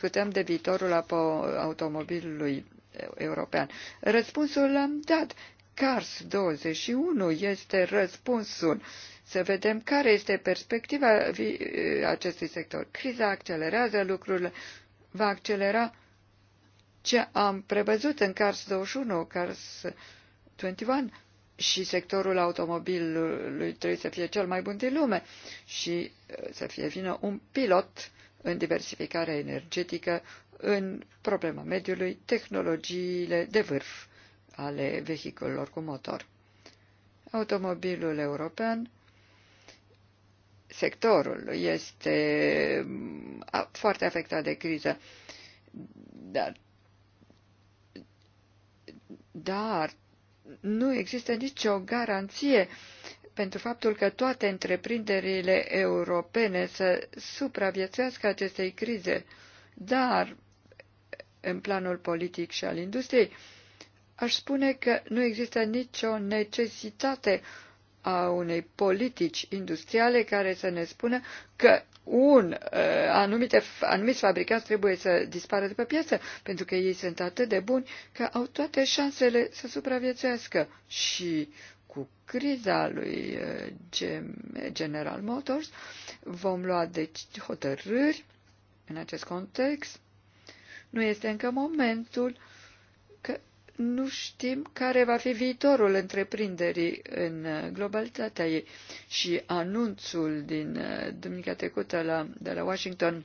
Discutăm de viitorul automobilului european. Răspunsul l-am dat. CARS 21 este răspunsul. Să vedem care este perspectiva acestui sector. Criza accelerează lucrurile, va accelera ce am prevăzut în CARS 21, CARS 21 și sectorul automobilului trebuie să fie cel mai bun din lume și uh, să fie vină un pilot uh, în diversificarea energetică, în problema mediului, tehnologiile de vârf ale vehiculelor cu motor. Automobilul european, sectorul, este foarte afectat de criză, dar, dar nu există nicio garanție pentru faptul că toate întreprinderile europene să supraviețuiască acestei crize, dar în planul politic și al industriei, aș spune că nu există nicio necesitate a unei politici industriale care să ne spună că un ă, anumite, anumiți fabricați trebuie să dispară de pe piață, pentru că ei sunt atât de buni că au toate șansele să supraviețuiască. Și cu criza lui General Motors, vom lua deci hotărâri în acest context. Nu este încă momentul că nu știm care va fi viitorul întreprinderii în uh, globalitatea ei. Și anunțul din uh, duminica trecută la, de la Washington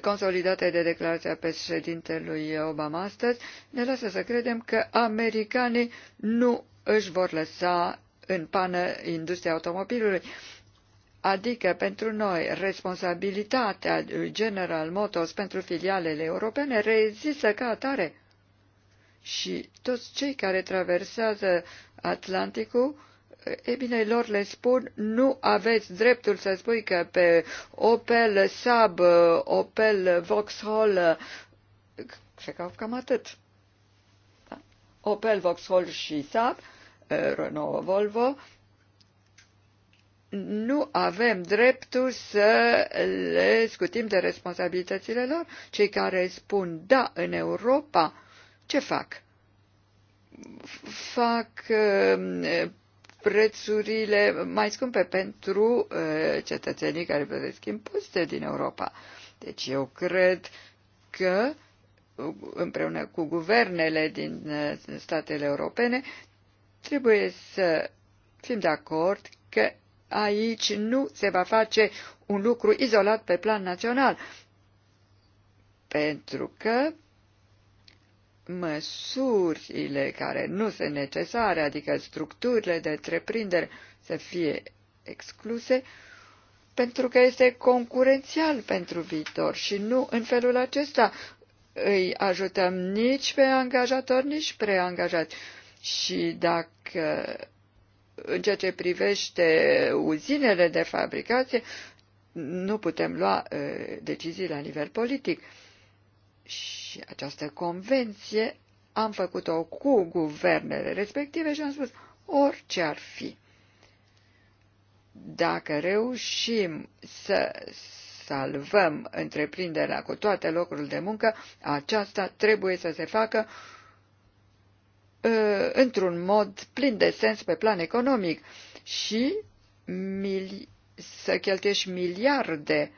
consolidate de declarația președintelui Obama astăzi, ne lasă să credem că americanii nu își vor lăsa în pană industria automobilului. Adică pentru noi responsabilitatea lui General Motors pentru filialele europene rezistă ca atare. Și toți cei care traversează Atlanticul e bine, lor le spun, nu aveți dreptul să spui că pe Opel Saab, uh, Opel Vauxhall, cred uh, că cam atât, da? Opel Vauxhall și Saab, uh, Renault Volvo, nu avem dreptul să le scutim de responsabilitățile lor. Cei care spun da în Europa, ce fac? Fac prețurile mai scumpe pentru uh, cetățenii care plătesc impozite din Europa. Deci eu cred că împreună cu guvernele din uh, statele europene trebuie să fim de acord că aici nu se va face un lucru izolat pe plan național, pentru că măsurile care nu sunt necesare, adică structurile de întreprindere, să fie excluse, pentru că este concurențial pentru viitor și nu în felul acesta îi ajutăm nici pe angajator, nici pe angajat. Și dacă în ceea ce privește uzinele de fabricație, nu putem lua uh, decizii la nivel politic. Uh, și această convenție am făcut-o cu guvernele respective și am spus orice ar fi. Dacă reușim să salvăm întreprinderea cu toate locurile de muncă, aceasta trebuie să se facă uh, într-un mod plin de sens pe plan economic și să cheltuiești miliarde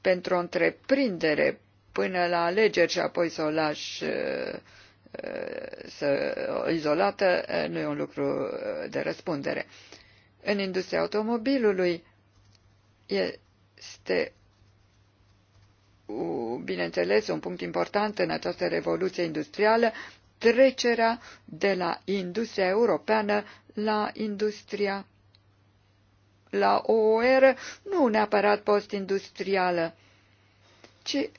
pentru o întreprindere până la alegeri și apoi să o lași uh, uh, să, izolată uh, nu e un lucru de răspundere. În industria automobilului este bineînțeles un punct important în această revoluție industrială trecerea de la industria europeană la industria la o eră nu neapărat post-industrială, ci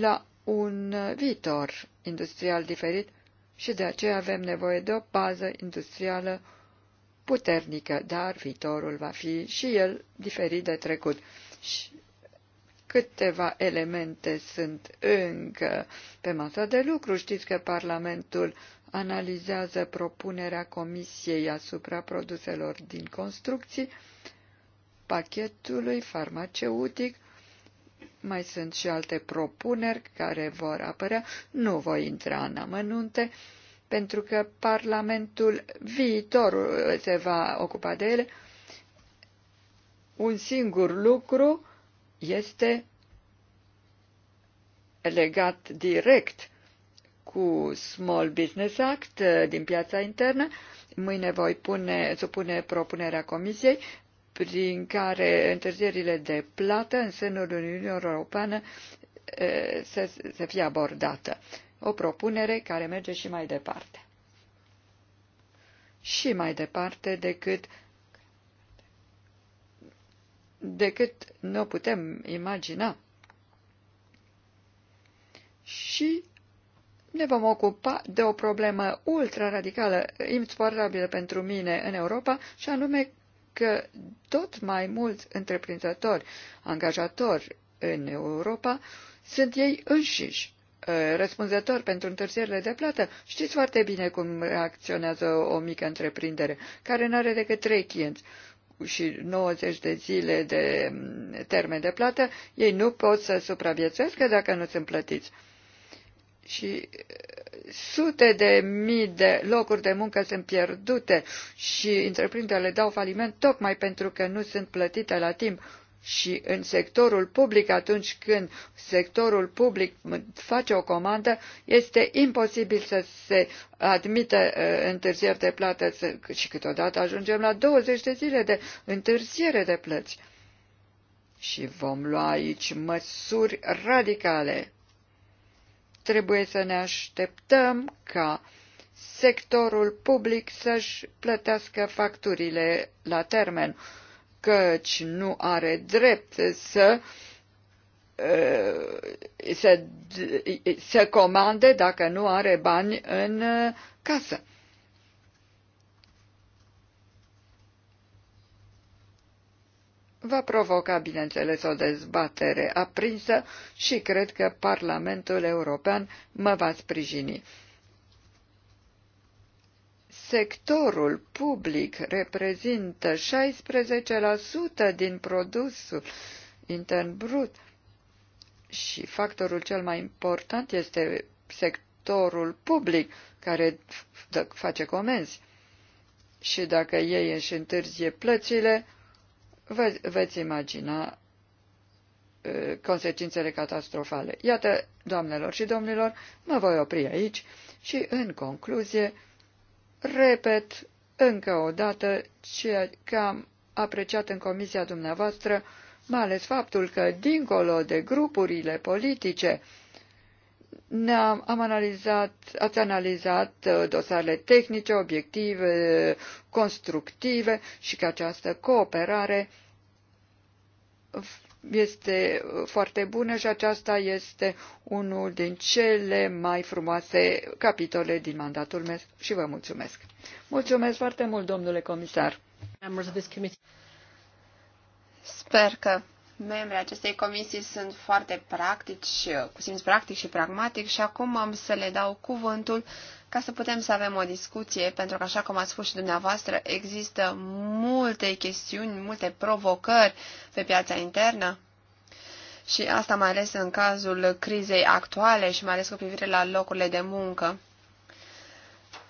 la un viitor industrial diferit și de aceea avem nevoie de o bază industrială puternică, dar viitorul va fi și el diferit de trecut. Și câteva elemente sunt încă pe masa de lucru. Știți că Parlamentul analizează propunerea Comisiei asupra produselor din construcții, pachetului farmaceutic mai sunt și alte propuneri care vor apărea. Nu voi intra în amănunte, pentru că Parlamentul viitor se va ocupa de ele. Un singur lucru este legat direct cu Small Business Act uh, din piața internă. Mâine voi pune, supune propunerea comisiei prin care întârzierile de plată în sânul Uniunii Europeană să, să fie abordată. O propunere care merge și mai departe. Și mai departe decât decât nu putem imagina. Și ne vom ocupa de o problemă ultra-radicală, intolerantă pentru mine în Europa, și anume că tot mai mulți întreprinzători, angajatori în Europa, sunt ei înșiși uh, răspunzător pentru întârzierile de plată, știți foarte bine cum reacționează o mică întreprindere, care nu are decât trei clienți și 90 de zile de mm, termen de plată, ei nu pot să supraviețuiască dacă nu sunt plătiți și uh, sute de mii de locuri de muncă sunt pierdute și întreprinderile dau faliment tocmai pentru că nu sunt plătite la timp și în sectorul public, atunci când sectorul public face o comandă, este imposibil să se admită uh, întârzieri de plată și câteodată ajungem la 20 de zile de întârziere de plăți. Și vom lua aici măsuri radicale Trebuie să ne așteptăm ca sectorul public să-și plătească facturile la termen, căci nu are drept să uh, se, să comande dacă nu are bani în uh, casă. va provoca, bineînțeles, o dezbatere aprinsă și cred că Parlamentul European mă va sprijini. Sectorul public reprezintă 16% din produsul intern brut și factorul cel mai important este sectorul public care face comenzi. Și dacă ei își întârzie plățile, vă veți imagina consecințele catastrofale. Iată, doamnelor și domnilor, mă voi opri aici și, în concluzie, repet încă o dată ceea ce am apreciat în comisia dumneavoastră, mai ales faptul că, dincolo de grupurile politice, ne-am am analizat, ați analizat uh, dosarele tehnice, obiective, constructive și că această cooperare este foarte bună și aceasta este unul din cele mai frumoase capitole din mandatul meu și vă mulțumesc. Mulțumesc foarte mult, domnule comisar. Sper că membrii acestei comisii sunt foarte practici, cu simț practic și pragmatic și acum am să le dau cuvântul ca să putem să avem o discuție, pentru că, așa cum ați spus și dumneavoastră, există multe chestiuni, multe provocări pe piața internă și asta mai ales în cazul crizei actuale și mai ales cu privire la locurile de muncă.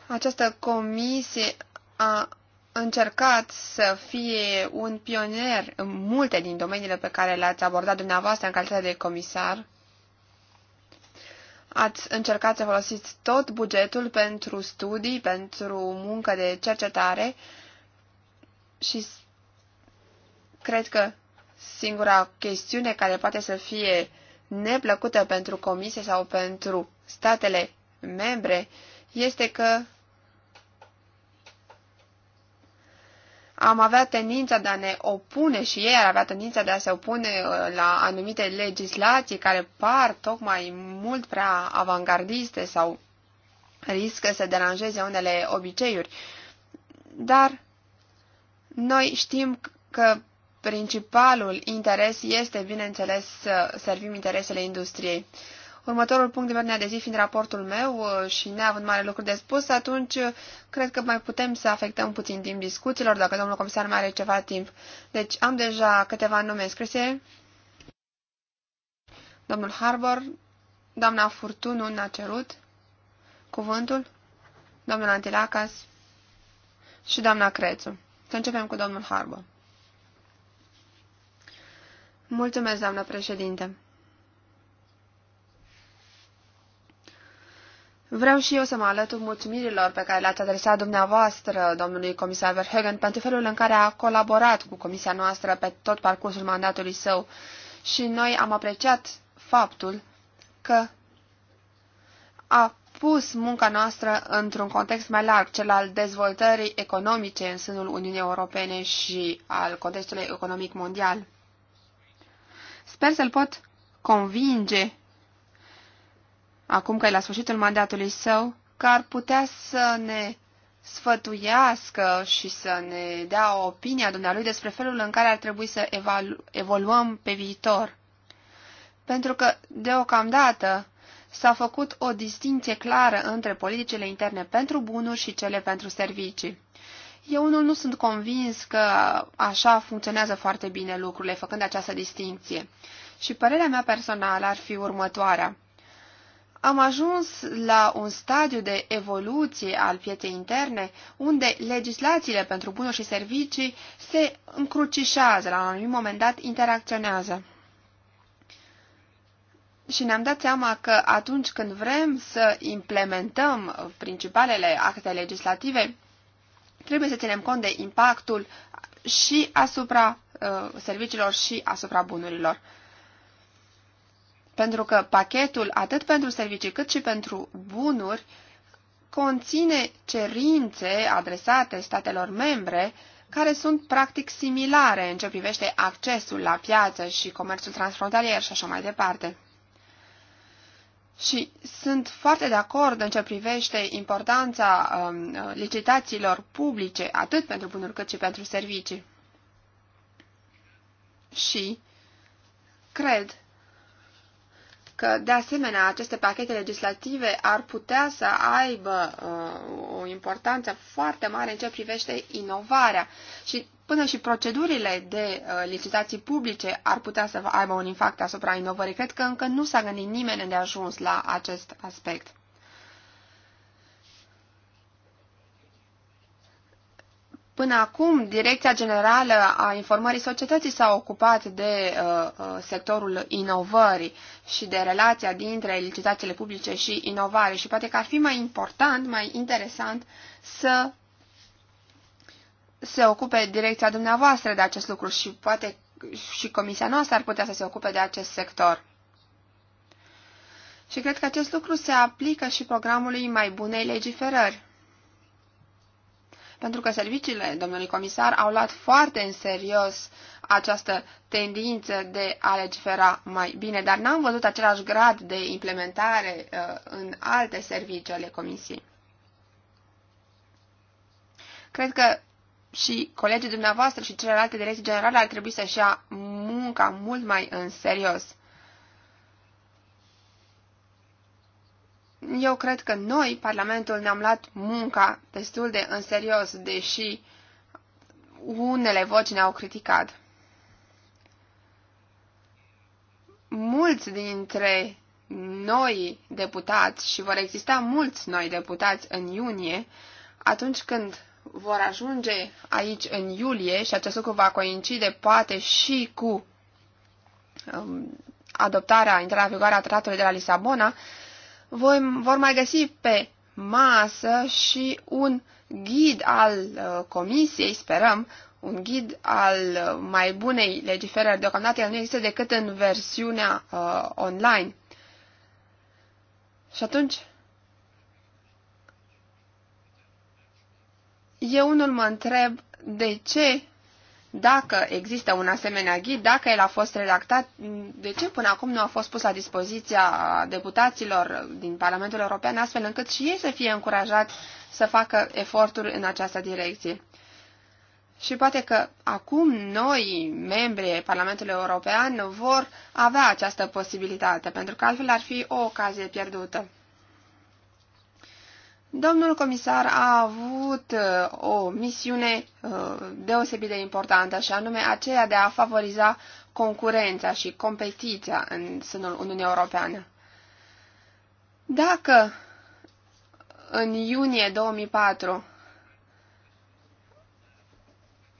Această comisie a încercat să fie un pionier în multe din domeniile pe care le-ați abordat dumneavoastră în calitate de comisar. Ați încercat să folosiți tot bugetul pentru studii, pentru muncă de cercetare și cred că singura chestiune care poate să fie neplăcută pentru comisie sau pentru statele membre este că am avea tendința de a ne opune și ei ar avea tendința de a se opune uh, la anumite legislații care par tocmai mult prea avangardiste sau riscă să deranjeze unele obiceiuri. Dar noi știm că principalul interes este, bineînțeles, să servim interesele industriei. Următorul punct de ordine de zi fiind raportul meu uh, și neavând mare lucru de spus, atunci uh, cred că mai putem să afectăm puțin timp discuțiilor, dacă domnul comisar mai are ceva timp. Deci am deja câteva nume scrise. Domnul Harbor, doamna Furtunu n-a cerut cuvântul, domnul Antilacas și doamna Crețu. Să începem cu domnul Harbor. Mulțumesc, doamnă președinte. Vreau și eu să mă alătur mulțumirilor pe care le-ați adresat dumneavoastră, domnului comisar Verheugen, pentru felul în care a colaborat cu comisia noastră pe tot parcursul mandatului său și noi am apreciat faptul că a pus munca noastră într-un context mai larg, cel al dezvoltării economice în sânul Uniunii Europene și al contextului economic mondial. Sper să-l pot convinge acum că e la sfârșitul mandatului său, că ar putea să ne sfătuiască și să ne dea a dumnealui despre felul în care ar trebui să evolu- evoluăm pe viitor. Pentru că, deocamdată, s-a făcut o distinție clară între politicile interne pentru bunuri și cele pentru servicii. Eu unul nu sunt convins că așa funcționează foarte bine lucrurile, făcând această distinție. Și părerea mea personală ar fi următoarea am ajuns la un stadiu de evoluție al pieței interne unde legislațiile pentru bunuri și servicii se încrucișează, la un anumit moment dat interacționează. Și ne-am dat seama că atunci când vrem să implementăm principalele acte legislative, trebuie să ținem cont de impactul și asupra uh, serviciilor și asupra bunurilor. Pentru că pachetul, atât pentru servicii cât și pentru bunuri, conține cerințe adresate statelor membre care sunt practic similare în ce privește accesul la piață și comerțul transfrontalier și așa mai departe. Și sunt foarte de acord în ce privește importanța um, licitațiilor publice, atât pentru bunuri cât și pentru servicii. Și cred că, de asemenea, aceste pachete legislative ar putea să aibă uh, o importanță foarte mare în ce privește inovarea și până și procedurile de uh, licitații publice ar putea să aibă un impact asupra inovării. Cred că încă nu s-a gândit nimeni de ajuns la acest aspect. Până acum, Direcția Generală a Informării Societății s-a ocupat de uh, uh, sectorul inovării și de relația dintre licitațiile publice și inovare și poate că ar fi mai important, mai interesant să se ocupe direcția dumneavoastră de acest lucru și poate și comisia noastră ar putea să se ocupe de acest sector. Și cred că acest lucru se aplică și programului mai bunei legiferări pentru că serviciile, domnului comisar, au luat foarte în serios această tendință de a legifera mai bine, dar n-am văzut același grad de implementare uh, în alte servicii ale comisiei. Cred că și colegii dumneavoastră și celelalte direcții generale ar trebui să-și ia munca mult mai în serios. eu cred că noi, Parlamentul, ne-am luat munca destul de în serios, deși unele voci ne-au criticat. Mulți dintre noi deputați și vor exista mulți noi deputați în iunie, atunci când vor ajunge aici în iulie și acest lucru va coincide poate și cu um, adoptarea, intrarea vigoare a tratului de la Lisabona, voi vor mai găsi pe masă și un ghid al uh, comisiei, sperăm, un ghid al uh, mai bunei legiferări. Deocamdată el nu există decât în versiunea uh, online. Și atunci, eu unul mă întreb de ce dacă există un asemenea ghid, dacă el a fost redactat, de ce până acum nu a fost pus la dispoziția deputaților din Parlamentul European, astfel încât și ei să fie încurajați să facă eforturi în această direcție. Și poate că acum noi, membrii Parlamentului European, vor avea această posibilitate, pentru că altfel ar fi o ocazie pierdută. Domnul comisar a avut uh, o misiune uh, deosebit de importantă, și anume aceea de a favoriza concurența și competiția în sânul Uniunii Europeană. Dacă în iunie 2004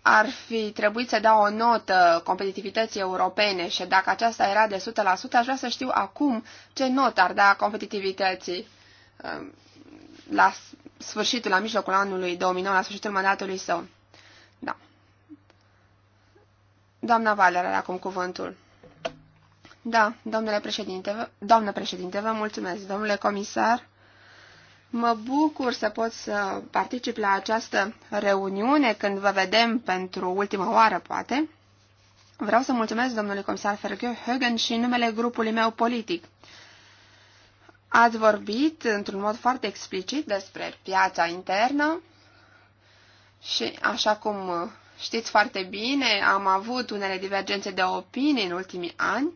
ar fi trebuit să dau o notă competitivității europene și dacă aceasta era de 100%, aș vrea să știu acum ce notă ar da competitivității uh, la sfârșitul, la mijlocul anului 2009, la sfârșitul mandatului său. Da. Doamna Valer are acum cuvântul. Da, domnule președinte, doamnă președinte, vă mulțumesc, domnule comisar. Mă bucur să pot să particip la această reuniune când vă vedem pentru ultima oară, poate. Vreau să mulțumesc domnului comisar Ferghe Högen și numele grupului meu politic. Ați vorbit într-un mod foarte explicit despre piața internă și, așa cum știți foarte bine, am avut unele divergențe de opinii în ultimii ani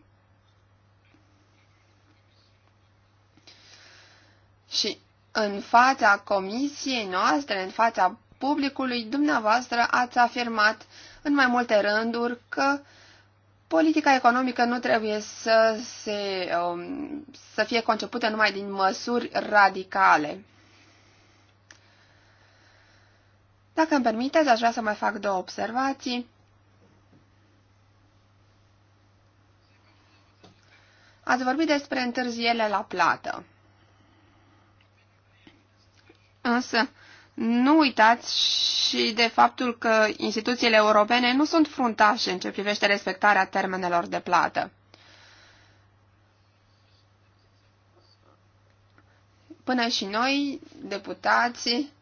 și în fața comisiei noastre, în fața publicului, dumneavoastră ați afirmat în mai multe rânduri că uh, Politica economică nu trebuie să, se, um, să fie concepută numai din măsuri radicale. Dacă îmi permiteți, aș vrea să mai fac două observații. Ați vorbit despre întârziele la plată. Însă, nu uitați și de faptul că instituțiile europene nu sunt fruntașe în ce privește respectarea termenelor de plată. Până și noi, deputații,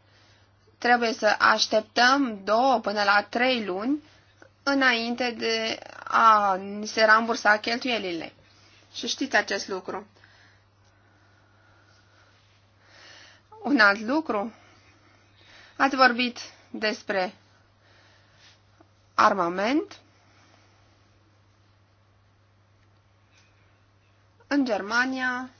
trebuie să așteptăm două până la trei luni înainte de a se rambursa cheltuielile. Și știți acest lucru. Un alt lucru Ați vorbit despre armament. În Germania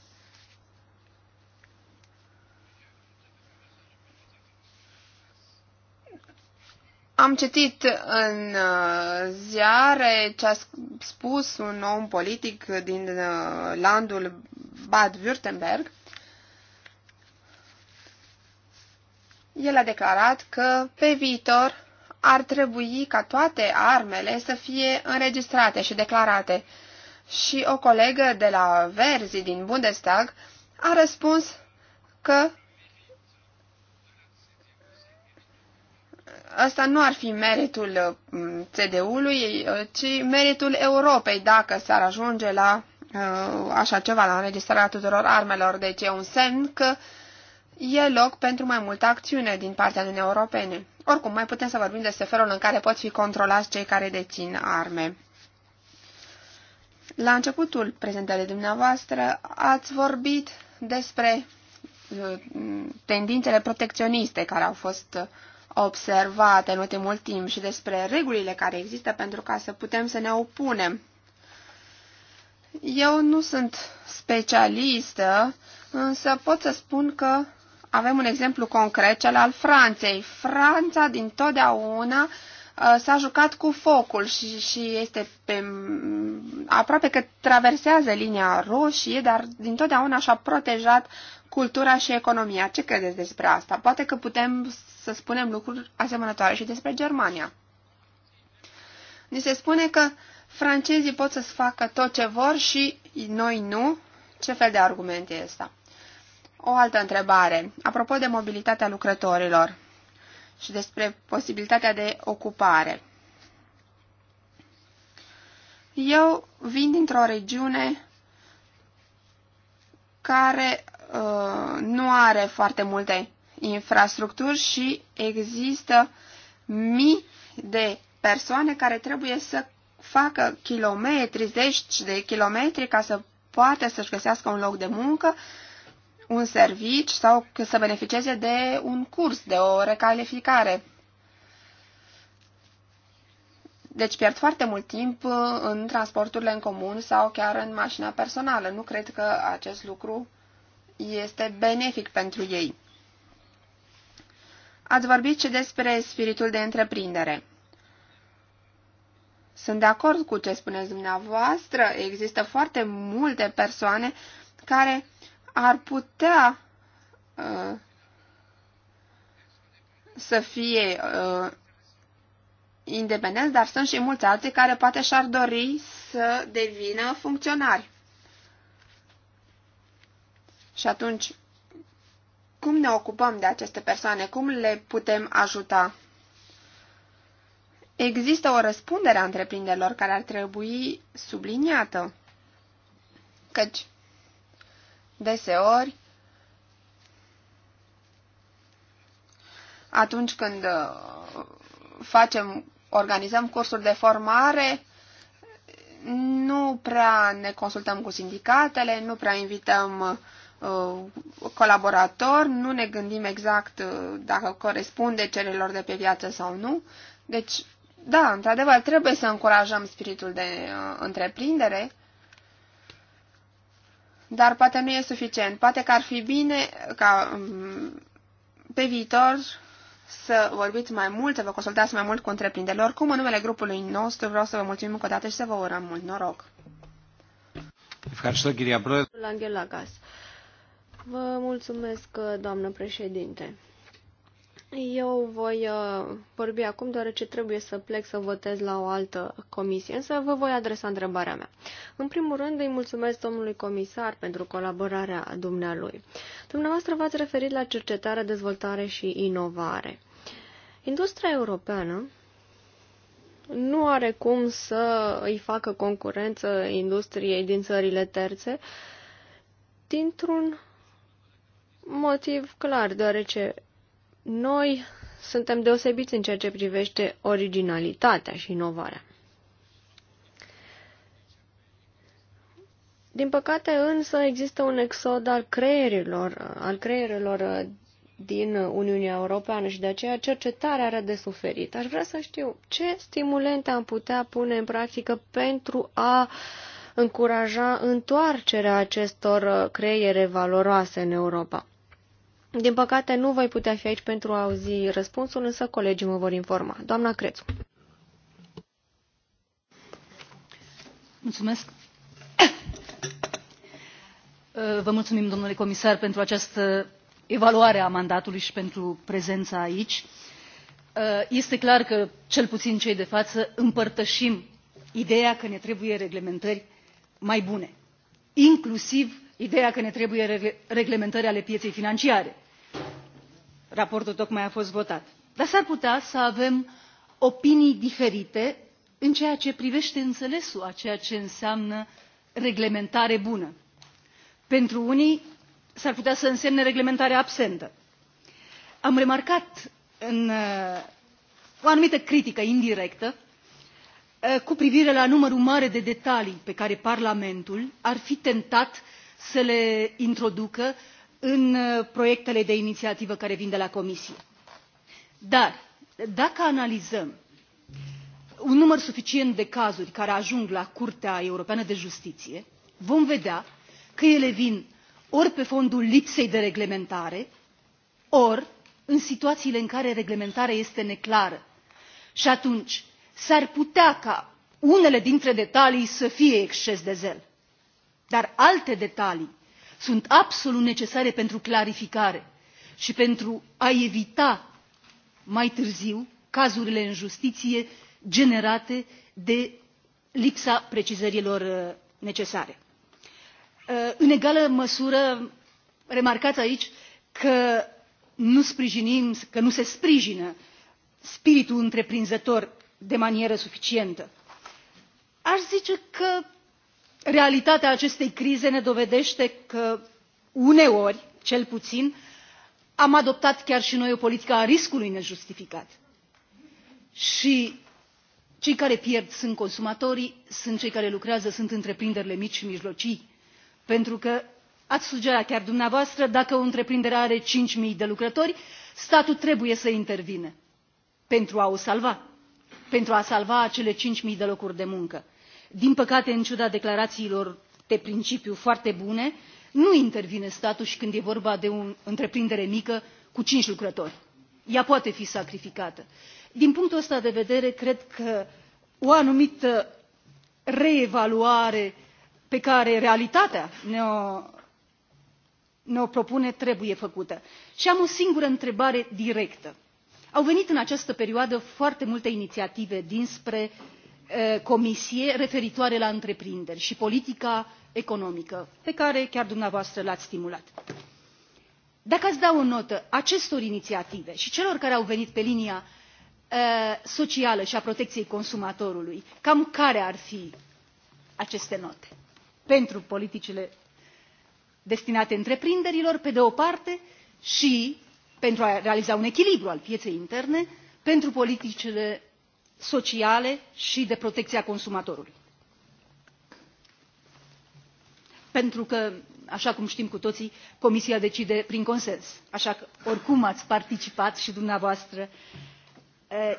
Am citit în uh, ziare ce a spus un om politic din uh, landul Bad-Württemberg el a declarat că pe viitor ar trebui ca toate armele să fie înregistrate și declarate. Și o colegă de la Verzi din Bundestag a răspuns că Asta nu ar fi meritul mm, CDU-ului, ci meritul Europei dacă s-ar ajunge la uh, așa ceva, la înregistrarea tuturor armelor. Deci e un semn că uh, e loc pentru mai multă acțiune din partea Uniunii Europene. Oricum, mai putem să vorbim despre felul în care pot fi controlați cei care dețin arme. La începutul prezentării dumneavoastră ați vorbit despre uh, tendințele protecționiste care au fost observate în ultimul timp și despre regulile care există pentru ca să putem să ne opunem. Eu nu sunt specialistă, însă pot să spun că avem un exemplu concret, cel al Franței. Franța din totdeauna uh, s-a jucat cu focul și, și este pe, mm, aproape că traversează linia roșie, dar din totdeauna și-a protejat cultura și economia. Ce credeți despre asta? Poate că putem să spunem lucruri asemănătoare și despre Germania. Ni se spune că francezii pot să-ți facă tot ce vor și noi nu. Ce fel de argument este asta? o altă întrebare, apropo de mobilitatea lucrătorilor și despre posibilitatea de ocupare. Eu vin dintr-o regiune care uh, nu are foarte multe infrastructuri și există mii de persoane care trebuie să facă kilometri, zeci de kilometri ca să poată să-și găsească un loc de muncă un serviciu sau să beneficieze de un curs, de o recalificare. Deci pierd foarte mult timp uh, în transporturile în comun sau chiar în mașina personală. Nu cred că acest lucru este benefic pentru ei. Ați vorbit și despre spiritul de întreprindere. Sunt de acord cu ce spuneți dumneavoastră. Există foarte multe persoane care ar putea uh, să fie uh, independenți, dar sunt și mulți alții care poate și-ar dori să devină funcționari. Și atunci, cum ne ocupăm de aceste persoane? Cum le putem ajuta? Există o răspundere a întreprinderilor care ar trebui subliniată, căci Deseori, atunci când uh, facem, organizăm cursuri de formare, nu prea ne consultăm cu sindicatele, nu prea invităm uh, colaborator nu ne gândim exact uh, dacă corespunde cererilor de pe viață sau nu. Deci, da, într-adevăr, trebuie să încurajăm spiritul de uh, întreprindere, dar poate nu e suficient. Poate că ar fi bine ca mm, pe viitor să vorbiți mai mult, să vă consultați mai mult cu întreprinderile. Oricum, în numele grupului nostru vreau să vă mulțumim încă o dată și să vă urăm mult noroc. Vă mulțumesc, doamnă președinte. Eu voi uh, vorbi acum deoarece trebuie să plec să votez la o altă comisie, însă vă voi adresa întrebarea mea. În primul rând îi mulțumesc domnului comisar pentru colaborarea dumnealui. Dumneavoastră v-ați referit la cercetare, dezvoltare și inovare. Industria europeană nu are cum să îi facă concurență industriei din țările terțe dintr-un motiv clar, deoarece noi suntem deosebiți în ceea ce privește originalitatea și inovarea. Din păcate însă există un exod al creierilor, al creierelor uh, din Uniunea Europeană și de aceea cercetarea are de suferit. Aș vrea să știu ce stimulente am putea pune în practică pentru a încuraja întoarcerea acestor uh, creiere valoroase în Europa. Din păcate, nu voi putea fi aici pentru a auzi răspunsul, însă colegii mă vor informa. Doamna Crețu. Mulțumesc. Vă mulțumim, domnule comisar, pentru această evaluare a mandatului și pentru prezența aici. Este clar că, cel puțin cei de față, împărtășim ideea că ne trebuie reglementări mai bune, inclusiv ideea că ne trebuie reglementări ale pieței financiare raportul tocmai a fost votat dar s ar putea să avem opinii diferite în ceea ce privește înțelesul a ceea ce înseamnă reglementare bună. pentru unii s ar putea să însemne reglementare absentă. am remarcat în, uh, o anumită critică indirectă uh, cu privire la numărul mare de detalii pe care parlamentul ar fi tentat să le introducă în uh, proiectele de inițiativă care vin de la comisie dar dacă analizăm un număr suficient de cazuri care ajung la curtea europeană de justiție vom vedea că ele vin ori pe fondul lipsei de reglementare ori în situațiile în care reglementarea este neclară și atunci s ar putea ca unele dintre detalii să fie exces de zel dar alte detalii sunt absolut necesare pentru clarificare și pentru a evita mai târziu cazurile în justiție generate de lipsa precizărilor uh, necesare. Uh, în egală măsură, remarcați aici că nu sprijinim, că nu se sprijină spiritul întreprinzător de manieră suficientă. Aș zice că realitatea acestei crize ne dovedește că uneori cel puțin am adoptat chiar și noi o politică a riscului nejustificat și cei care pierd sunt consumatorii sunt cei care lucrează sunt întreprinderile mici și mijlocii pentru că ați sugerat chiar dumneavoastră dacă o întreprindere are cinci mii de lucrători statul trebuie să intervină pentru a o salva pentru a salva acele cinci mii de locuri de muncă din păcate în ciuda declarațiilor de principiu foarte bune nu intervine statul și când e vorba de o întreprindere mică cu cinci lucrători ea poate fi sacrificată. din punctul ăsta de vedere cred că o anumită reevaluare pe care realitatea ne o, ne o propune trebuie făcută. și am o singură întrebare directă au venit în această perioadă foarte multe inițiative dinspre comisie referitoare la întreprinderi și politica economică pe care chiar dumneavoastră l ați stimulat. dacă ați da o notă acestor inițiative și celor care au venit pe linia socială și a protecției consumatorului cam care ar fi aceste note pentru politicile destinate întreprinderilor pe de o parte și pentru a realiza un echilibru al pieței interne pentru politicile sociale și de protecția consumatorului. Pentru că, așa cum știm cu toții, Comisia decide prin consens. Așa că, oricum, ați participat și dumneavoastră,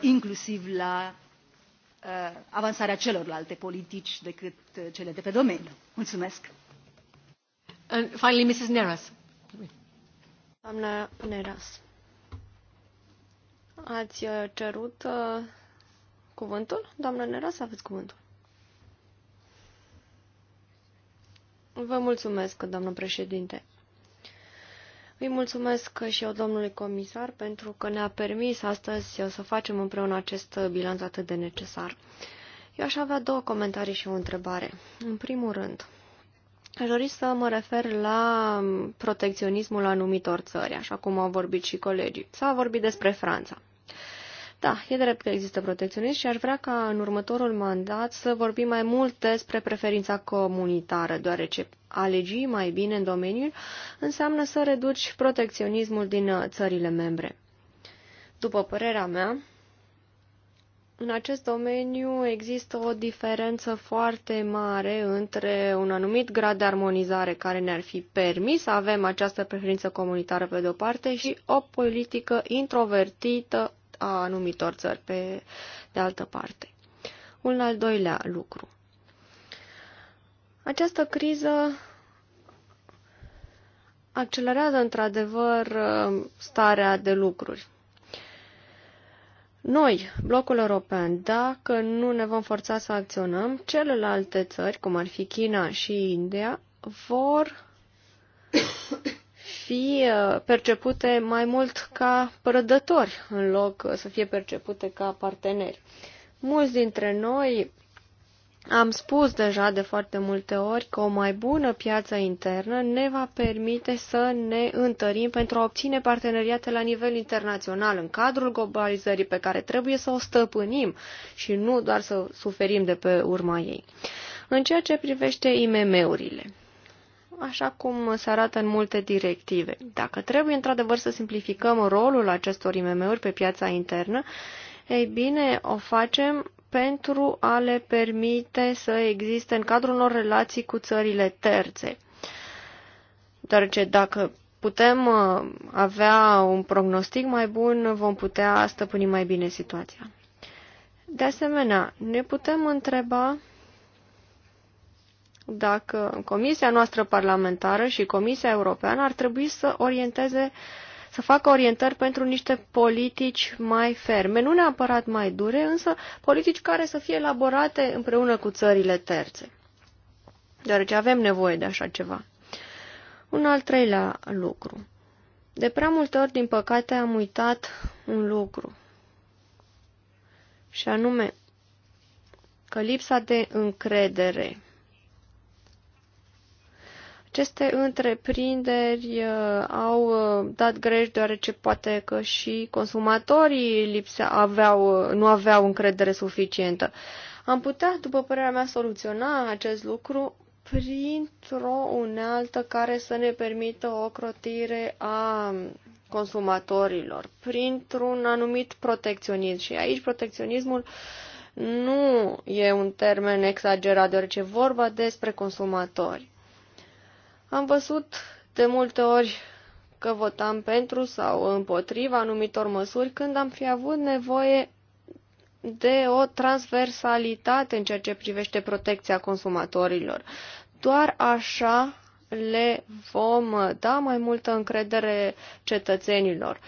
inclusiv la avansarea celorlalte politici decât cele de pe domeniu. Mulțumesc. And finally, Mrs. Neras. Doamna Neras, ați cerut cuvântul? Doamna Nera, să aveți cuvântul. Vă mulțumesc, doamnă președinte. Îi mulțumesc și eu domnului comisar pentru că ne-a permis astăzi să facem împreună acest bilanț atât de necesar. Eu aș avea două comentarii și o întrebare. În primul rând, aș dori să mă refer la protecționismul anumitor țări, așa cum au vorbit și colegii. S-a vorbit despre Franța. Da, e drept că există protecționism și aș vrea ca în următorul mandat să vorbim mai mult despre preferința comunitară, deoarece alegi mai bine în domeniul înseamnă să reduci protecționismul din uh, țările membre. După părerea mea, în acest domeniu există o diferență foarte mare între un anumit grad de armonizare care ne-ar fi permis să avem această preferință comunitară pe de-o parte și o politică introvertită, a anumitor țări pe de altă parte. Un al doilea lucru. Această criză accelerează într-adevăr starea de lucruri. Noi, blocul european, dacă nu ne vom forța să acționăm, celelalte țări, cum ar fi China și India, vor fi uh, percepute mai mult ca prădători în loc uh, să fie percepute ca parteneri. Mulți dintre noi am spus deja de foarte multe ori că o mai bună piață internă ne va permite să ne întărim pentru a obține parteneriate la nivel internațional în cadrul globalizării pe care trebuie să o stăpânim și nu doar să suferim de pe urma ei. În ceea ce privește IMM-urile, așa cum se arată în multe directive. Dacă trebuie într-adevăr să simplificăm rolul acestor IMM-uri pe piața internă, ei bine, o facem pentru a le permite să existe în cadrul unor relații cu țările terțe. Deoarece dacă putem uh, avea un prognostic mai bun, vom putea stăpâni mai bine situația. De asemenea, ne putem întreba dacă Comisia noastră parlamentară și Comisia Europeană ar trebui să orienteze, să facă orientări pentru niște politici mai ferme, nu neapărat mai dure, însă politici care să fie elaborate împreună cu țările terțe. Deoarece avem nevoie de așa ceva. Un al treilea lucru. De prea multe ori, din păcate, am uitat un lucru. Și anume, că lipsa de încredere aceste întreprinderi uh, au uh, dat greș deoarece poate că și consumatorii lipse aveau, uh, nu aveau încredere suficientă. Am putea, după părerea mea, soluționa acest lucru printr-o unealtă care să ne permită o crotire a consumatorilor, printr-un anumit protecționism. Și aici protecționismul nu e un termen exagerat, deoarece vorba despre consumatori. Am văzut de multe ori că votam pentru sau împotriva anumitor măsuri când am fi avut nevoie de o transversalitate în ceea ce privește protecția consumatorilor. Doar așa le vom da mai multă încredere cetățenilor.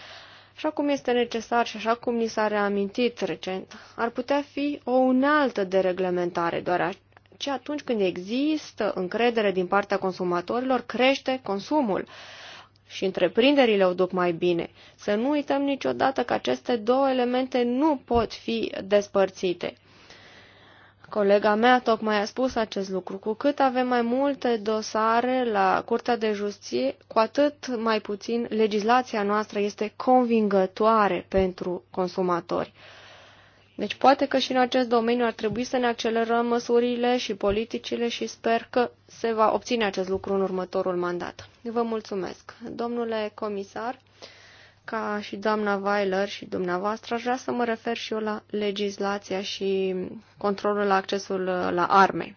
Așa cum este necesar și așa cum ni s-a reamintit recent, ar putea fi o unealtă de reglementare, doar ce atunci când există încredere din partea consumatorilor, crește consumul și întreprinderile o duc mai bine. Să nu uităm niciodată că aceste două elemente nu pot fi despărțite. Colega mea tocmai a spus acest lucru. Cu cât avem mai multe dosare la Curtea de Justiție, cu atât mai puțin legislația noastră este convingătoare pentru consumatori. Deci poate că și în acest domeniu ar trebui să ne accelerăm măsurile și politicile și sper că se va obține acest lucru în următorul mandat. Vă mulțumesc. Domnule comisar, ca și doamna Weiler și dumneavoastră, aș vrea să mă refer și eu la legislația și controlul la accesul uh, la arme.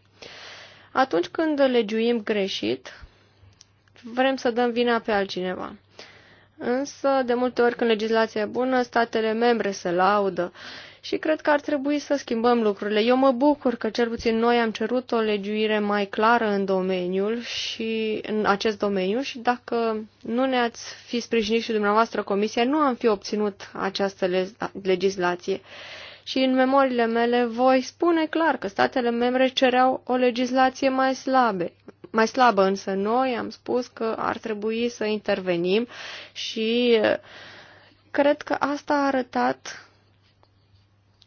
Atunci când legiuim greșit, vrem să dăm vina pe altcineva. Însă, de multe ori, când legislația e bună, statele membre se laudă și cred că ar trebui să schimbăm lucrurile. Eu mă bucur că cel puțin noi am cerut o legiuire mai clară în domeniul și în acest domeniu și dacă nu ne-ați fi sprijinit și dumneavoastră comisia, nu am fi obținut această legislație. Și în memoriile mele voi spune clar că statele membre cereau o legislație mai slabă. mai slabă, însă noi am spus că ar trebui să intervenim și eh, cred că asta a arătat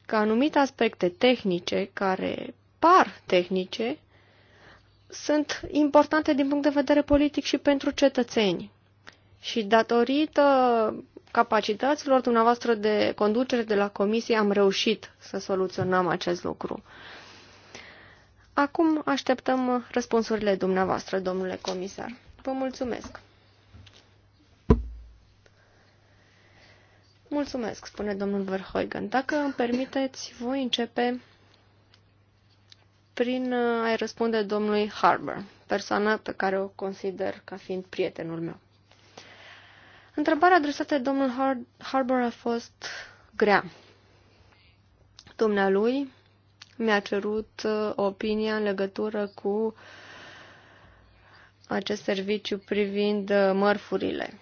că anumite aspecte tehnice care par tehnice sunt importante din punct de vedere politic și pentru cetățeni. Și datorită capacităților dumneavoastră de conducere de la comisie am reușit să soluționăm acest lucru. Acum așteptăm răspunsurile dumneavoastră, domnule comisar. Vă mulțumesc! Mulțumesc, spune domnul Verhoeven. Dacă îmi permiteți, voi începe prin a-i răspunde domnului Harbour, persoana pe care o consider ca fiind prietenul meu. Întrebarea adresată de domnul Har Harbour a fost grea. Dumnealui mi-a cerut uh, opinia în legătură cu acest serviciu privind uh, mărfurile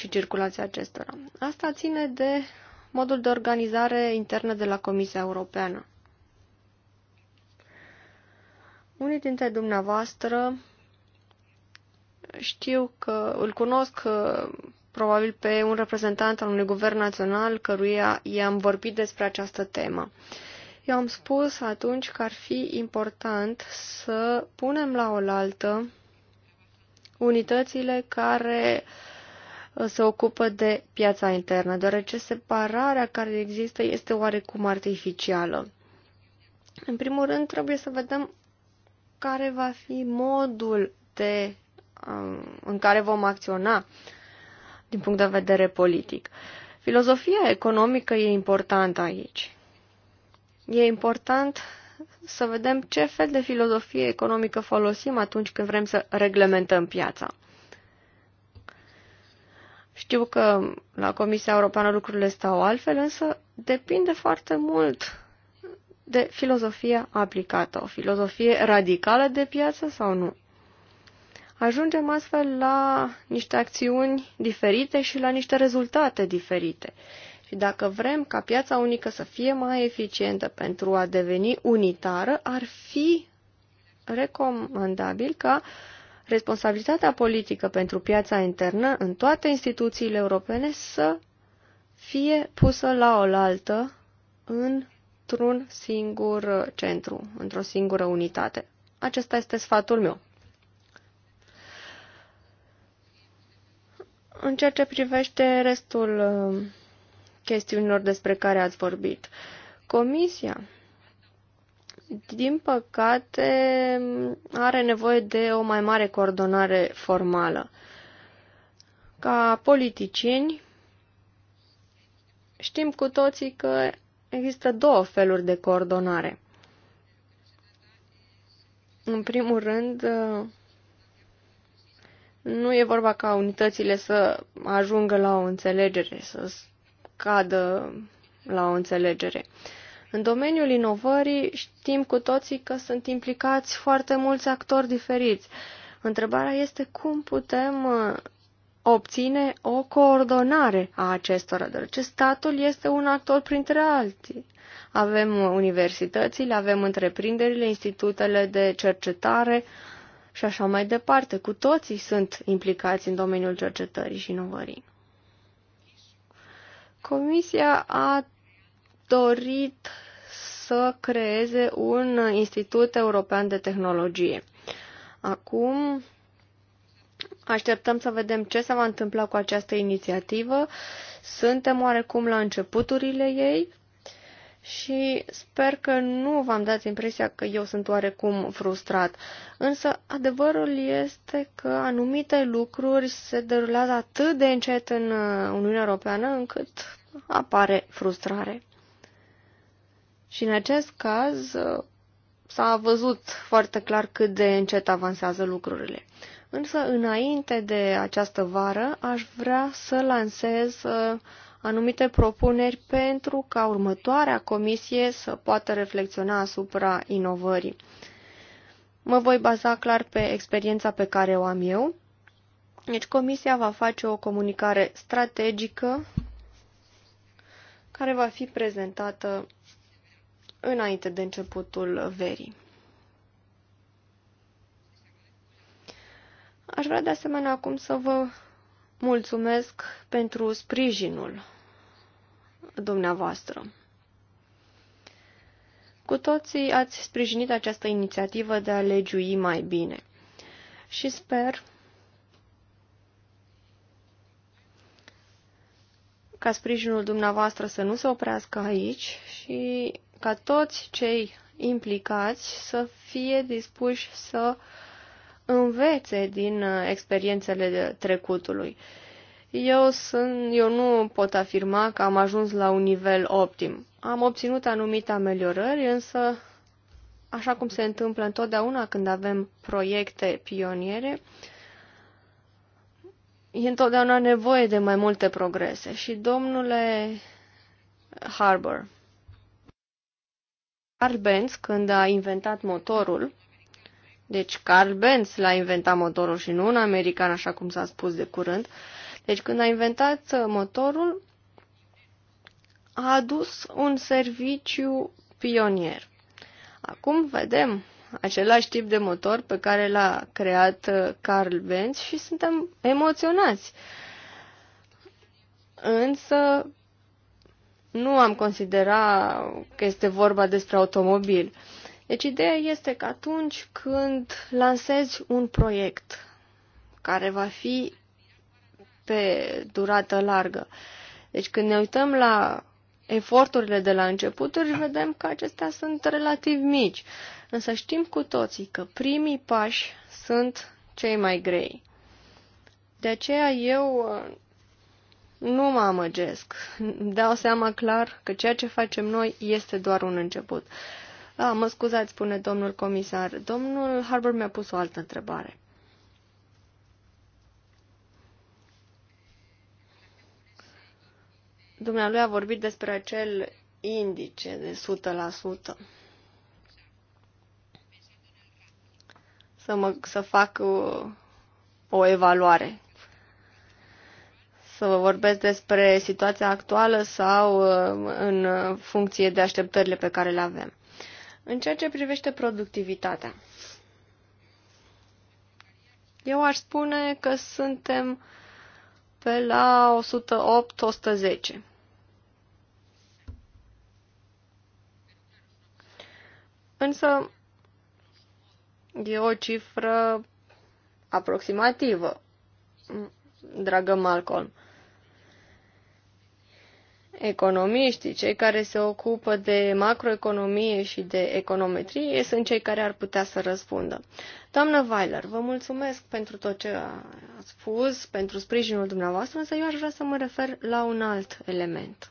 și circulația acestora. Asta ține de modul de organizare internă de la Comisia Europeană. Unii dintre dumneavoastră știu că îl cunosc probabil pe un reprezentant al unui guvern național căruia i-am vorbit despre această temă. Eu am spus atunci că ar fi important să punem la oaltă unitățile care uh, Uh, se ocupă de piața internă, deoarece separarea care există este oarecum artificială. În primul rând, trebuie să vedem care va fi modul de, um, în care vom acționa din punct de vedere politic. Filozofia economică e importantă aici. E important să vedem ce fel de filozofie economică folosim atunci când vrem să reglementăm piața. Știu că la Comisia Europeană lucrurile stau altfel, însă depinde foarte mult de filozofia aplicată, o filozofie radicală de piață sau nu. Ajungem astfel la niște acțiuni diferite și la niște rezultate diferite. Și dacă vrem ca piața unică să fie mai eficientă pentru a deveni unitară, ar fi recomandabil ca uh, responsabilitatea politică pentru piața internă în toate instituțiile europene să fie pusă la oaltă într-un singur centru, într-o singură unitate. Acesta este sfatul meu. În ceea ce privește restul uh, chestiunilor despre care ați vorbit, Comisia din păcate, are nevoie de o mai mare coordonare formală. Ca politicieni, știm cu toții că există două feluri de coordonare. În primul rând, nu e vorba ca unitățile să ajungă la o înțelegere, să cadă la o înțelegere. Uh, în domeniul inovării știm cu toții că sunt implicați foarte mulți actori diferiți. Întrebarea este cum putem uh, obține o coordonare a acestora, deoarece statul este un actor printre alții. Avem universitățile, avem întreprinderile, institutele de cercetare și așa mai departe. Cu toții sunt implicați în domeniul cercetării și inovării. Comisia a dorit să creeze un institut european de tehnologie. Acum așteptăm să vedem ce se va întâmpla cu această inițiativă. Suntem oarecum la începuturile ei și sper că nu v-am dat impresia că eu sunt oarecum frustrat. Însă adevărul este că anumite lucruri se derulează atât de încet în Uniunea Europeană încât apare frustrare. Și în acest caz s-a văzut foarte clar cât de încet avansează lucrurile. Însă, înainte de această vară, aș vrea să lansez uh, anumite propuneri pentru ca următoarea comisie să poată reflecționa asupra inovării. Mă voi baza clar pe experiența pe care o am eu. Deci, comisia va face o comunicare strategică care va fi prezentată înainte de începutul verii. Aș vrea de asemenea acum să vă mulțumesc pentru sprijinul dumneavoastră. Cu toții ați sprijinit această inițiativă de a legiui mai bine și sper ca sprijinul dumneavoastră să nu se oprească aici și ca toți cei implicați să fie dispuși să învețe din uh, experiențele trecutului. Eu, sunt, eu nu pot afirma că am ajuns la un nivel optim. Am obținut anumite ameliorări, însă, așa cum se întâmplă întotdeauna când avem proiecte pioniere, e întotdeauna nevoie de mai multe progrese. Și, domnule Harbour, Carl Benz, când a inventat motorul, deci Carl Benz l-a inventat motorul și nu un american, așa cum s-a spus de curând, deci când a inventat uh, motorul, a adus un serviciu pionier. Acum vedem același tip de motor pe care l-a creat uh, Carl Benz și suntem emoționați. Însă nu am considera că este vorba despre automobil. Deci ideea este că atunci când lansezi un proiect care va fi pe durată largă, deci când ne uităm la eforturile de la începuturi, vedem că acestea sunt relativ mici. Însă știm cu toții că primii pași sunt cei mai grei. De aceea eu nu mă amăgesc. dau seama clar că ceea ce facem noi este doar un început. A, da, mă scuzați, spune domnul comisar. Domnul Harbour mi-a pus o altă întrebare. Dumnealui a vorbit despre acel indice de 100%. Să, mă, să fac o, uh, o evaluare să vă vorbesc despre situația actuală sau uh, în funcție de așteptările pe care le avem. În ceea ce privește productivitatea, eu aș spune că suntem pe la 108-110. Însă e o cifră aproximativă, dragă Malcolm economiștii, cei care se ocupă de macroeconomie și de econometrie, sunt cei care ar putea să răspundă. Doamnă Weiler, vă mulțumesc pentru tot ce ați spus, pentru sprijinul dumneavoastră, însă eu aș vrea să mă refer la un alt element.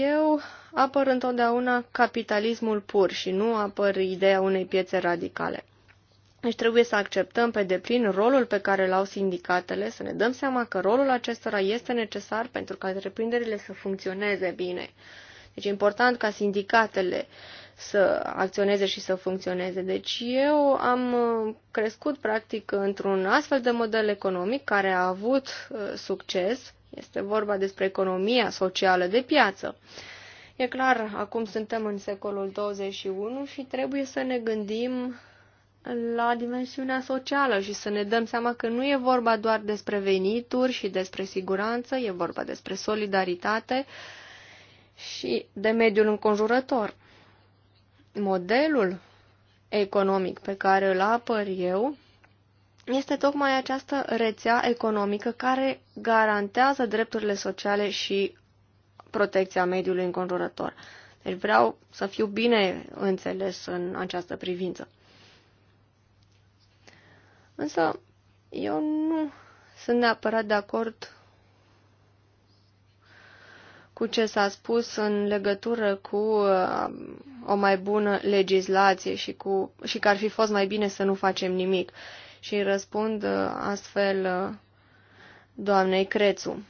Eu apăr întotdeauna capitalismul pur și nu apăr ideea unei piețe radicale. Deci trebuie să acceptăm pe deplin rolul pe care l au sindicatele, să ne dăm seama că rolul acestora este necesar pentru ca întreprinderile să funcționeze bine. Deci e important ca sindicatele să acționeze și să funcționeze. Deci eu am uh, crescut practic într-un astfel de model economic care a avut uh, succes. Este vorba despre economia socială de piață. E clar, acum suntem în secolul 21 și trebuie să ne gândim la dimensiunea socială și să ne dăm seama că nu e vorba doar despre venituri și despre siguranță, e vorba despre solidaritate și de mediul înconjurător. Modelul economic pe care îl apăr eu este tocmai această rețea economică care garantează drepturile sociale și protecția mediului înconjurător. Deci vreau să fiu bine înțeles în această privință. Însă eu nu sunt neapărat de acord cu ce s-a spus în legătură cu uh, o mai bună legislație și, cu, și că ar fi fost mai bine să nu facem nimic. Și răspund uh, astfel uh, doamnei Crețu.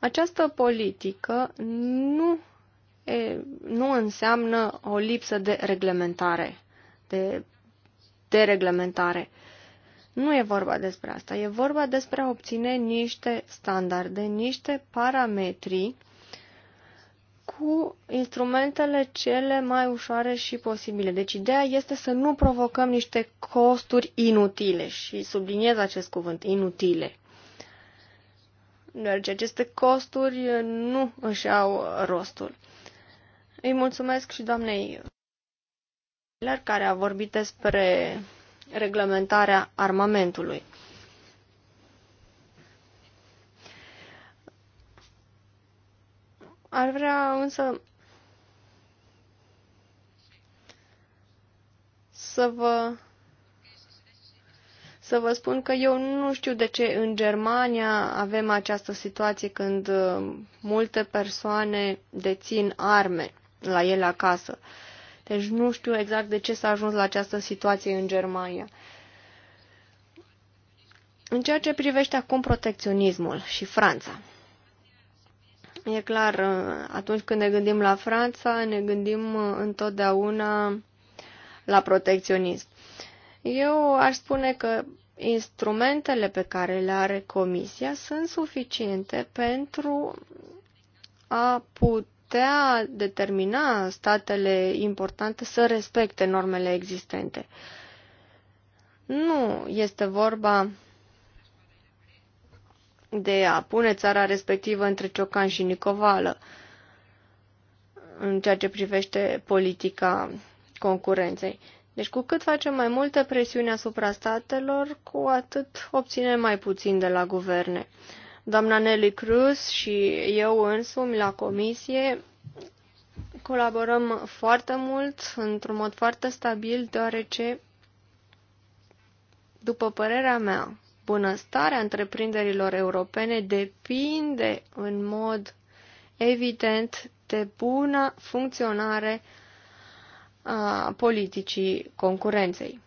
Această politică nu nu înseamnă o lipsă de reglementare, de dereglementare. Nu e vorba despre asta, e vorba despre a obține niște standarde, niște parametri cu instrumentele cele mai ușoare și posibile. Deci ideea este să nu provocăm niște costuri inutile și subliniez acest cuvânt, inutile. Deci aceste costuri nu își au rostul. Îi mulțumesc și doamnei Miller, care a vorbit despre reglementarea armamentului. Ar vrea însă să vă să vă spun că eu nu știu de ce în Germania avem această situație când multe persoane dețin arme la el acasă. Deci nu știu exact de ce s-a ajuns la această situație în Germania. În ceea ce privește acum protecționismul și Franța. E clar, uh, atunci când ne gândim la Franța, ne gândim uh, întotdeauna la protecționism. Eu aș spune că instrumentele pe care le are Comisia sunt suficiente pentru a putea putea determina statele importante să respecte normele existente. Nu este vorba de a pune țara respectivă între Ciocan și Nicovală în ceea ce privește politica concurenței. Deci cu cât facem mai multă presiune asupra statelor, cu atât obținem mai puțin de la guverne. Uh, Doamna Nelly Cruz și eu însumi la comisie colaborăm foarte mult, într-un mod foarte stabil, deoarece, după părerea mea, bunăstarea întreprinderilor europene depinde în mod evident de bună funcționare a politicii concurenței.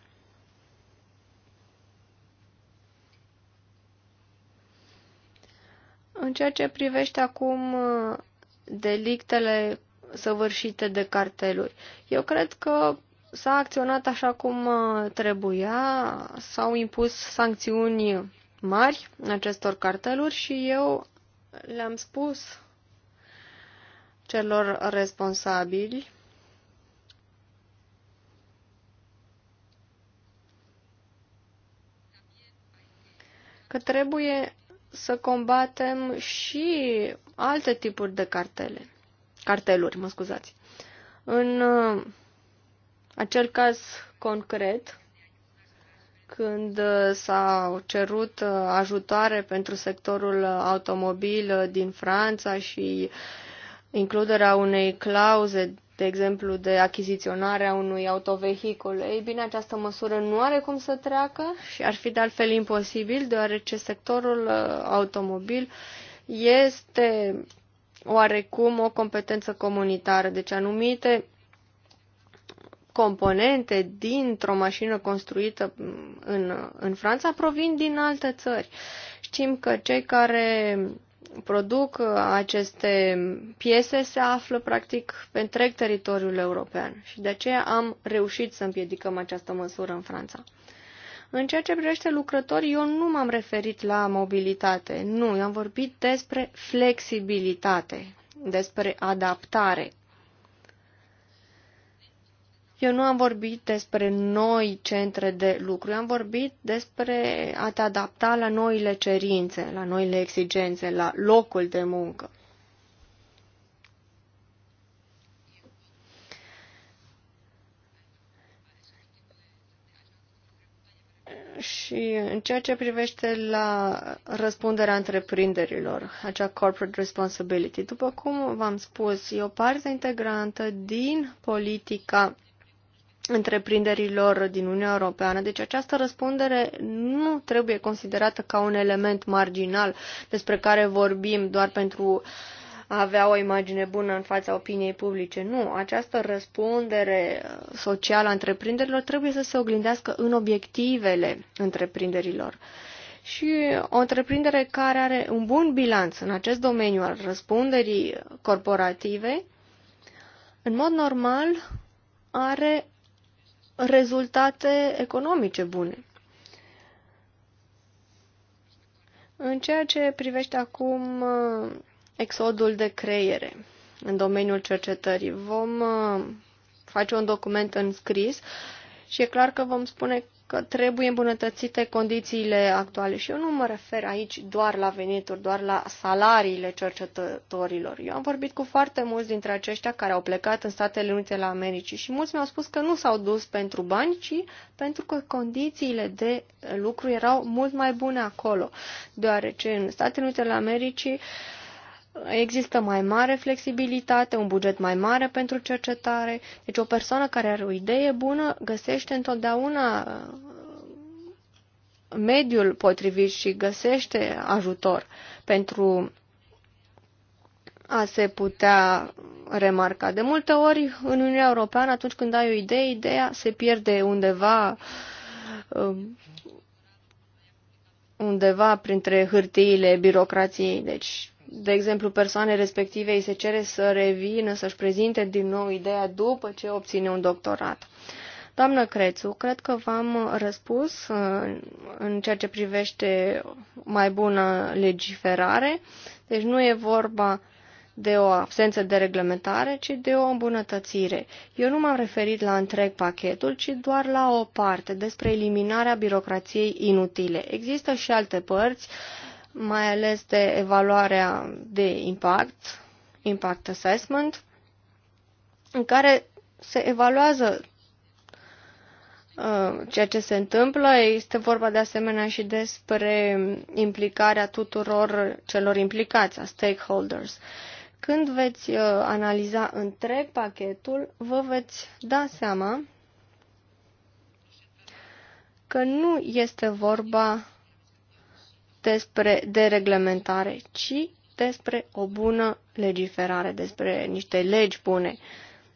În ceea ce privește acum uh, delictele săvârșite de carteluri, eu cred că s-a acționat așa cum uh, trebuia, s-au impus sancțiuni mari acestor carteluri și eu le-am spus celor responsabili că trebuie să combatem și alte tipuri de cartele. Carteluri, mă scuzați. În uh, acel caz concret, când uh, s-au cerut uh, ajutoare pentru sectorul automobil din Franța și includerea unei clauze de exemplu, de achiziționarea unui autovehicul. Ei bine, această măsură nu are cum să treacă și ar fi de altfel imposibil, deoarece sectorul uh, automobil este oarecum o competență comunitară, deci anumite componente dintr-o mașină construită mm, în, în Franța provin din alte țări. Știm că cei care produc uh, aceste piese se află practic pe întreg teritoriul european și de aceea am reușit să împiedicăm această măsură în Franța. În ceea ce privește lucrători, eu nu m-am referit la mobilitate, nu, eu am vorbit despre flexibilitate, despre adaptare. Eu nu am vorbit despre noi centre de lucru, eu am vorbit despre a te adapta la noile cerințe, la noile exigențe, la locul de muncă. și în ceea ce privește la răspunderea întreprinderilor, acea corporate responsibility, după cum v-am spus, e o parte integrantă din politica întreprinderilor din Uniunea Europeană. Deci această răspundere nu trebuie considerată ca un element marginal despre care vorbim doar pentru a avea o imagine bună în fața opiniei publice. Nu, această răspundere socială a întreprinderilor trebuie să se oglindească în obiectivele întreprinderilor. Și o întreprindere care are un bun bilanț în acest domeniu al răspunderii corporative, în mod normal, are rezultate economice bune. În ceea ce privește acum uh, exodul de creiere în domeniul cercetării, vom uh, face un document în scris și e clar că vom spune că trebuie îmbunătățite condițiile actuale. Și eu nu mă refer aici doar la venituri, doar la salariile cercetătorilor. Eu am vorbit cu foarte mulți dintre aceștia care au plecat în Statele Unite la Americii și mulți mi-au spus că nu s-au dus pentru bani, ci pentru că condițiile de lucru erau mult mai bune acolo. Deoarece în Statele Unite la Americii uh, există mai mare flexibilitate, un buget mai mare pentru cercetare. Deci o persoană care are o idee bună găsește întotdeauna uh, mediul potrivit și găsește ajutor pentru a se putea remarca. De multe ori, în Uniunea Europeană, atunci când ai o idee, ideea se pierde undeva uh, undeva printre hârtiile birocrației. Deci de exemplu, persoane respective îi se cere să revină, să-și prezinte din nou ideea după ce obține un doctorat. Doamnă Crețu, cred că v-am răspuns uh, în ceea ce privește mai bună legiferare. Deci nu e vorba de o absență de reglementare, ci de o îmbunătățire. Eu nu m-am referit la întreg pachetul, ci doar la o parte despre eliminarea birocrației inutile. Există și alte părți uh, mai ales de evaluarea de impact, impact assessment, în care se evaluează uh, ceea ce se întâmplă. Este vorba de asemenea și despre implicarea tuturor celor implicați, a stakeholders. Când veți uh, analiza întreg pachetul, vă veți da seama că nu este vorba despre dereglementare, ci despre o bună legiferare, despre niște legi bune.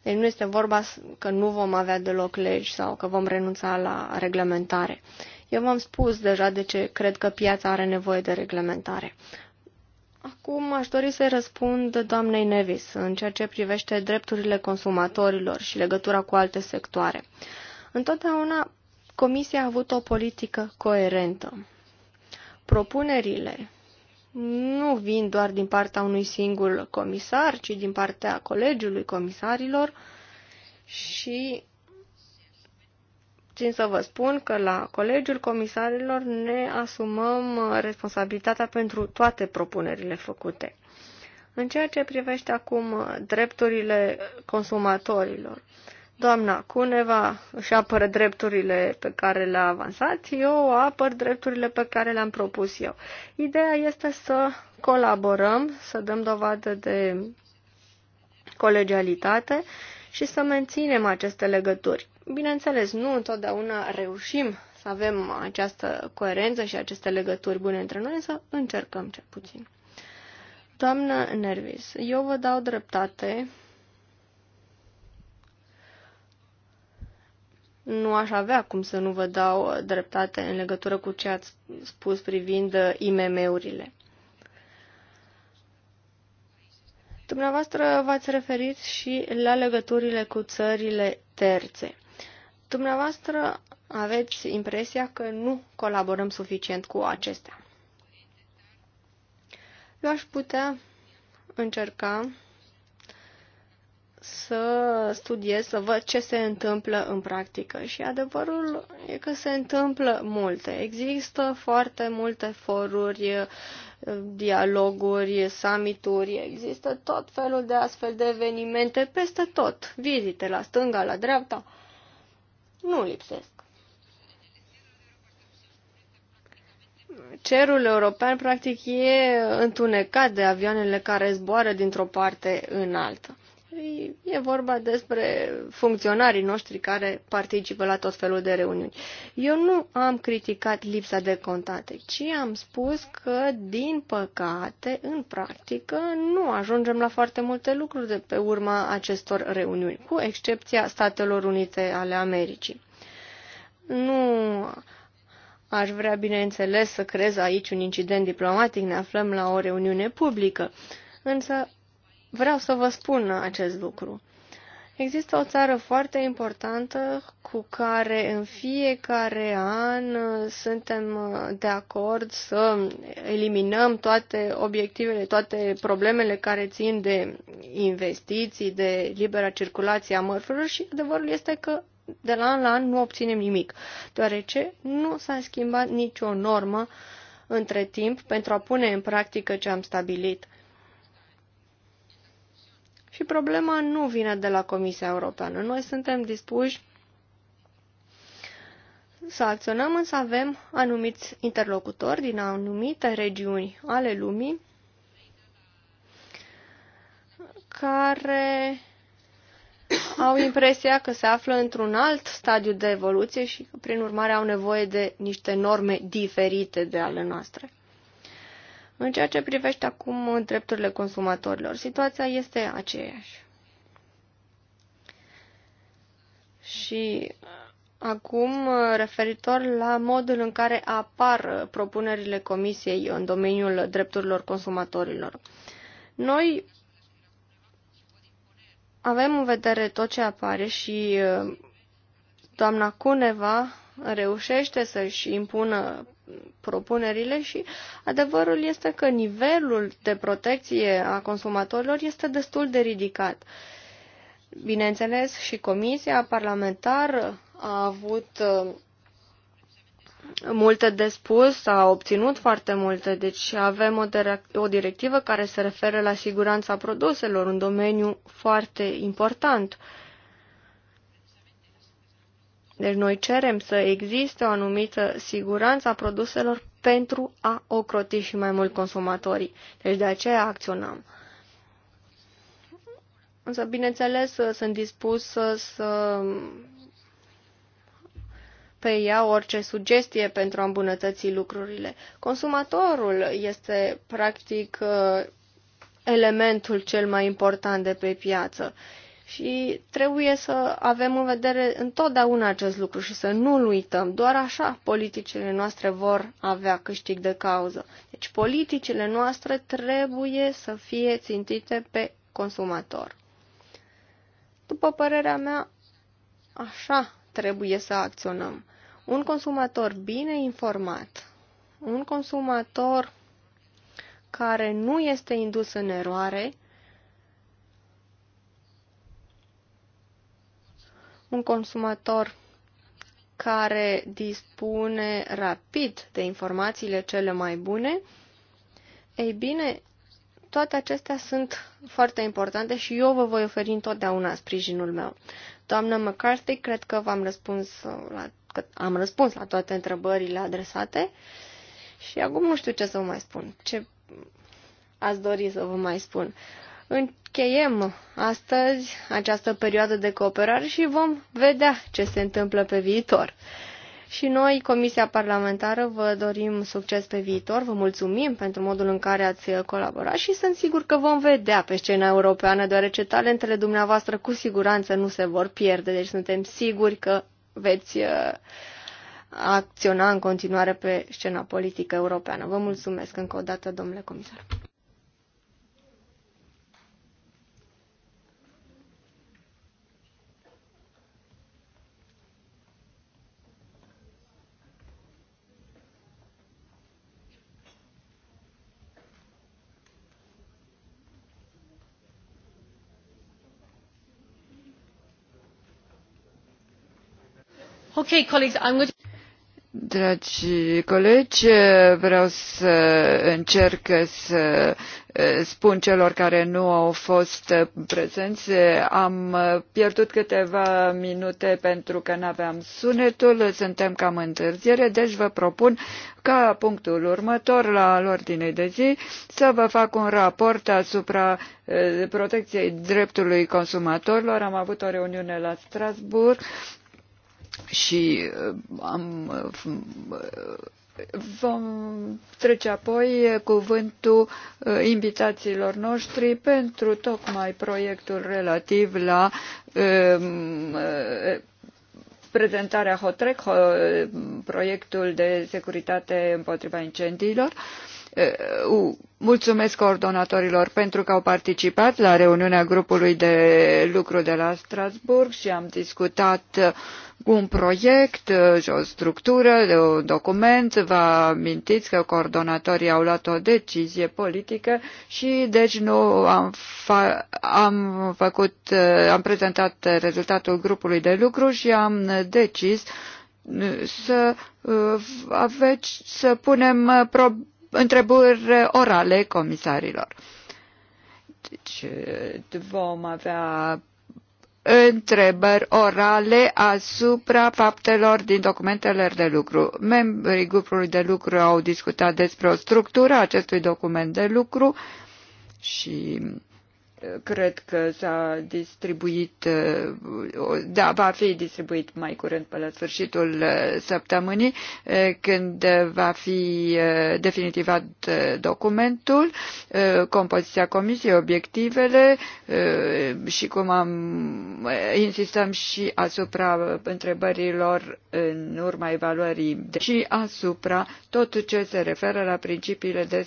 Deci nu este vorba că nu vom avea deloc legi sau că vom renunța la reglementare. Eu v-am spus deja de ce cred că piața are nevoie de reglementare. Acum aș dori să-i răspund doamnei Nevis în ceea ce privește drepturile consumatorilor și legătura cu alte sectoare. Întotdeauna Comisia a avut o politică coerentă propunerile nu vin doar din partea unui singur comisar, ci din partea colegiului comisarilor și țin să vă spun că la colegiul comisarilor ne asumăm responsabilitatea pentru toate propunerile făcute. În ceea ce privește acum drepturile consumatorilor, Doamna Cuneva își apără drepturile pe care le-a avansat, eu apăr drepturile pe care le-am propus eu. Ideea este să colaborăm, să dăm dovadă de colegialitate și să menținem aceste legături. Bineînțeles, nu întotdeauna reușim să avem această coerență și aceste legături bune între noi, să încercăm cel puțin. Doamnă Nervis, eu vă dau dreptate nu aș avea cum să nu vă dau dreptate în legătură cu ce ați spus privind IMM-urile. Dumneavoastră v-ați referit și la legăturile cu țările terțe. Dumneavoastră aveți impresia că nu colaborăm suficient cu acestea. Eu aș putea încerca să studiez, să văd ce se întâmplă în practică. Și adevărul e că se întâmplă multe. Există foarte multe foruri, dialoguri, summituri, există tot felul de astfel de evenimente peste tot, vizite la stânga, la dreapta. Nu lipsesc. cerul european practic e întunecat de avioanele care zboară dintr-o parte în alta. E vorba despre funcționarii noștri care participă la tot felul de reuniuni. Eu nu am criticat lipsa de contate, ci am spus că, din păcate, în practică, nu ajungem la foarte multe lucruri de pe urma acestor reuniuni, cu excepția Statelor Unite ale Americii. Nu Aș vrea, bineînțeles, să creez aici un incident diplomatic, ne aflăm la o reuniune publică. Însă vreau să vă spun acest lucru. Există o țară foarte importantă cu care în fiecare an uh, suntem uh, de acord să eliminăm toate obiectivele, toate problemele care țin de investiții, de libera circulație a mărfurilor și adevărul este că de la an la an nu obținem nimic, deoarece nu s-a schimbat nicio normă între timp pentru a pune în practică ce am stabilit. Și problema nu vine de la Comisia Europeană. Noi suntem dispuși să acționăm, însă avem anumiți interlocutori din anumite regiuni ale lumii care au impresia că se află într-un alt stadiu de evoluție și că, prin urmare, au nevoie de niște norme diferite de ale noastre. În ceea ce privește acum drepturile consumatorilor, situația este aceeași. Și acum, referitor la modul în care apar propunerile Comisiei în domeniul drepturilor consumatorilor. Noi avem în vedere tot ce apare și uh, doamna Cuneva reușește să-și impună propunerile și adevărul este că nivelul de protecție a consumatorilor este destul de ridicat. Bineînțeles, și Comisia Parlamentară a avut uh, multe de spus, a obținut foarte multe, deci avem o, o directivă care se referă la siguranța produselor, un domeniu foarte important. Uh, deci noi cerem să existe o anumită siguranță a produselor pentru a ocroti și mai mult consumatorii. Deci de aceea acționăm. Însă, bineînțeles, sunt dispusă să pe ea orice sugestie pentru a îmbunătăți lucrurile. Consumatorul este, practic, elementul cel mai important de pe piață. Și trebuie să avem în vedere întotdeauna acest lucru și să nu-l uităm. Doar așa politicile noastre vor avea câștig de cauză. Deci politicile noastre trebuie să fie țintite pe consumator. După părerea mea, așa trebuie să acționăm. Un consumator bine informat, un consumator care nu este indus în eroare, un consumator care dispune rapid de informațiile cele mai bune, ei bine, toate acestea sunt foarte importante și eu vă voi oferi întotdeauna sprijinul meu. Doamnă McCarthy, cred că v-am răspuns la, că am răspuns la toate întrebările adresate și acum nu știu ce să vă mai spun. Ce ați dori să vă mai spun? Uh, Încheiem astăzi această perioadă de cooperare și vom vedea ce se întâmplă pe viitor. Și noi, Comisia Parlamentară, vă dorim succes pe viitor, vă mulțumim pentru modul în care ați colaborat și sunt sigur că vom vedea pe scena europeană, deoarece talentele dumneavoastră cu siguranță nu se vor pierde, deci suntem siguri că veți uh, acționa în continuare pe scena politică europeană. Vă mulțumesc încă o dată, domnule comisar. Dragi colegi, vreau să încerc să spun celor care nu au fost prezenți. Am pierdut câteva minute pentru că nu aveam sunetul, suntem cam întârziere, deci vă propun ca punctul următor la ordinei de zi să vă fac un raport asupra protecției dreptului consumatorilor. Am avut o reuniune la Strasbourg și uh, am, uh, vom trece apoi cuvântul uh, invitațiilor noștri pentru tocmai proiectul relativ la um, prezentarea HOTREC, proiectul de securitate împotriva incendiilor. Uh, mulțumesc coordonatorilor pentru că au participat la reuniunea grupului de lucru de la Strasbourg și am discutat uh, un proiect uh, și o structură, un document. Vă amintiți că coordonatorii au luat o decizie politică și deci nu am, fa- am făcut, am prezentat rezultatul grupului de lucru și am decis să aveți, să punem probleme întrebări orale comisarilor. Deci vom avea întrebări orale asupra faptelor din documentele de lucru. Membrii grupului de lucru au discutat despre o structură acestui document de lucru și Cred că s-a distribuit, uh, da, va fi distribuit mai curând pe la sfârșitul uh, săptămânii, uh, când va fi definitivat documentul, compoziția comisiei, obiectivele și cum am, insistăm și asupra întrebărilor în urma evaluării și asupra tot ce se referă la principiile de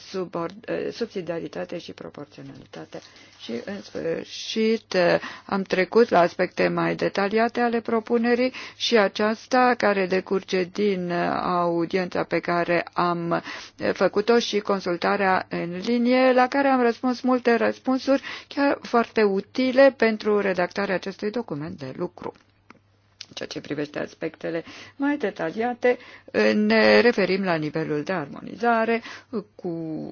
subsidiaritate și proporționalitate și în sfârșit, am trecut la aspecte mai detaliate ale propunerii și aceasta care decurge din audiența pe care am făcut-o și consultarea în linie, la care am răspuns multe răspunsuri chiar foarte utile pentru redactarea acestui document de lucru ceea ce privește aspectele mai detaliate, ne referim la nivelul de armonizare, cu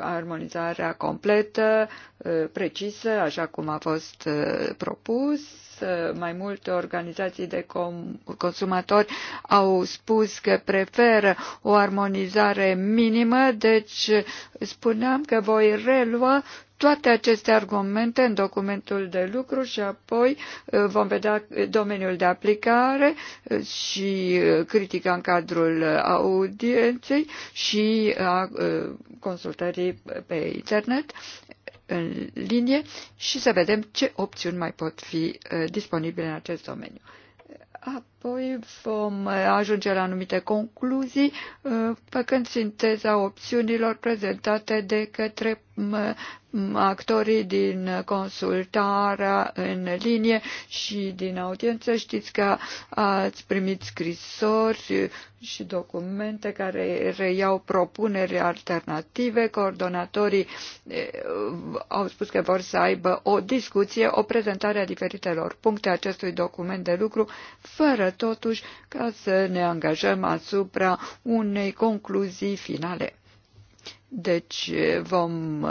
armonizarea completă, precisă, așa cum a fost uh, propus, Uh, mai multe organizații de consumatori au spus că preferă o armonizare minimă, deci spuneam că voi relua toate aceste argumente în documentul de lucru și apoi uh, vom vedea uh, domeniul de aplicare și critica în cadrul audienței și a consultării pe internet în linie și să vedem ce opțiuni mai pot fi uh, disponibile în acest domeniu. Apoi vom uh, ajunge la anumite concluzii, uh, făcând sinteza opțiunilor prezentate de către actorii din consultarea în linie și din audiență. Știți că ați primit scrisori și documente care reiau propuneri alternative. Coordonatorii eh, au spus că vor să aibă o discuție, o prezentare a diferitelor puncte acestui document de lucru, fără totuși ca să ne angajăm asupra unei concluzii finale. Deci eh, vom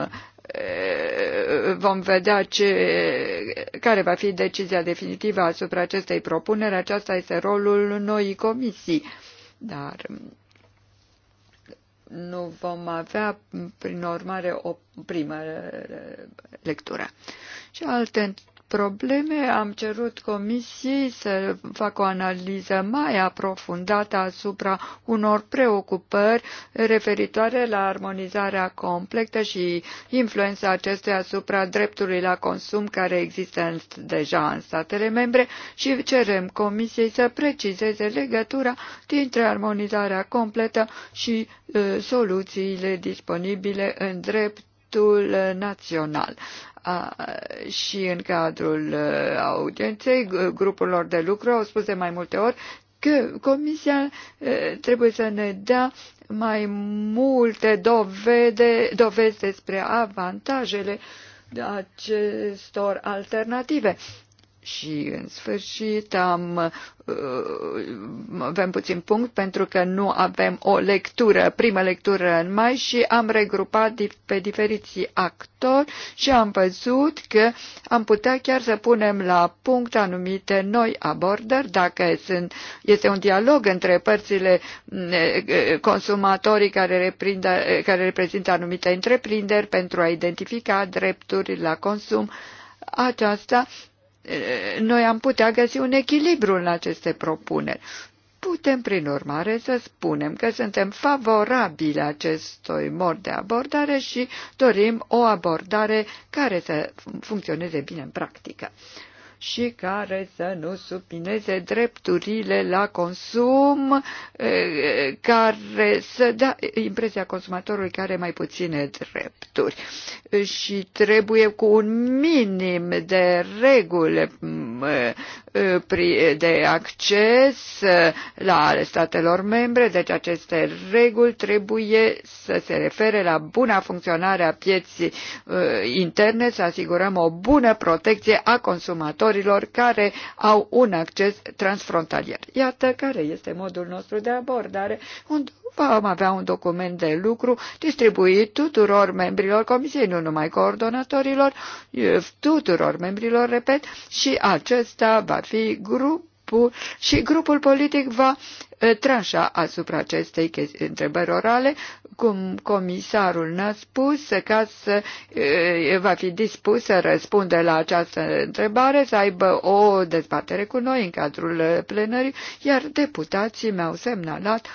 Eh, vom vedea ce, care va fi decizia definitivă asupra acestei propuneri. Aceasta este rolul noii comisii. Dar nu vom avea, prin urmare, o primă lectură. Și alte probleme, am cerut comisiei să facă o analiză mai aprofundată asupra unor preocupări referitoare la armonizarea completă și influența acesteia asupra dreptului la consum care există în, deja în statele membre și cerem comisiei să precizeze legătura dintre armonizarea completă și e, uh, soluțiile disponibile în drept dreptul național și în cadrul audienței grupurilor de lucru au spus de mai multe ori că Comisia trebuie să ne dea mai multe dovede, dovezi despre avantajele acestor alternative și, în sfârșit, am, uh, avem puțin punct pentru că nu avem o lectură, prima lectură în mai și am regrupat pe diferiții actori și am văzut că am putea chiar să punem la punct anumite noi abordări, dacă sunt, este un dialog între părțile mm, consumatorii care, reprindă, care reprezintă anumite întreprinderi pentru a identifica drepturi la consum aceasta noi am putea găsi un echilibru în aceste propuneri. Putem, prin urmare, să spunem că suntem favorabili acestui mod de abordare și dorim o abordare care să funcționeze bine în practică și care să nu supineze drepturile la consum, care să dea impresia consumatorului care mai puține drepturi. Și trebuie cu un minim de reguli de acces la ale statelor membre, deci aceste reguli trebuie să se refere la buna funcționare a pieții interne, să asigurăm o bună protecție a consumatorilor lucrătorilor care au un acces transfrontalier. Iată care este modul nostru de abordare, unde vom avea un document de lucru distribuit tuturor membrilor comisiei, nu numai coordonatorilor, tuturor membrilor, repet, și acesta va fi grup grupul și grupul politic va tranșa asupra acestei întrebări orale, cum comisarul ne-a spus, ca să va fi dispus să răspunde la această întrebare, să aibă o dezbatere cu noi în cadrul plenării, iar deputații mi-au semnalat,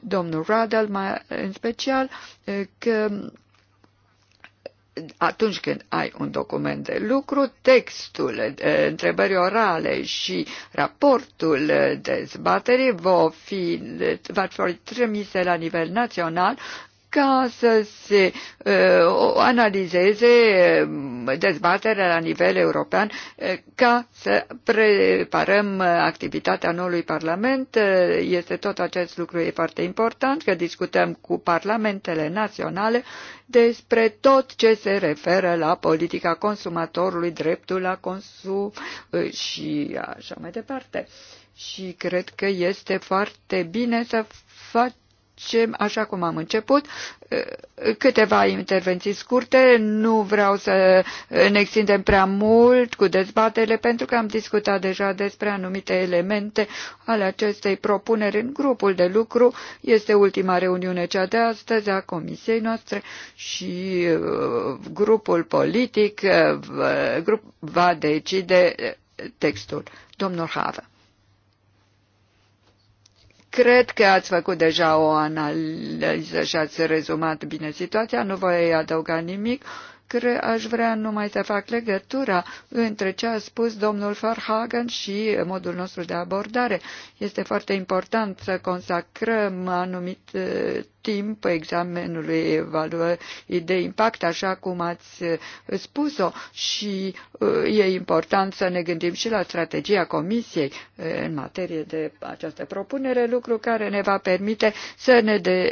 domnul Radel mai în special, că atunci când ai un document de lucru, textul eh, întrebării orale și raportul eh, dezbaterii vor fi, eh, va fi trimise la nivel național ca să se analizeze dezbaterea la nivel european ca să preparăm activitatea noului Parlament. Este tot acest lucru e foarte important că discutăm cu parlamentele naționale despre tot ce se referă la politica consumatorului, dreptul la consum și așa mai departe. Și cred că este foarte bine să facem facem așa cum am început, câteva intervenții scurte, nu vreau să ne extindem prea mult cu dezbatele, pentru că am discutat deja despre anumite elemente ale acestei propuneri în grupul de lucru. Este ultima reuniune cea de astăzi a comisiei noastre și uh, grupul politic uh, grup va decide uh, textul. Domnul Havă. Cred că ați făcut deja o analiză și ați rezumat bine situația, nu voi adăuga nimic. Cre aș vrea numai să fac legătura între ce a spus domnul Farhagen și modul nostru de abordare. Este foarte important să consacrăm anumite timp examenului evaluării de impact, așa cum ați eh, spus-o, și eh, e important să ne gândim și la strategia Comisiei eh, în materie de această propunere, lucru care ne va permite să ne de,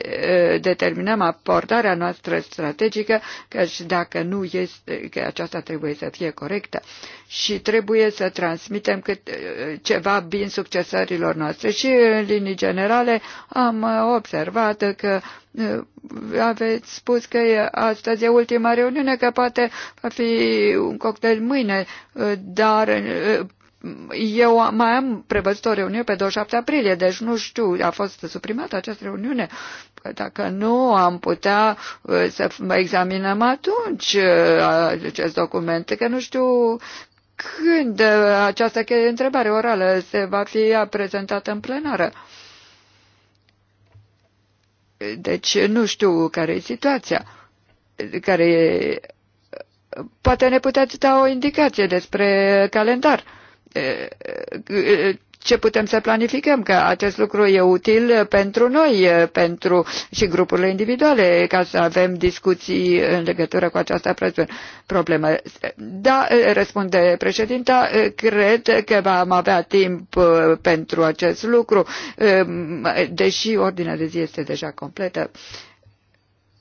determinăm abordarea noastră strategică, căci dacă nu este, că aceasta trebuie să fie corectă și trebuie să transmitem cât, ceva bine succesorilor noastre. Și în linii generale am observat că aveți spus că astăzi e ultima reuniune, că poate va fi un cocktail mâine, dar eh, eu mai am prevăzut o reuniune pe 27 aprilie, deci nu știu, a fost suprimată această reuniune. Păi dacă nu, am putea eh, să examinăm atunci eh, acest document, că nu știu când această întrebare orală se va fi prezentată în plenară. Deci nu știu care e situația, care e... Poate ne puteți da o indicație despre calendar ce putem să planificăm, că acest lucru e util pentru noi, pentru și grupurile individuale, ca să avem discuții în legătură cu această problemă. Da, răspunde președinta, cred că vom avea timp uh, pentru acest lucru, um, deși ordinea de zi este deja completă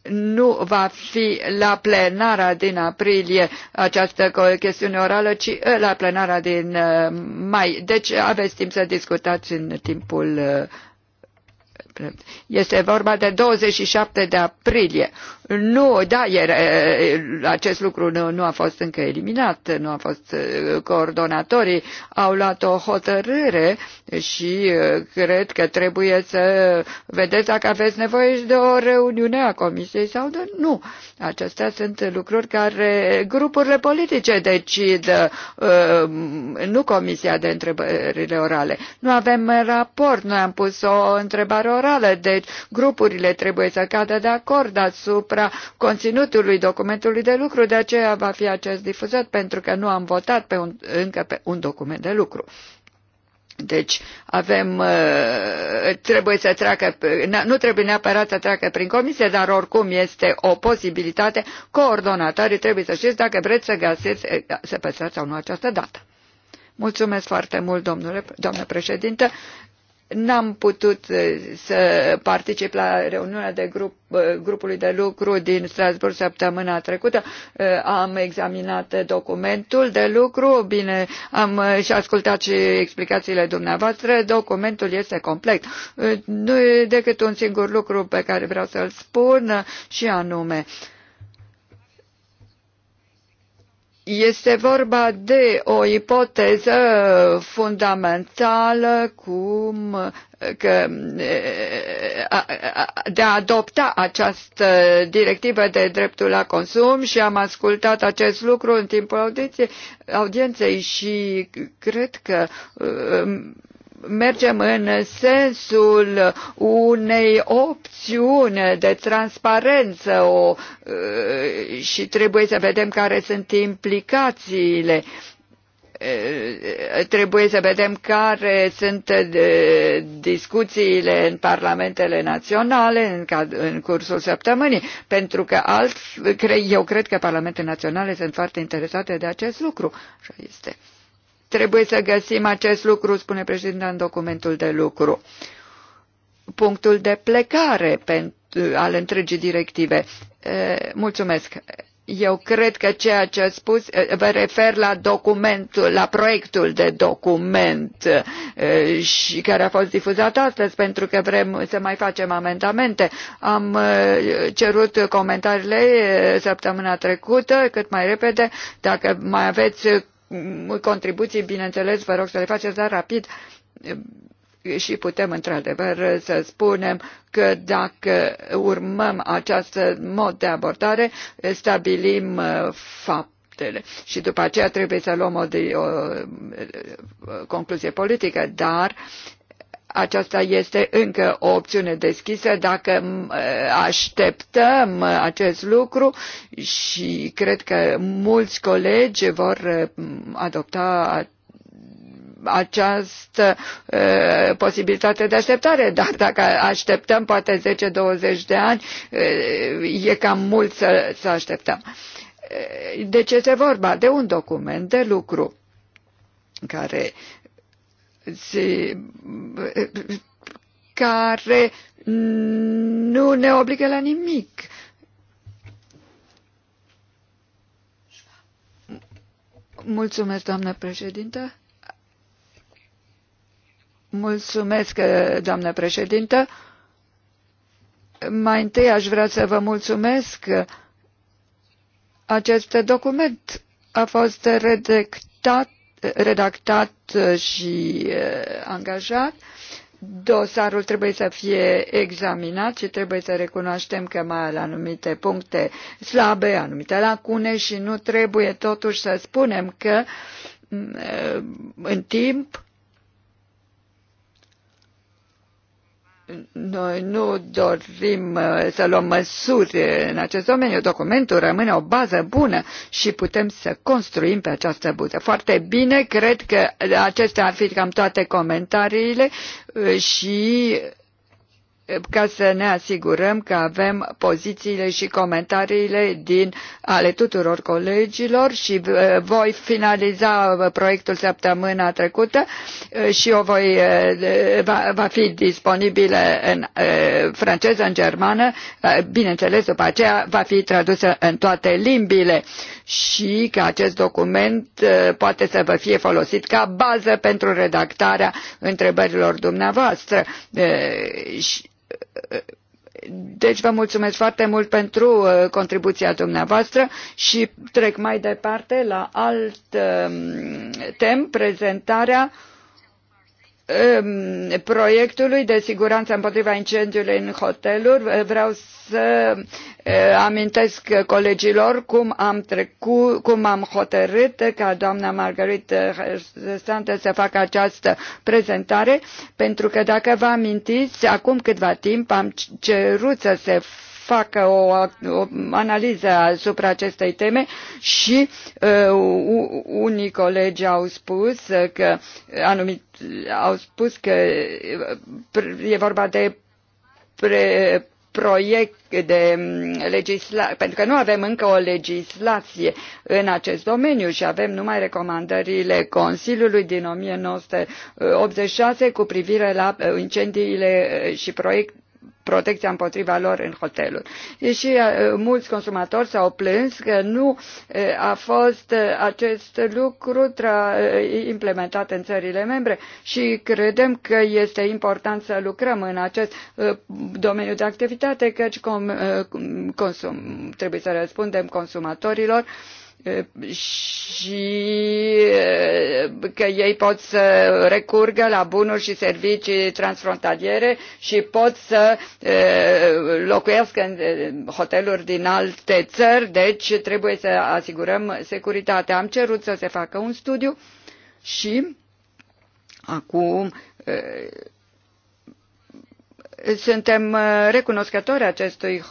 nu va fi la plenara din aprilie această chestiune orală, ci eh, la plenara din eh, mai. Deci aveți timp să discutați în timpul. Eh, este vorba de 27 de aprilie. Nu, da, iar, acest lucru nu, nu a fost încă eliminat, nu a fost coordonatorii, au luat o hotărâre și cred că trebuie să vedeți dacă aveți nevoie de o reuniune a Comisiei sau de nu. Acestea sunt lucruri care grupurile politice decid, nu Comisia de Întrebările Orale. Nu avem raport, noi am pus o întrebare orală, deci grupurile trebuie să cadă de acord asupra asupra conținutului documentului de lucru, de aceea va fi acest difuzat pentru că nu am votat pe un, încă pe un document de lucru. Deci avem, uh, trebuie să treacă, nu trebuie neapărat să treacă prin comisie, dar oricum este o posibilitate. Coordonatorii trebuie să știți dacă vreți să găsiți, uh, să păstrați sau nu această dată. Mulțumesc foarte mult, domnule, doamnă președinte n-am putut eh, să particip la reuniunea de grup, eh, grupului de lucru din Strasbourg săptămâna trecută. Eh, am examinat documentul de lucru, bine, am și ascultat și explicațiile dumneavoastră. Documentul este complet. Nu e decât un singur lucru pe care vreau să-l spun și anume, este vorba de o ipoteză fundamentală cum că, de a adopta această directivă de dreptul la consum și am ascultat acest lucru în timpul audienței și cred că um, mergem în sensul unei opțiuni de transparență o, uh, și trebuie să vedem care sunt implicațiile uh, trebuie să vedem care sunt uh, discuțiile în parlamentele naționale în cursul săptămânii, pentru că alt, eu cred că parlamentele naționale sunt foarte interesate de acest lucru. Așa este. Trebuie să găsim acest lucru, spune președintele, în documentul de lucru. Punctul de plecare al întregii directive. Mulțumesc. Eu cred că ceea ce ați spus, vă refer la documentul, la proiectul de document și care a fost difuzat astăzi, pentru că vrem să mai facem amendamente. Am cerut comentariile săptămâna trecută, cât mai repede. Dacă mai aveți contribuții, bineînțeles, vă rog să le faceți, dar rapid și putem într-adevăr să spunem că dacă urmăm acest mod de abordare, stabilim fapt uh, faptele. Și după aceea trebuie să luăm o, de, o, o uh, concluzie politică, dar aceasta este încă o opțiune deschisă dacă așteptăm acest lucru și cred că mulți colegi vor adopta această uh, posibilitate de așteptare dar dacă așteptăm poate zece 20 de ani uh, e cam mult să, să așteptăm. Uh, ce se vorba de un document de lucru care care nu ne obligă la nimic. Mulțumesc, doamnă președintă. Mulțumesc, doamnă președintă. Mai întâi aș vrea să vă mulțumesc. Acest document a fost redactat redactat și eh, angajat. Dosarul trebuie să fie examinat și trebuie să recunoaștem că mai are anumite puncte slabe, anumite lacune și nu trebuie totuși să spunem că mm, eh, în timp Noi nu dorim uh, să luăm măsuri în acest domeniu. Documentul rămâne o bază bună și putem să construim pe această bază. Foarte bine, cred că acestea ar fi cam toate comentariile uh, și ca să ne asigurăm că avem pozițiile și comentariile din ale tuturor colegilor și uh, voi finaliza uh, proiectul săptămâna trecută uh, și o voi, va, va fi disponibilă în franceză, în germană, bineînțeles după aceea va fi tradusă în toate limbile și că acest document poate să vă fie folosit ca bază pentru redactarea întrebărilor dumneavoastră și deci vă mulțumesc foarte mult pentru uh, contribuția dumneavoastră și trec mai departe la alt um, tem prezentarea proiectului de siguranță împotriva incendiului în hoteluri vreau să amintesc colegilor cum am, trecut, cum am hotărât ca doamna marguerite Sante să facă această prezentare pentru că dacă vă amintiți acum câtva timp am cerut să se facă o, o analiză asupra acestei teme și uh, unii colegi au spus că anumit, au spus că uh, e vorba de pre, proiect de um, legislație, pentru că nu avem încă o legislație în acest domeniu și avem numai recomandările Consiliului din 1986 uh, cu privire la uh, incendiile și proiect, protecția împotriva lor în hoteluri. Deși mulți consumatori s-au plâns că nu a fost acest lucru implementat în țările membre și credem că este important să lucrăm în acest domeniu de activitate căci consum, trebuie să răspundem consumatorilor uh, și că ei pot să recurgă la bunuri și servicii transfrontaliere și pot să locuiască în hoteluri din alte țări, deci trebuie să asigurăm securitatea. Am cerut să se facă un studiu și acum suntem uh, recunoscători acestui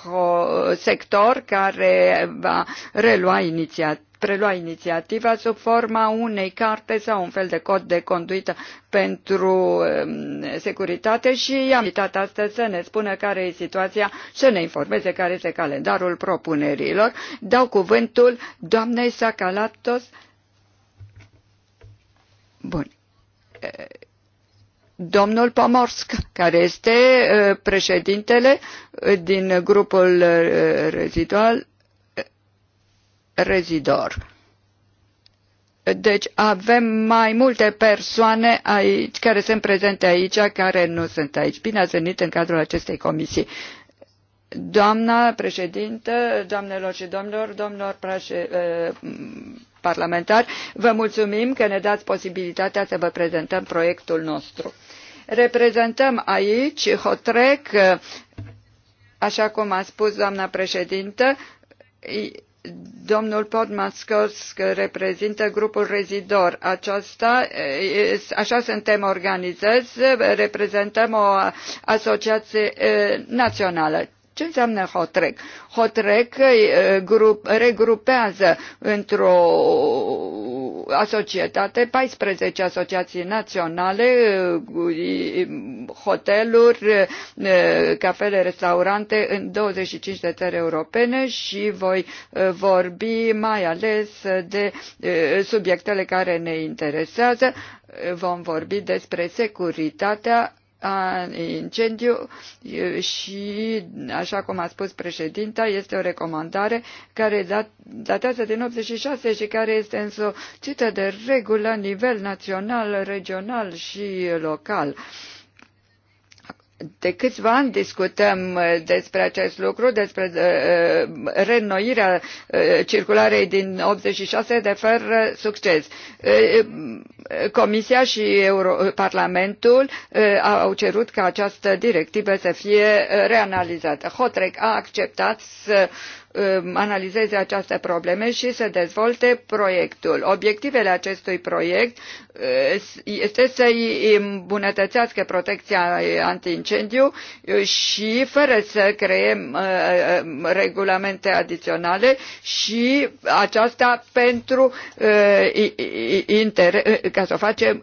sector care va relua inițiativa prelua inițiativa sub forma unei carte sau un fel de cod de conduită pentru um, securitate și i am invitat astăzi să ne spună care e situația, să ne informeze care este calendarul propunerilor. Dau cuvântul doamnei Sacalatos. Bun domnul Pomorsk, care este uh, președintele uh, din grupul uh, rezidual rezidor. Deci avem mai multe persoane aici, care sunt prezente aici, care nu sunt aici. Bine ați venit în cadrul acestei comisii. Doamna președintă, doamnelor și domnilor, domnilor prașe, parlamentari, vă mulțumim că ne dați posibilitatea să vă prezentăm proiectul nostru Reprezentăm aici Hotrec, așa cum a spus doamna președintă, domnul Podmascos reprezintă grupul Rezidor. Aceasta, așa suntem organizați, reprezentăm o asociație națională. Ce înseamnă Hotrec? Hotrec regrupează într-o societate paisprezece asociații naționale hoteluri cafele restaurante în douăzeci și cinci de țări europene și voi eh, vorbi mai ales de eh, subiectele care ne interesează vom vorbi despre securitatea a incendiu și, așa cum a spus președinta, este o recomandare care datează din 86 și care este însoțită de regulă la nivel național, regional și local. Uh, de câțiva ani discutăm uh, despre acest lucru, despre uh, uh, reînnoirea circularei din 86 de fără succes. Comisia și Euro Parlamentul au cerut ca această directivă să fie reanalizată. Hotrec a acceptat să Um, analizeze aceste probleme și să dezvolte proiectul. Obiectivele acestui proiect uh, este să îi îmbunătățească protecția antiincendiu uh, și fără să creăm uh, regulamente adiționale și aceasta pentru ca să o facem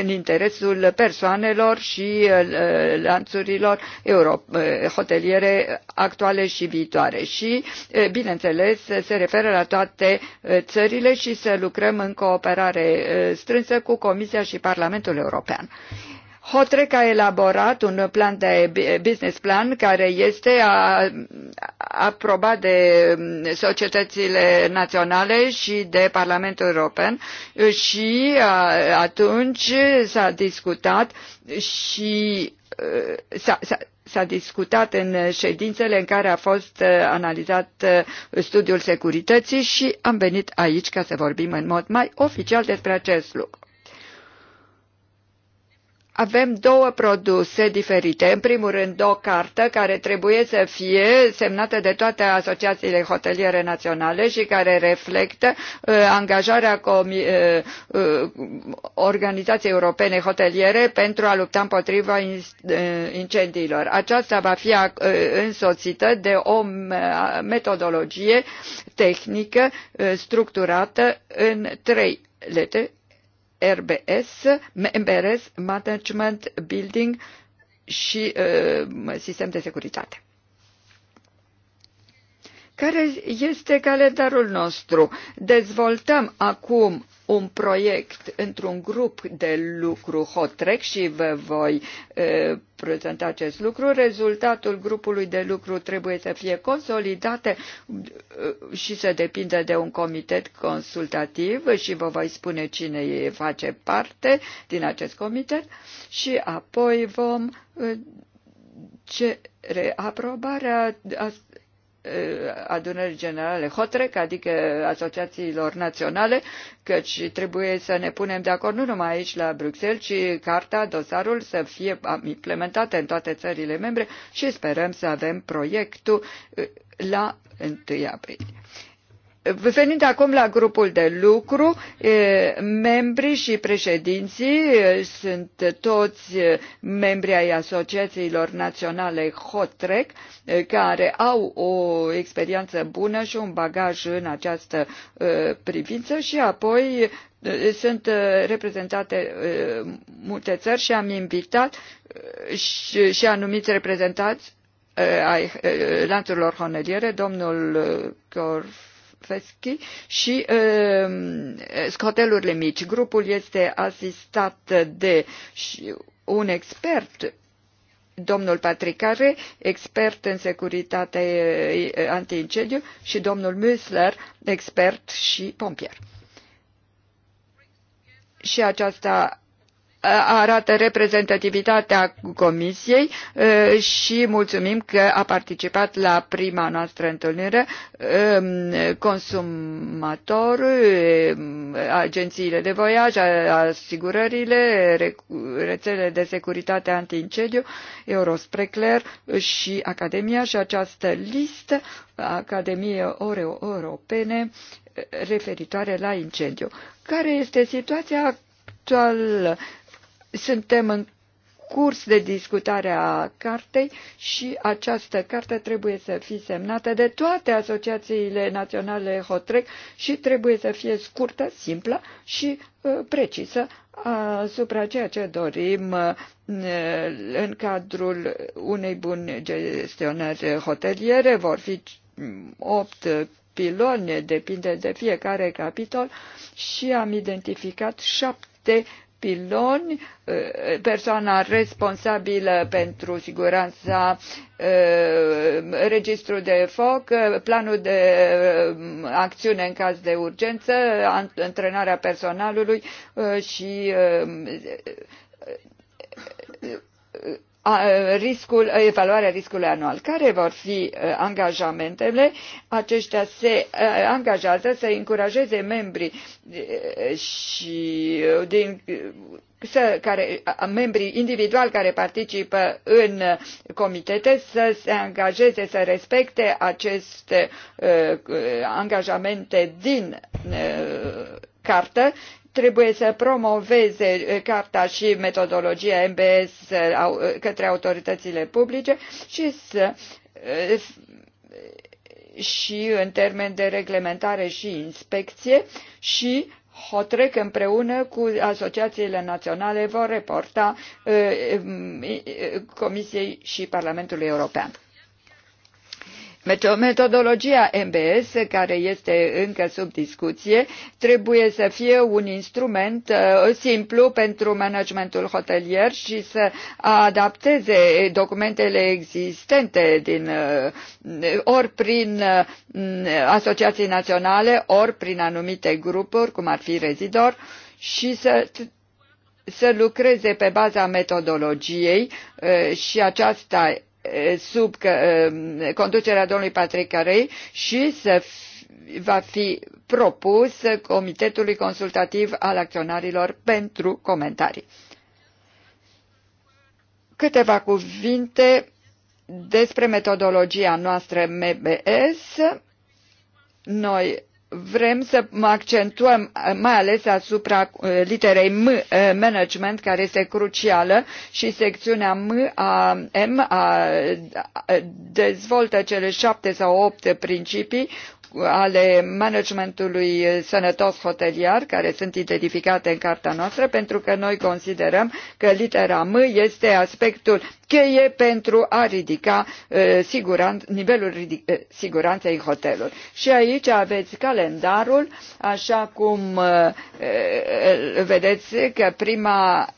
în interesul persoanelor și uh, lanțurilor uh, hoteliere actuale și viitoare și uh, bineînțeles se referă la toate țările și să lucrăm în cooperare strânsă cu comisia și parlamentul european hotrec a elaborat un plan de business plan care este aprobat de mm, societățile naționale și de parlamentul european și atunci s a discutat și uh, s a, s a discutat în ședințele în care a fost uh, analizat uh, studiul securității și am venit aici ca să vorbim în mod mai oficial despre acest lucru avem două produse diferite. În primul rând, o cartă care trebuie să fie semnată de toate asociațiile hoteliere naționale și care reflectă uh, angajarea comi, uh, uh, Organizației Europene Hoteliere pentru a lupta împotriva uh, incendiilor. Aceasta va fi uh, însoțită de o uh, metodologie tehnică uh, structurată în trei lete RBS, MBRS, Management, Building și uh, Sistem de Securitate. Care este calendarul nostru? Dezvoltăm acum un proiect într-un grup de lucru HOTREC și vă voi prezenta acest lucru. Rezultatul grupului de lucru trebuie să fie consolidate și să depindă de un comitet consultativ și vă voi spune cine face parte din acest comitet și apoi vom cere aprobarea Uh, adunării generale HOTREC, adică asociațiilor naționale, căci trebuie să ne punem de acord nu numai aici la Bruxelles, ci carta, dosarul să fie implementate în toate țările membre și sperăm să avem proiectul uh, la 1 aprilie. Venind acum la grupul de lucru, membrii și președinții sunt toți membri ai asociațiilor naționale HOTREC, care au o experiență bună și un bagaj în această privință și apoi sunt reprezentate multe țări și am invitat și, anumiți reprezentanți ai lanțurilor honeliere, domnul Corf Feschi și ehm, scotelurile mici. Grupul este asistat de un expert domnul Patricare, expert în securitate antiincendiu, și domnul Müsler, expert și pompier. Și aceasta arată reprezentativitatea Comisiei uh, și mulțumim că a participat la prima noastră întâlnire um, consumatorul, um, agențiile de voiaj, asigurările, rețelele de securitate antiincendiu, Eurosprecler și Academia și această listă Academiei Oreo Europene uh, referitoare la incendiu. Care este situația actuală? Suntem în curs de discutare a cartei și această carte trebuie să fie semnată de toate asociațiile naționale HOTREC și trebuie să fie scurtă, simplă și uh, precisă asupra ceea ce dorim uh, în cadrul unei bune gestionări hoteliere. Vor fi mm, opt piloni, depinde de fiecare capitol și am identificat șapte piloni, eh, persoana responsabilă pentru siguranța eh, registru de foc, planul de eh, acțiune în caz de urgență, antrenarea personalului și evaluarea riscului anual. Care vor fi angajamentele? Aceștia se angajează să încurajeze membrii și din să, care, membrii individual care participă în comitete să se angajeze să respecte aceste uh, angajamente din uh, cartă trebuie să promoveze eh, carta și metodologia MBS eh, eh, către autoritățile publice și să și în termen de reglementare și inspecție și HOTREC împreună cu asociațiile naționale vor reporta Comisiei și Parlamentului European metodologia mbs care este încă sub discuție trebuie să fie un instrument uh, simplu pentru managementul hotelier și să adapteze documentele existente din, uh, ori prin uh, asociații naționale ori prin anumite grupuri cum ar fi rezidor și să să lucreze pe baza metodologiei și aceasta Eh, sub eh, conducerea domnului Patrick Carey și să va fi propus Comitetului Consultativ al Acționarilor pentru comentarii. Câteva cuvinte despre metodologia noastră MBS. Noi vrem să accentuăm mai ales asupra uh, literei m uh, management care este crucială și secțiunea m a m a dezvoltă cele șapte sau opt principii ale managementului sănătos hotelier care sunt identificate în cartea noastră pentru că noi considerăm că litera m este aspectul cheie pentru a ridica uh, nivelul siguranței uh, siguranței hotelului. Și aici aveți calendarul, așa cum uh, vedeți că prima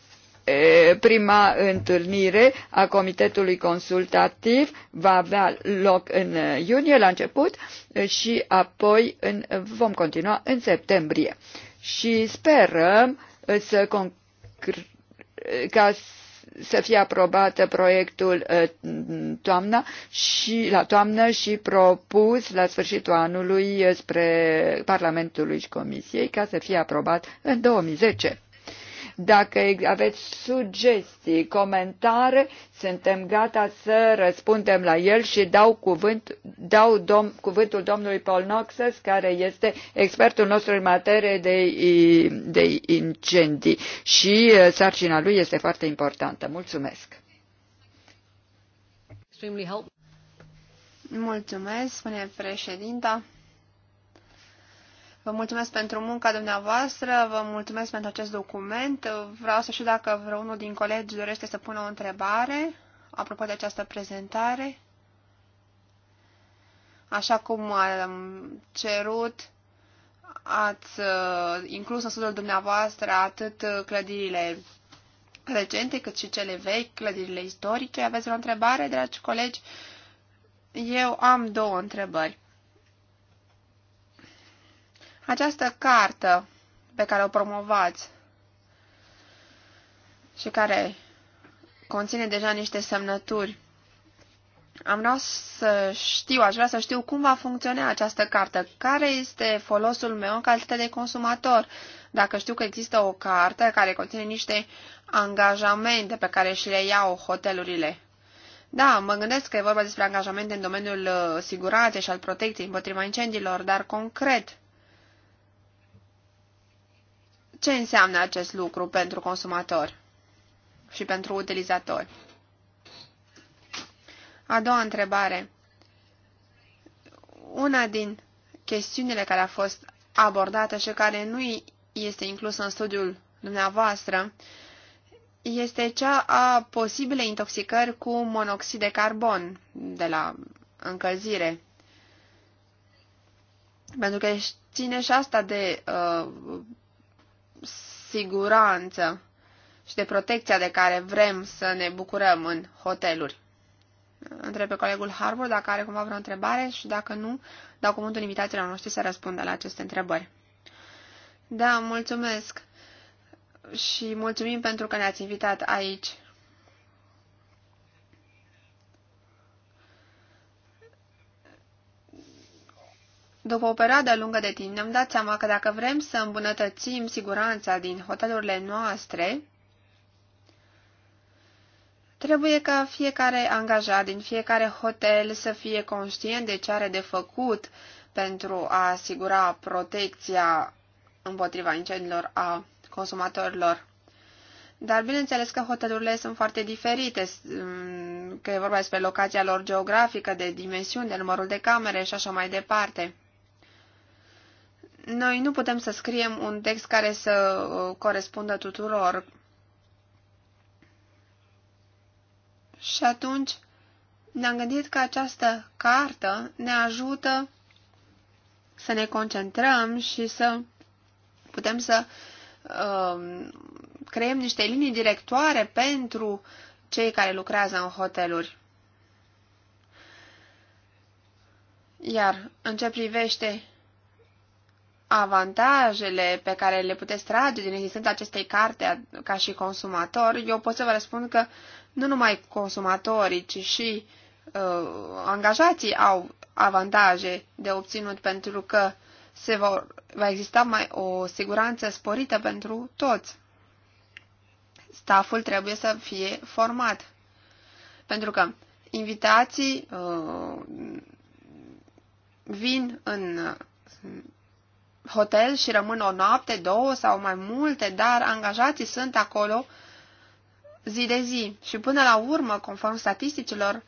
prima întâlnire a comitetului consultativ va avea loc în iunie la început și apoi în, vom continua în septembrie. Și sperăm uh, să uh, ca să fie aprobat proiectul uh, toamna și, la toamnă și propus la sfârșitul anului spre Parlamentului și Comisiei ca să fie aprobat în 2010. Dacă aveți sugestii, comentare, suntem gata să răspundem la el și dau, cuvânt, dau dom, cuvântul domnului Paul Noxes, care este expertul nostru în materie de, de incendii și uh, sarcina lui este foarte importantă. Mulțumesc! Mulțumesc, spune președinta. Vă mulțumesc pentru munca dumneavoastră, vă mulțumesc pentru acest document. Vreau să știu dacă vreunul din colegi dorește să pună o întrebare apropo de această prezentare. Așa cum am cerut, ați uh, inclus în studiul dumneavoastră atât clădirile recente cât și cele vechi, clădirile istorice. Aveți o întrebare, dragi colegi? Eu am două întrebări. Această cartă pe care o promovați și care conține deja niște semnături, am vrea să știu, aș vrea să știu cum va funcționa această carte, care este folosul meu în calitate de consumator. Dacă știu că există o carte care conține niște angajamente pe care și le iau hotelurile. Da, mă gândesc că e vorba despre angajamente în domeniul uh, siguranței și al protecției împotriva incendiilor, dar concret, ce înseamnă acest lucru pentru consumator și pentru utilizator? A doua întrebare. Una din chestiunile care a fost abordată și care nu este inclusă în studiul dumneavoastră este cea a posibile intoxicări cu monoxid de carbon de la încălzire. Pentru că ține și asta de uh, siguranță și de protecția de care vrem să ne bucurăm în hoteluri. Întreb pe colegul Harvard dacă are cumva vreo întrebare și dacă nu, dau cuvântul invitațiilor noștri să răspundă la aceste întrebări. Da, mulțumesc și mulțumim pentru că ne-ați invitat aici. După o perioadă lungă de timp ne-am dat seama că dacă vrem să îmbunătățim siguranța din hotelurile noastre, trebuie ca fiecare angajat din fiecare hotel să fie conștient de ce are de făcut pentru a asigura protecția împotriva incendiilor a consumatorilor. Dar bineînțeles că hotelurile sunt foarte diferite, mm, că e vorba despre locația lor geografică, de dimensiune, de numărul de camere și așa mai departe. Noi nu putem să scriem un text care să uh, corespundă tuturor. Și atunci ne-am gândit că această cartă ne ajută să ne concentrăm și să putem să uh, creăm niște linii directoare pentru cei care lucrează în hoteluri. Iar în ce privește avantajele pe care le puteți trage din existența acestei carte ca și consumator, eu pot să vă răspund că nu numai consumatorii, ci și uh, angajații au avantaje de obținut pentru că se vor, va exista mai o siguranță sporită pentru toți. Staful trebuie să fie format. Pentru că invitații uh, vin în hotel și rămân o noapte, două sau mai multe, dar angajații sunt acolo zi de zi. Și până la urmă, conform statisticilor,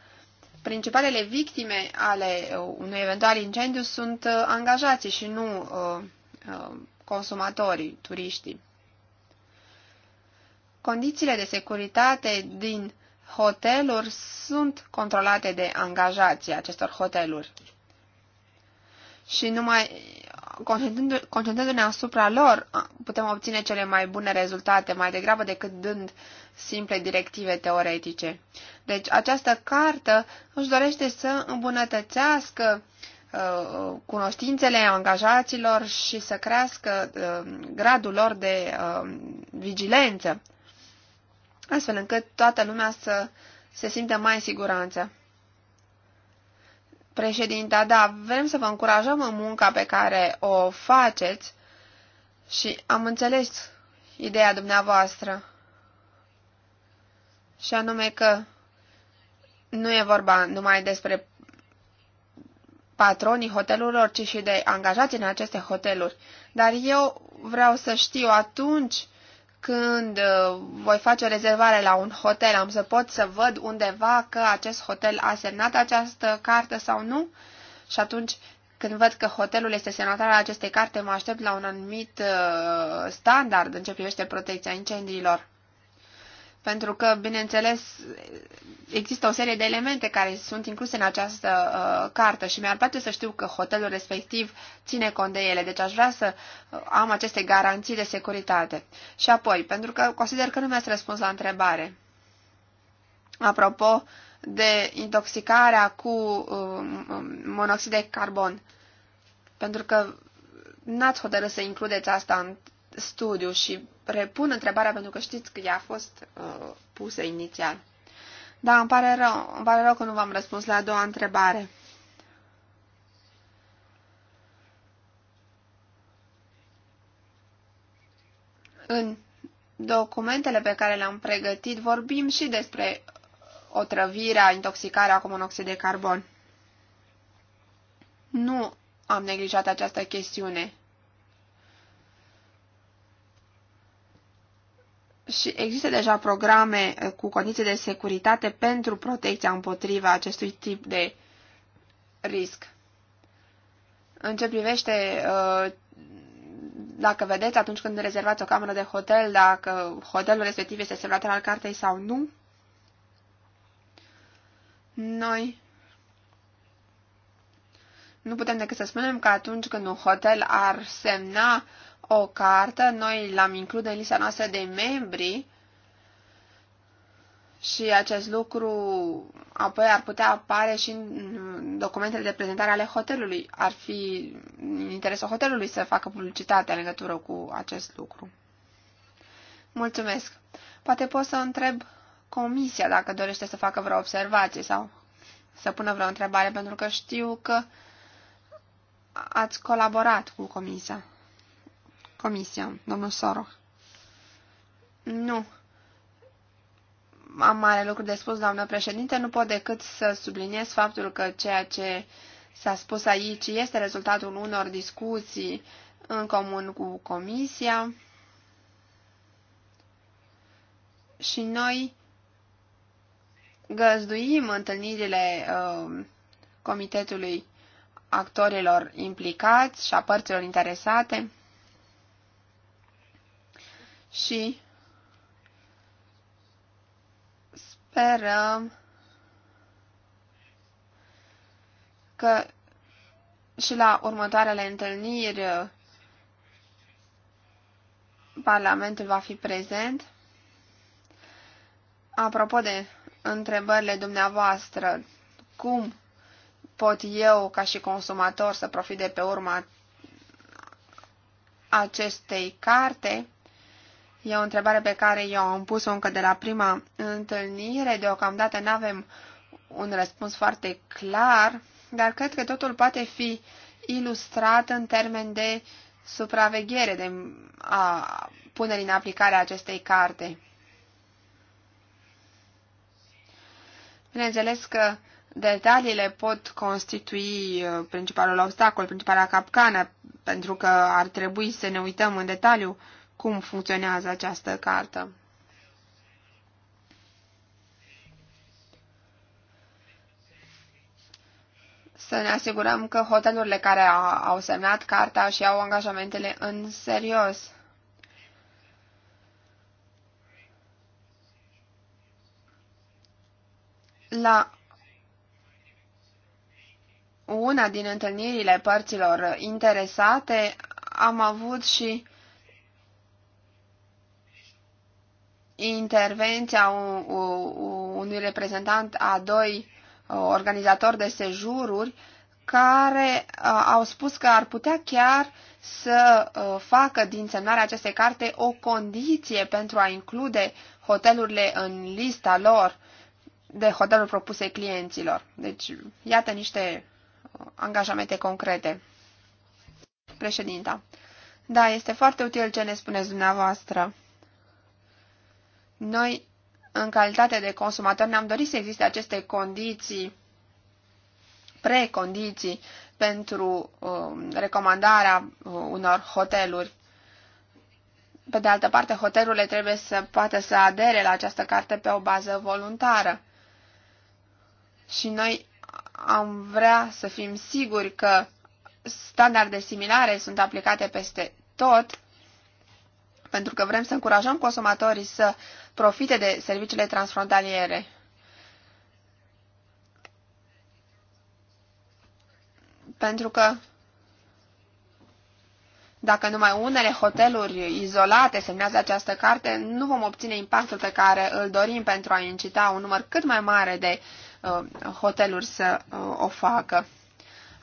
principalele victime ale uh, unui eventual incendiu sunt uh, angajații și nu uh, uh, consumatorii, turiștii. Condițiile de securitate din hoteluri sunt controlate de angajații acestor hoteluri. Și numai concentrându-ne asupra lor, putem obține cele mai bune rezultate, mai degrabă decât dând simple directive teoretice. Deci această cartă își dorește să îmbunătățească uh, cunoștințele angajaților și să crească uh, gradul lor de uh, vigilență, astfel încât toată lumea să se simtă mai în siguranță. Președinta, da, vrem să vă încurajăm în munca pe care o faceți și am înțeles ideea dumneavoastră. Și anume că nu e vorba numai despre patronii hotelurilor, ci și de angajații în aceste hoteluri. Dar eu vreau să știu atunci când uh, voi face o rezervare la un hotel, am să pot să văd undeva că acest hotel a semnat această carte sau nu? Și atunci, când văd că hotelul este semnatar la aceste carte, mă aștept la un anumit uh, standard în ce privește protecția incendiilor pentru că, bineînțeles, există o serie de elemente care sunt incluse în această uh, cartă și mi-ar place să știu că hotelul respectiv ține cont de ele, deci aș vrea să uh, am aceste garanții de securitate. Și apoi, pentru că consider că nu mi-ați răspuns la întrebare. Apropo de intoxicarea cu uh, monoxid de carbon, pentru că n-ați hotărât să includeți asta în studiu și repun întrebarea pentru că știți că ea a fost uh, pusă inițial. Da, îmi pare rău, îmi pare rău că nu v-am răspuns la a doua întrebare. În documentele pe care le-am pregătit vorbim și despre otrăvirea, intoxicarea cu monoxid de carbon. Nu am neglijat această chestiune. și există deja programe eh, cu condiții de securitate pentru protecția împotriva acestui tip de risc. În ce privește, eh, dacă vedeți atunci când rezervați o cameră de hotel, dacă hotelul respectiv este semnat al cartei sau nu, noi nu putem decât să spunem că atunci când un hotel ar semna o cartă, noi l-am include în lista noastră de membri și acest lucru apoi ar putea apare și în documentele de prezentare ale hotelului. Ar fi în interesul hotelului să facă publicitate în legătură cu acest lucru. Mulțumesc. Poate pot să întreb comisia dacă dorește să facă vreo observație sau să pună vreo întrebare, pentru că știu că ați colaborat cu comisia. Comisia, domnul Soroch. Nu. Am mare lucru de spus, doamnă președinte, nu pot decât să subliniez faptul că ceea ce s-a spus aici este rezultatul unor discuții în comun cu Comisia și noi găzduim întâlnirile uh, Comitetului actorilor implicați și a părților interesate și sperăm că și la următoarele întâlniri Parlamentul va fi prezent. Apropo de întrebările dumneavoastră, cum pot eu, ca și consumator, să profit de pe urma acestei carte? E o întrebare pe care eu am pus-o încă de la prima întâlnire. Deocamdată nu avem un răspuns foarte clar, dar cred că totul poate fi ilustrat în termen de supraveghere, de a punerii în aplicare a acestei carte. Bineînțeles că detaliile pot constitui uh, principalul obstacol, principala capcană, pentru că ar trebui să ne uităm în detaliu cum funcționează această cartă. Să ne asigurăm că hotelurile care au semnat carta și au angajamentele în serios. La una din întâlnirile părților interesate am avut și intervenția unui reprezentant a doi uh, organizatori de sejururi care uh, au spus că ar putea chiar să uh, facă din semnarea acestei carte o condiție pentru a include hotelurile în lista lor de hoteluri propuse clienților. Deci, iată niște angajamente concrete. Președinta. Da, este foarte util ce ne spuneți dumneavoastră. Noi, în calitate de consumatori, ne-am dorit să existe aceste condiții, precondiții pentru uh, recomandarea uh, unor hoteluri. Pe de altă parte, hotelurile trebuie să poată să adere la această carte pe o bază voluntară. Și noi am vrea să fim siguri că standarde similare sunt aplicate peste tot pentru că vrem să încurajăm consumatorii să profite de serviciile transfrontaliere. Pentru că dacă numai unele hoteluri izolate semnează această carte, nu vom obține impactul pe care îl dorim pentru a incita un număr cât mai mare de uh, hoteluri să uh, o facă.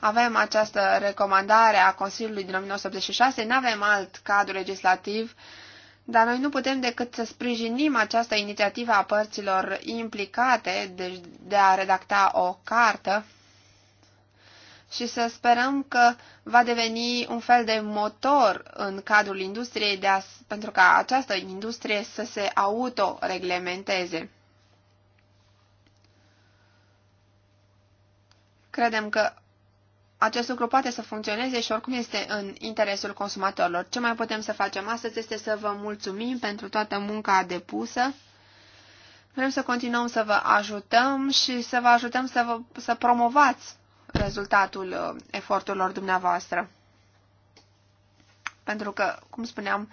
Avem această recomandare a Consiliului din 1986, nu avem alt cadru legislativ, dar noi nu putem decât să sprijinim această inițiativă a părților implicate, de, deci de a redacta o cartă și să sperăm că va deveni un fel de motor în cadrul industriei de a, pentru ca această industrie să se autoreglementeze. Credem că acest lucru poate să funcționeze și oricum este în interesul consumatorilor. Ce mai putem să facem astăzi este să vă mulțumim pentru toată munca depusă. Vrem să continuăm să vă ajutăm și să vă ajutăm să, vă, să promovați rezultatul uh, eforturilor dumneavoastră. Pentru că, cum spuneam,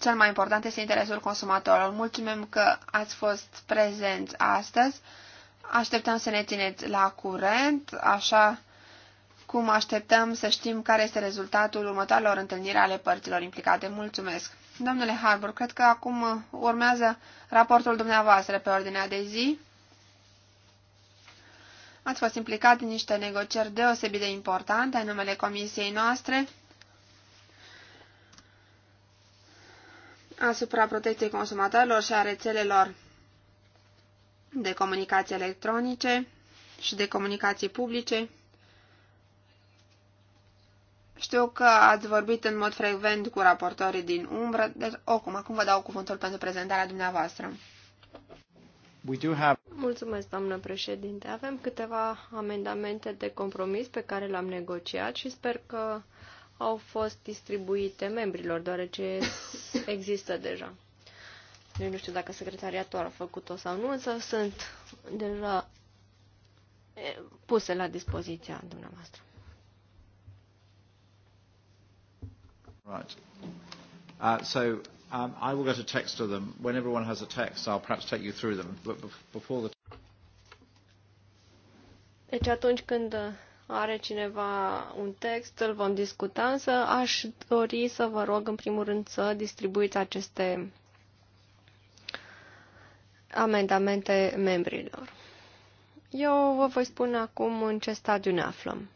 cel mai important este interesul consumatorilor. Mulțumim că ați fost prezenți astăzi. Așteptăm să ne țineți la curent, așa Acum așteptăm să știm care este rezultatul următoarelor întâlniri ale părților implicate. Mulțumesc! Domnule Harbour, cred că acum urmează raportul dumneavoastră pe ordinea de zi. Ați fost implicat în niște negocieri deosebit de importante în numele comisiei noastre asupra protecției consumatorilor și a rețelelor de comunicații electronice și de comunicații publice. Știu că ați vorbit în mod frecvent cu raportorii din umbră, deci oricum, acum vă dau cuvântul pentru prezentarea dumneavoastră. We do have... Mulțumesc, doamnă președinte. Avem câteva amendamente de compromis pe care le-am negociat și sper că au fost distribuite membrilor, deoarece există deja. Eu nu știu dacă secretariatul a făcut-o sau nu, însă sunt deja puse la dispoziția dumneavoastră. Right. Uh, so um, I will get a text to them. When everyone has a text, I'll perhaps take you through them. But before the... Deci atunci când uh, are cineva un text, îl vom discuta, însă aș dori să vă rog în primul rând să distribuiți aceste amendamente membrilor. Eu vă voi spune acum în ce stadiu ne aflăm.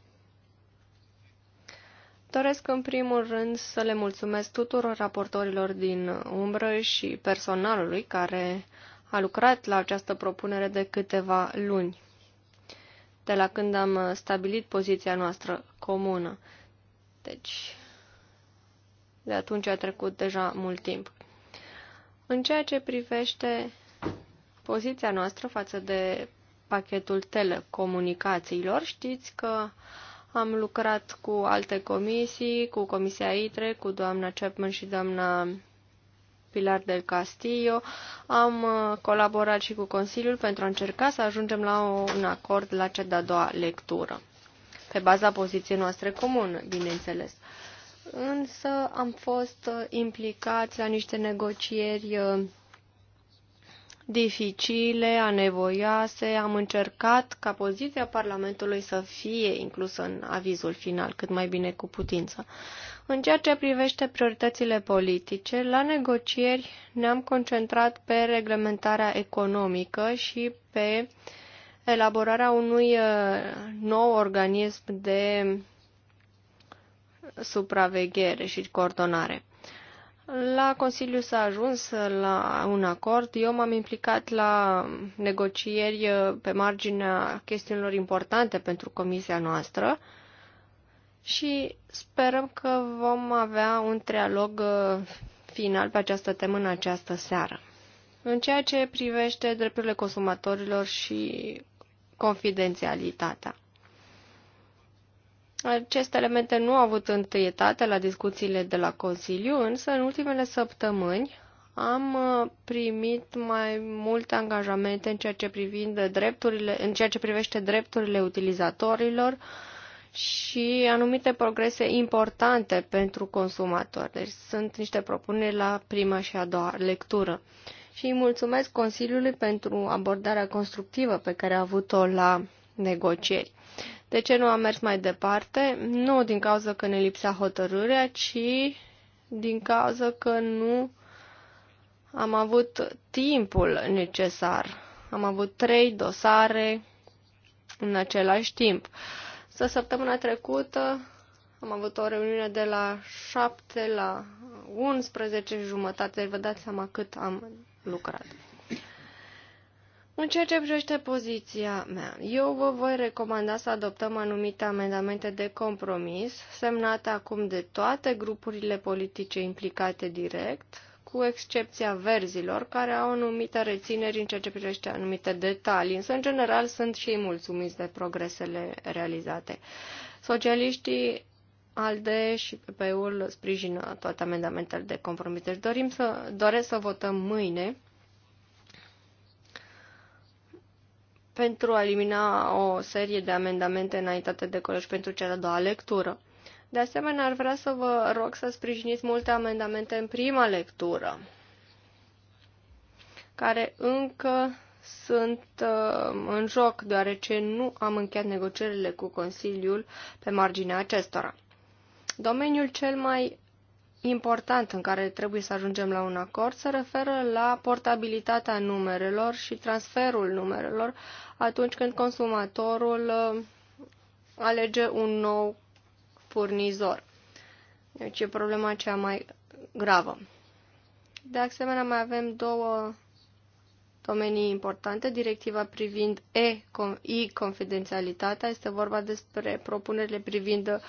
Doresc în primul rând să le mulțumesc tuturor raportorilor din umbră și personalului care a lucrat la această propunere de câteva luni, de la când am stabilit poziția noastră comună. Deci, de atunci a trecut deja mult timp. În ceea ce privește poziția noastră față de pachetul telecomunicațiilor, știți că am lucrat cu alte comisii, cu Comisia ITRE, cu doamna Chapman și doamna Pilar del Castillo. Am uh, colaborat și cu Consiliul pentru a încerca să ajungem la un acord la cea de-a doua lectură, pe baza poziției noastre comune, bineînțeles. Însă am fost uh, implicați la niște negocieri uh, dificile, anevoioase. Am încercat ca poziția Parlamentului să fie inclusă în avizul final, cât mai bine cu putință. În ceea ce privește prioritățile politice, la negocieri ne-am concentrat pe reglementarea economică și pe elaborarea unui uh, nou organism de supraveghere și coordonare. La Consiliu s-a ajuns la un acord. Eu m-am implicat la negocieri uh, pe marginea chestiunilor importante pentru comisia noastră și sperăm că vom avea un trialog uh, final pe această temă în această seară. În ceea ce privește drepturile consumatorilor și confidențialitatea. Aceste elemente nu au avut întâietate la discuțiile de la Consiliu, însă în ultimele săptămâni am uh, primit mai multe angajamente în ceea ce, privind drepturile, în ceea ce privește drepturile utilizatorilor și anumite progrese importante pentru consumatori. Deci sunt niște propuneri la prima și a doua lectură. Și îi mulțumesc Consiliului pentru abordarea constructivă pe care a avut-o la negocieri. De ce nu am mers mai departe? Nu din cauza că ne lipsea hotărârea, ci din cauza că nu am avut timpul necesar. Am avut trei dosare în același timp. Să săptămâna trecută am avut o reuniune de la 7 la 11 jumătate, vă dați seama cât am lucrat. În ceea ce privește poziția mea, eu vă voi recomanda să adoptăm anumite amendamente de compromis, semnate acum de toate grupurile politice implicate direct, cu excepția verzilor, care au anumite rețineri în ceea ce privește anumite detalii, însă, în general, sunt și ei mulțumiți de progresele realizate. Socialiștii ALDE și PP-ul sprijină toate amendamentele de compromis. Deci dorim să, doresc să votăm mâine pentru a elimina o serie de amendamente înaintate de colegi pentru cea de-a doua lectură. De asemenea, ar vrea să vă rog să sprijiniți multe amendamente în prima lectură, care încă sunt uh, în joc, deoarece nu am încheiat negocierile cu Consiliul pe marginea acestora. Domeniul cel mai important în care trebuie să ajungem la un acord se referă la portabilitatea numerelor și transferul numerelor atunci când consumatorul uh, alege un nou furnizor. Deci e problema cea mai gravă. De asemenea, mai avem două domenii importante. Directiva privind e-confidențialitatea este vorba despre propunerile privind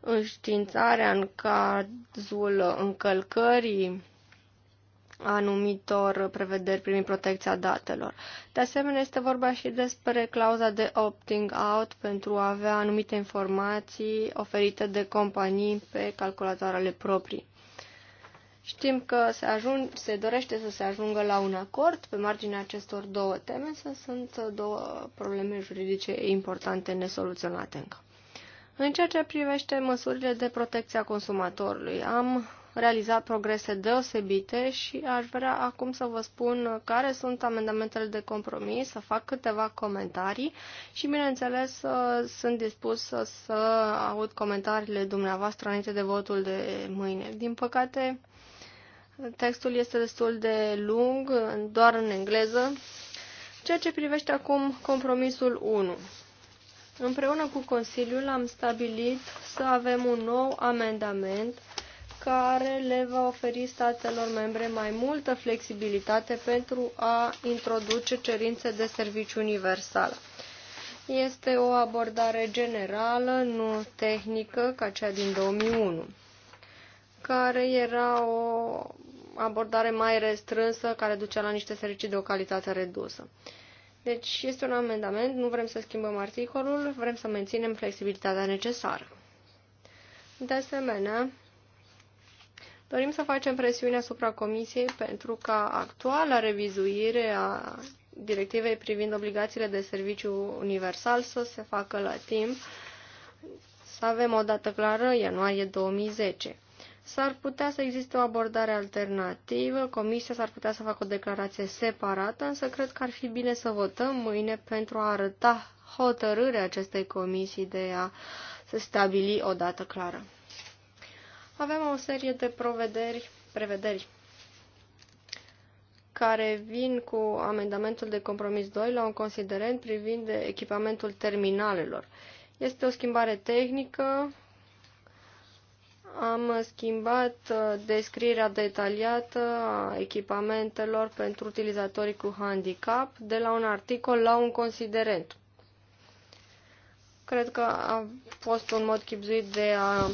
înștiințarea în cazul încălcării anumitor prevederi privind protecția datelor. De asemenea, este vorba și despre clauza de opting out pentru a avea anumite informații oferite de companii pe calculatoarele proprii. Știm că se, ajung, se dorește să se ajungă la un acord pe marginea acestor două teme, să sunt două probleme juridice importante nesoluționate încă. În ceea ce privește măsurile de protecție a consumatorului, am realizat progrese deosebite și aș vrea acum să vă spun care sunt amendamentele de compromis, să fac câteva comentarii și, bineînțeles, sunt dispus să, să aud comentariile dumneavoastră înainte de votul de mâine. Din păcate, textul este destul de lung, doar în engleză, ceea ce privește acum compromisul 1. Împreună cu Consiliul am stabilit să avem un nou amendament care le va oferi statelor membre mai multă flexibilitate pentru a introduce cerințe de serviciu universal. Este o abordare generală, nu tehnică, ca cea din 2001, care era o abordare mai restrânsă, care ducea la niște servicii de o calitate redusă. Deci este un amendament, nu vrem să schimbăm articolul, vrem să menținem flexibilitatea necesară. De asemenea, dorim să facem presiune asupra Comisiei pentru ca actuala revizuire a directivei privind obligațiile de serviciu universal să se facă la timp, să avem o dată clară ianuarie 2010. S-ar putea să existe o abordare alternativă, comisia s-ar putea să facă o declarație separată, însă cred că ar fi bine să votăm mâine pentru a arăta hotărârea acestei comisii de a se stabili o dată clară. Avem o serie de provederi, prevederi care vin cu amendamentul de compromis 2 la un considerent privind echipamentul terminalelor. Este o schimbare tehnică am schimbat uh, descrierea detaliată a echipamentelor pentru utilizatorii cu handicap de la un articol la un considerent. Cred că a fost un mod chipzuit de a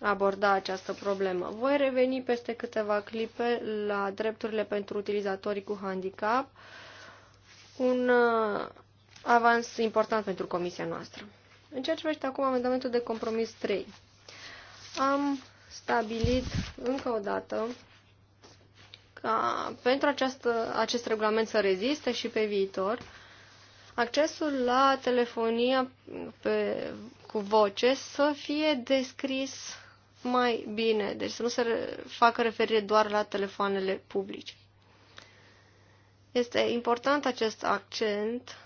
aborda această problemă. Voi reveni peste câteva clipe la drepturile pentru utilizatorii cu handicap, un uh, avans important pentru comisia noastră. În ceea ce privește acum amendamentul de compromis 3 am stabilit încă o dată ca pentru această, acest regulament să reziste și pe viitor, accesul la telefonia pe, cu voce să fie descris mai bine, deci să nu se facă referire doar la telefoanele publice. Este important acest accent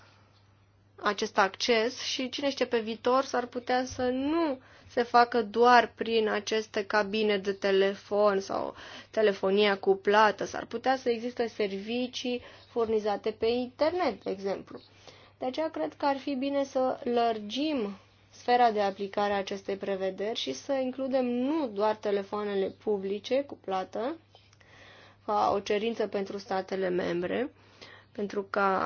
acest acces și cine știe pe viitor s-ar putea să nu se facă doar prin aceste cabine de telefon sau telefonia cu plată. S-ar putea să existe servicii furnizate pe internet, de exemplu. De aceea cred că ar fi bine să lărgim sfera de aplicare a acestei prevederi și să includem nu doar telefoanele publice cu plată, ca o cerință pentru statele membre, pentru că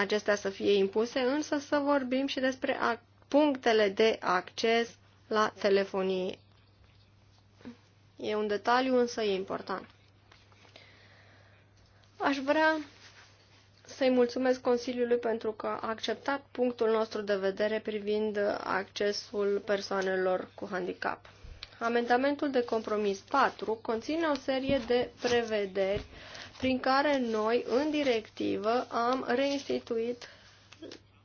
acestea să fie impuse, însă să vorbim și despre punctele de acces la telefonie. E un detaliu, însă e important. Aș vrea să-i mulțumesc Consiliului pentru că a acceptat punctul nostru de vedere privind accesul persoanelor cu handicap. Amendamentul de compromis 4 conține o serie de prevederi uh, prin care noi, în directivă, am reinstituit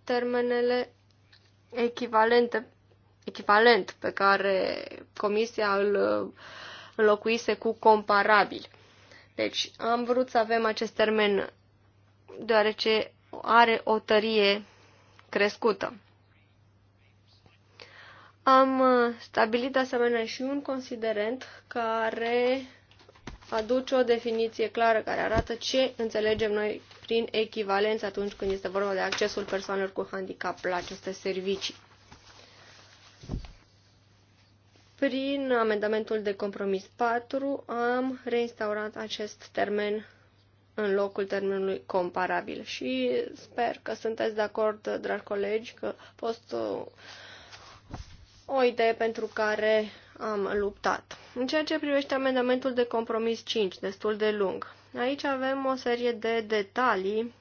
termenele echivalente, echivalent pe care Comisia îl uh, înlocuise cu comparabil. Deci am vrut să avem acest termen deoarece are o tărie crescută. Am uh, stabilit de asemenea și un considerent care aduce o definiție clară care arată ce înțelegem noi prin echivalență atunci când este vorba de accesul persoanelor cu handicap la aceste servicii. Prin amendamentul de compromis 4 am reinstaurat acest termen în locul termenului comparabil și sper că sunteți de acord, dragi colegi, că a fost o, o idee pentru care am luptat. În ceea ce privește amendamentul de compromis 5, destul de lung, aici avem o serie de detalii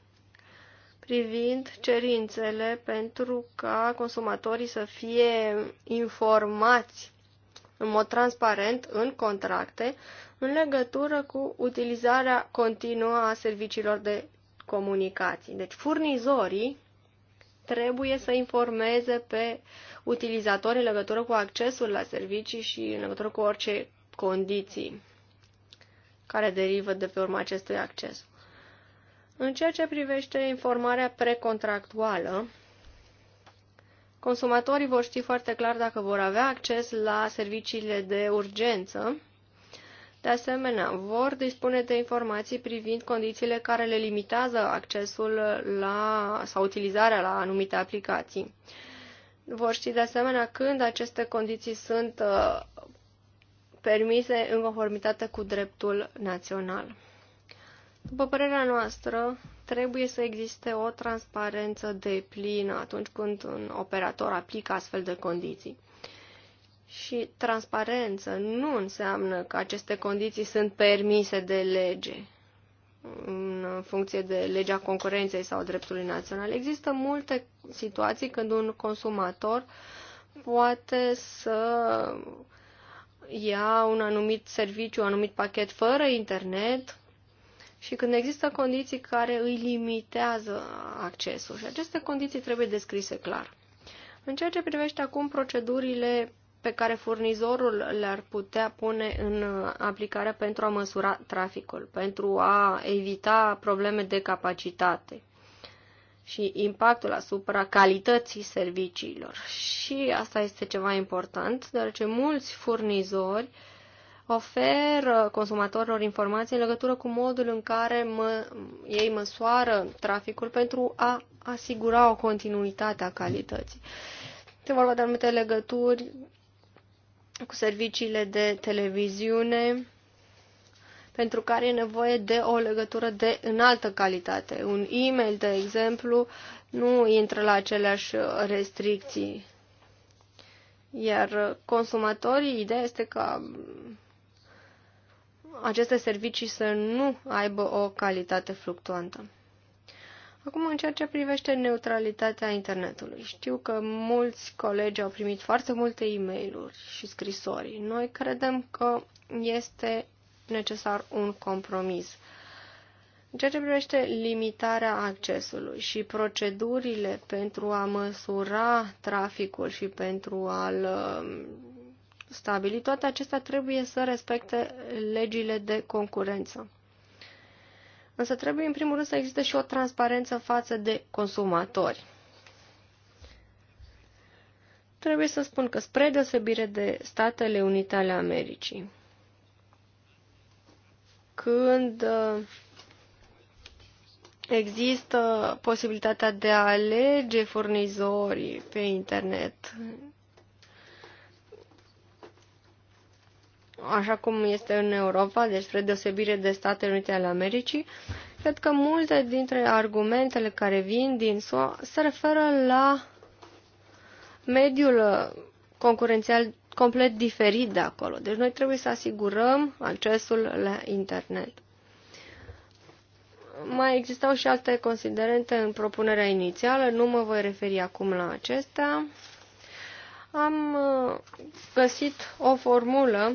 privind cerințele pentru ca consumatorii să fie informați în mod transparent în contracte în legătură cu utilizarea continuă a serviciilor de comunicații. Deci furnizorii trebuie să informeze pe uh, utilizatori în legătură cu accesul la servicii și în legătură cu orice condiții care derivă de pe urma acestui acces. În ceea ce privește informarea precontractuală, consumatorii vor ști foarte clar dacă vor avea acces la serviciile de urgență. De asemenea, vor dispune de informații privind condițiile care le limitează accesul la sau utilizarea la anumite aplicații vor ști de asemenea când aceste condiții sunt uh, permise în conformitate cu dreptul național. După părerea noastră, trebuie să existe o transparență de plină atunci când un operator aplică astfel de condiții. Și transparență nu înseamnă că aceste condiții sunt permise de lege, în funcție de legea concurenței sau dreptului național. Există multe situații când un consumator poate să ia un anumit serviciu, un anumit pachet fără internet și când există condiții care îi limitează accesul. Și aceste condiții trebuie descrise clar. În ceea ce privește acum procedurile pe care furnizorul le-ar putea pune în aplicare pentru a măsura traficul, pentru a evita probleme de capacitate și impactul asupra calității serviciilor. Și asta este ceva important, deoarece mulți furnizori oferă consumatorilor informații în legătură cu modul în care mă, ei măsoară traficul pentru a asigura o continuitate a calității. Este vorba de anumite legături cu serviciile de televiziune, pentru care e nevoie de o legătură de înaltă calitate. Un e-mail, de exemplu, nu intră la aceleași restricții. Iar consumatorii, ideea este ca aceste servicii să nu aibă o calitate fluctuantă. Acum, în ceea ce privește neutralitatea internetului, știu că mulți colegi au primit foarte multe e mail și scrisori. Noi credem că este necesar un compromis. În ceea ce privește limitarea accesului și procedurile pentru a măsura traficul și pentru a-l um, stabili, toate acestea trebuie să respecte legile de concurență. Însă trebuie, în primul rând, să existe și o transparență față de consumatori. Trebuie să spun că, spre deosebire de Statele Unite ale Americii, când uh, există posibilitatea de a alege furnizorii pe internet așa cum este în Europa, deci spre deosebire de Statele Unite ale Americii, cred că multe dintre argumentele care vin din SUA se referă la mediul uh, concurențial complet diferit de acolo. Deci noi trebuie să asigurăm accesul la internet. Mai existau și alte considerente în propunerea inițială, nu mă voi referi acum la acestea. Am uh, găsit o formulă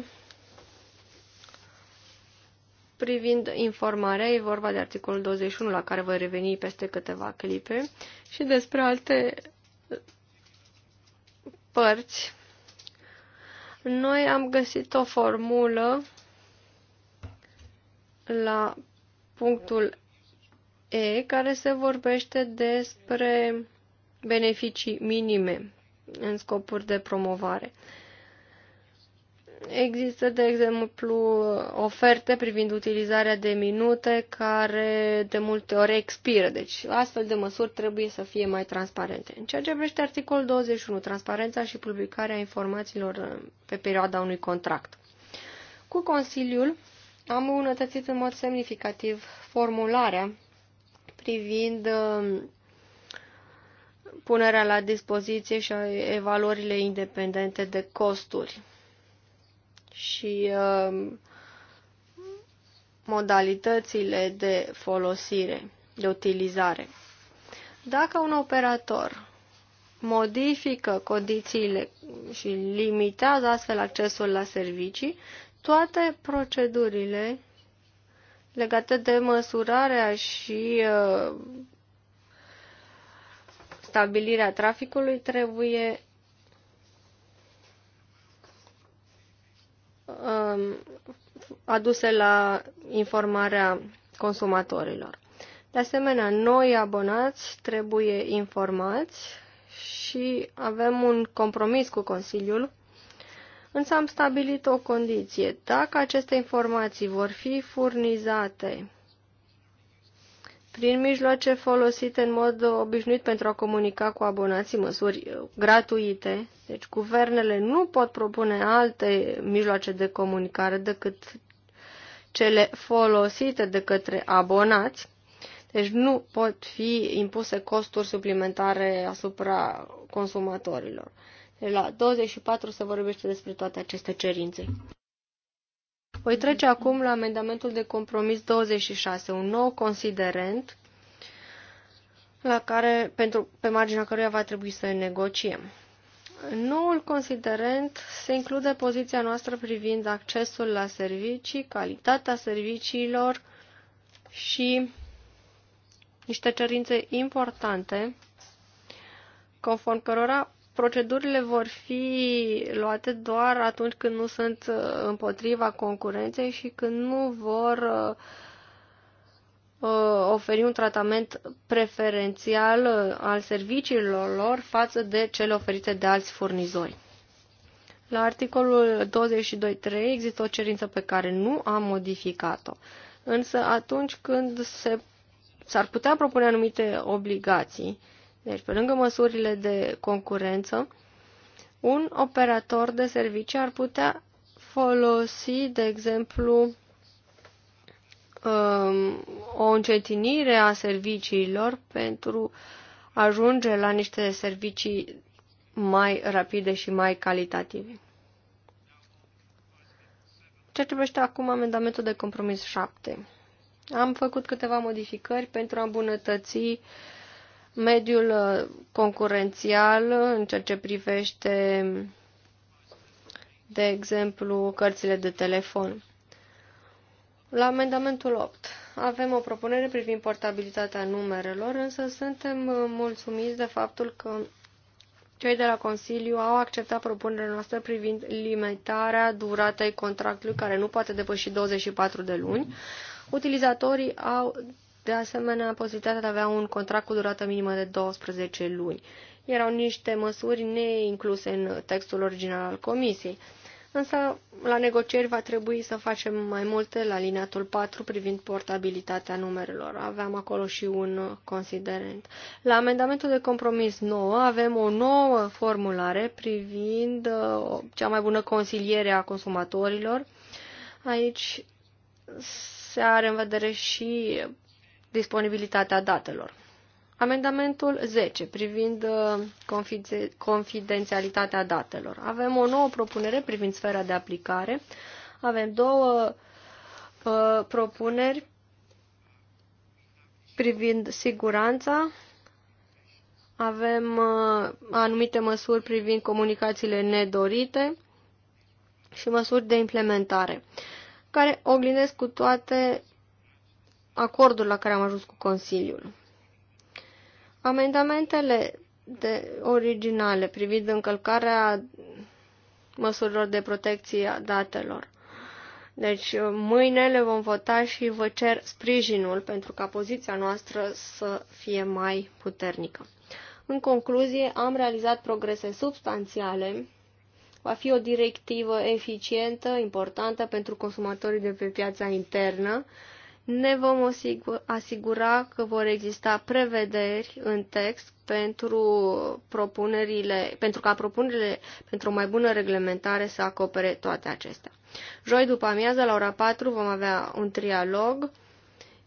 privind informarea, e vorba de articolul 21 la care voi reveni peste câteva clipe și despre alte uh, părți. Noi am găsit o formulă la punctul E care se vorbește despre beneficii minime în scopuri de promovare. Uh, Există, de exemplu, oferte privind utilizarea de minute care de multe ori expiră, deci astfel de măsuri trebuie să fie mai transparente. În ceea ce privește articolul 21, transparența și publicarea informațiilor uh, pe perioada unui contract. Cu Consiliul am îmbunătățit în mod semnificativ formularea privind uh, punerea la dispoziție și evaluările independente de costuri și um, modalitățile de folosire, de utilizare. Dacă un operator modifică condițiile și limitează astfel accesul la servicii, toate procedurile legate de măsurarea și uh, stabilirea traficului trebuie Um, aduse la informarea consumatorilor. De asemenea, noi abonați trebuie informați și avem un compromis cu Consiliul, însă am stabilit o condiție. Dacă aceste informații vor fi furnizate prin mijloace folosite în mod obișnuit pentru a comunica cu abonații măsuri gratuite. Deci guvernele nu pot propune alte mijloace de comunicare decât cele folosite de către abonați. Deci nu pot fi impuse costuri suplimentare asupra consumatorilor. De la 24 se vorbește despre toate aceste cerințe. Voi trece acum la amendamentul de compromis 26, un nou considerent la care, pentru, pe marginea căruia va trebui să negociem. Noul considerent se include poziția noastră privind accesul la servicii, calitatea serviciilor și niște cerințe importante conform cărora procedurile vor fi luate doar atunci când nu sunt uh, împotriva concurenței și când nu vor uh, uh, oferi un tratament preferențial al serviciilor lor față de cele oferite de alți furnizori. La articolul 22.3 există o cerință pe care nu am modificat-o, însă atunci când se, s-ar putea propune anumite obligații, uh, deci, pe lângă măsurile de concurență, un operator de servicii ar putea folosi, de exemplu, um, o încetinire a serviciilor pentru a ajunge la niște servicii mai rapide și mai calitative. ce privește acum amendamentul de compromis 7. Am făcut câteva modificări pentru a îmbunătăți uh, mediul uh, concurențial în ceea ce privește, de exemplu, cărțile de telefon. La amendamentul 8 avem o propunere privind portabilitatea numerelor, însă suntem uh, mulțumiți de faptul că cei de la Consiliu au acceptat propunerea noastră privind limitarea duratei contractului, care nu poate depăși 24 de luni. Utilizatorii au de asemenea posibilitatea de a avea un contract cu durată minimă de 12 luni. Erau niște măsuri neincluse în textul original al Comisiei. Însă, la negocieri va trebui să facem mai multe la liniatul 4 privind portabilitatea numerelor. Aveam acolo și un considerent. La amendamentul de compromis 9 avem o nouă formulare privind uh, cea mai bună consiliere a consumatorilor. Aici se are în vedere și disponibilitatea datelor. Amendamentul 10 privind uh, confidențialitatea datelor. Avem o nouă propunere privind sfera de aplicare. Avem două uh, propuneri privind siguranța. Avem uh, anumite măsuri privind comunicațiile nedorite și măsuri de implementare, care oglindesc cu toate acordul la care am ajuns cu Consiliul. Amendamentele de originale privind încălcarea măsurilor de protecție a datelor. Deci mâine le vom vota și vă cer sprijinul pentru ca poziția noastră să fie mai puternică. În concluzie, am realizat progrese substanțiale. Va fi o directivă eficientă, importantă pentru consumatorii de pe piața internă ne vom asigura că vor exista prevederi în text pentru propunerile, pentru ca propunerile pentru o mai bună reglementare să acopere toate acestea. Joi după amiază, la ora 4, vom avea un trialog.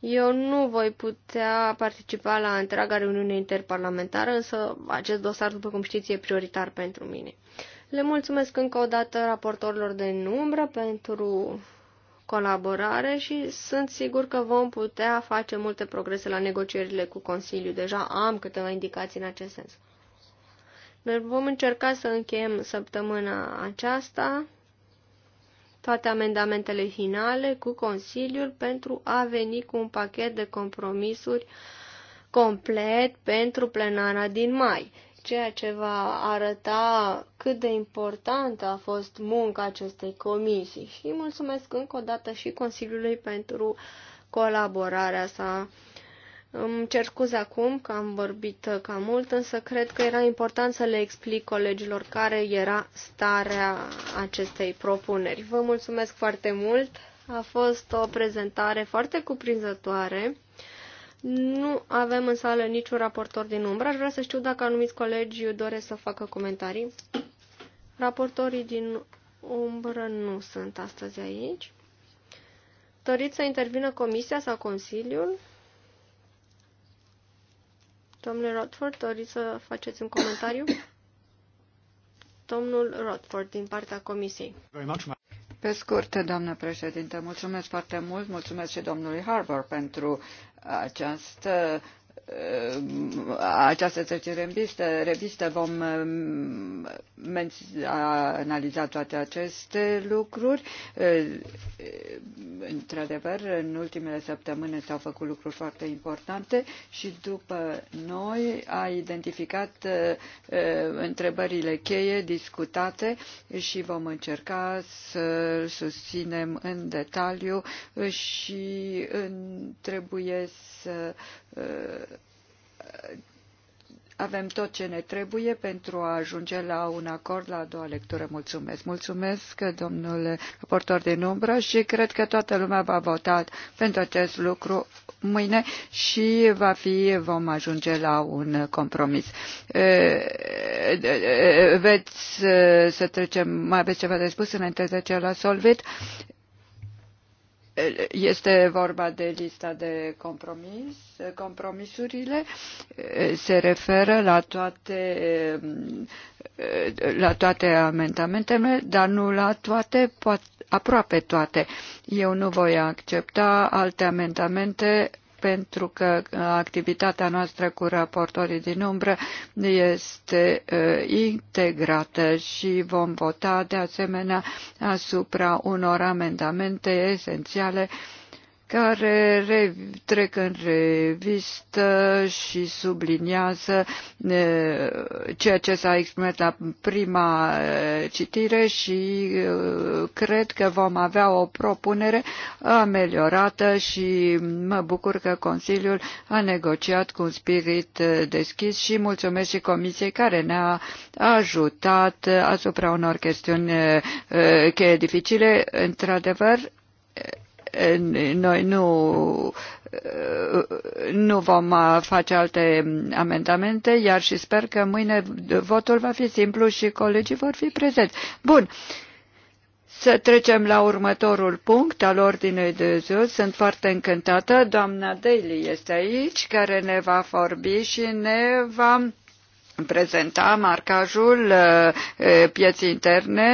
Eu nu voi putea participa la întreaga reuniune interparlamentară, însă acest dosar, după cum știți, e prioritar pentru mine. Le mulțumesc încă o dată raportorilor de numbră pentru colaborare și sunt sigur că vom putea face multe progrese la negocierile cu Consiliul. Deja am câteva indicații în acest sens. Noi vom încerca să încheiem săptămâna aceasta toate amendamentele finale cu Consiliul pentru a veni cu un pachet de compromisuri complet pentru plenara din mai ceea ce va arăta cât de importantă a fost munca acestei comisii. Și mulțumesc încă o dată și Consiliului pentru colaborarea sa. Îmi cer scuze acum că am vorbit cam mult, însă cred că era important să le explic colegilor care era starea acestei propuneri. Vă mulțumesc foarte mult! A fost o prezentare foarte cuprinzătoare. Nu avem în sală niciun raportor din umbră. Aș vrea să știu dacă anumiți colegi doresc să facă comentarii. Raportorii din umbră nu sunt astăzi aici. Doriți să intervină Comisia sau Consiliul? Domnule Rodford, doriți să faceți un comentariu? Domnul Rodford, din partea Comisiei. Pe scurt, doamnă președinte, mulțumesc foarte mult, mulțumesc și domnului Harbour pentru această Uh, această trecere în pistă, revistă vom um, analiza toate aceste lucruri. Uh, într-adevăr, în ultimele săptămâni s-au făcut lucruri foarte importante și după noi a identificat uh, întrebările cheie discutate și vom încerca să susținem în detaliu și trebuie să Uh, avem tot ce ne trebuie pentru a ajunge la un acord la a doua lectură. Mulțumesc. Mulțumesc, domnule raportor din umbră și cred că toată lumea va vota pentru acest lucru mâine și va fi, vom ajunge la un compromis. Uh, uh, veți să trecem, mai aveți ceva de spus înainte de ce la Solvit? este vorba de lista de compromis. Compromisurile se referă la toate, la toate amendamentele, dar nu la toate, aproape toate. Eu nu voi accepta alte amendamente pentru că uh, activitatea noastră cu raportorii din umbră este uh, integrată și vom vota de asemenea asupra unor amendamente esențiale care trec în revistă și subliniază ceea ce s-a exprimat la prima citire și cred că vom avea o propunere ameliorată și mă bucur că Consiliul a negociat cu un spirit deschis și mulțumesc și Comisiei care ne-a ajutat asupra unor chestiuni cheie dificile. Într-adevăr, noi nu nu vom uh, face alte amendamente, iar și sper că mâine votul va fi simplu și colegii vor fi prezenți. Bun. Să trecem la următorul punct al ordinei de zi. Sunt foarte încântată. Doamna Daly este aici, care ne va vorbi și ne va prezenta marcajul uh, uh, pieții interne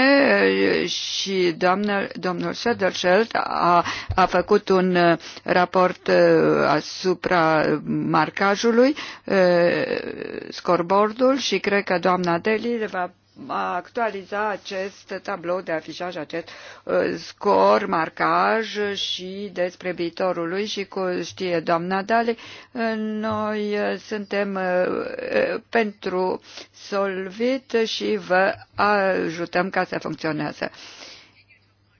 uh, și doamnă, domnul Sederscheld a, a făcut un raport asupra marcajului, scorbordul și cred că doamna Deli va actualiza acest tablou de afișaj, acest uh, scor, marcaj și despre viitorul lui și cu știe doamna Dale, uh, noi uh, suntem pentru solvit și vă ajutăm ca să funcționeze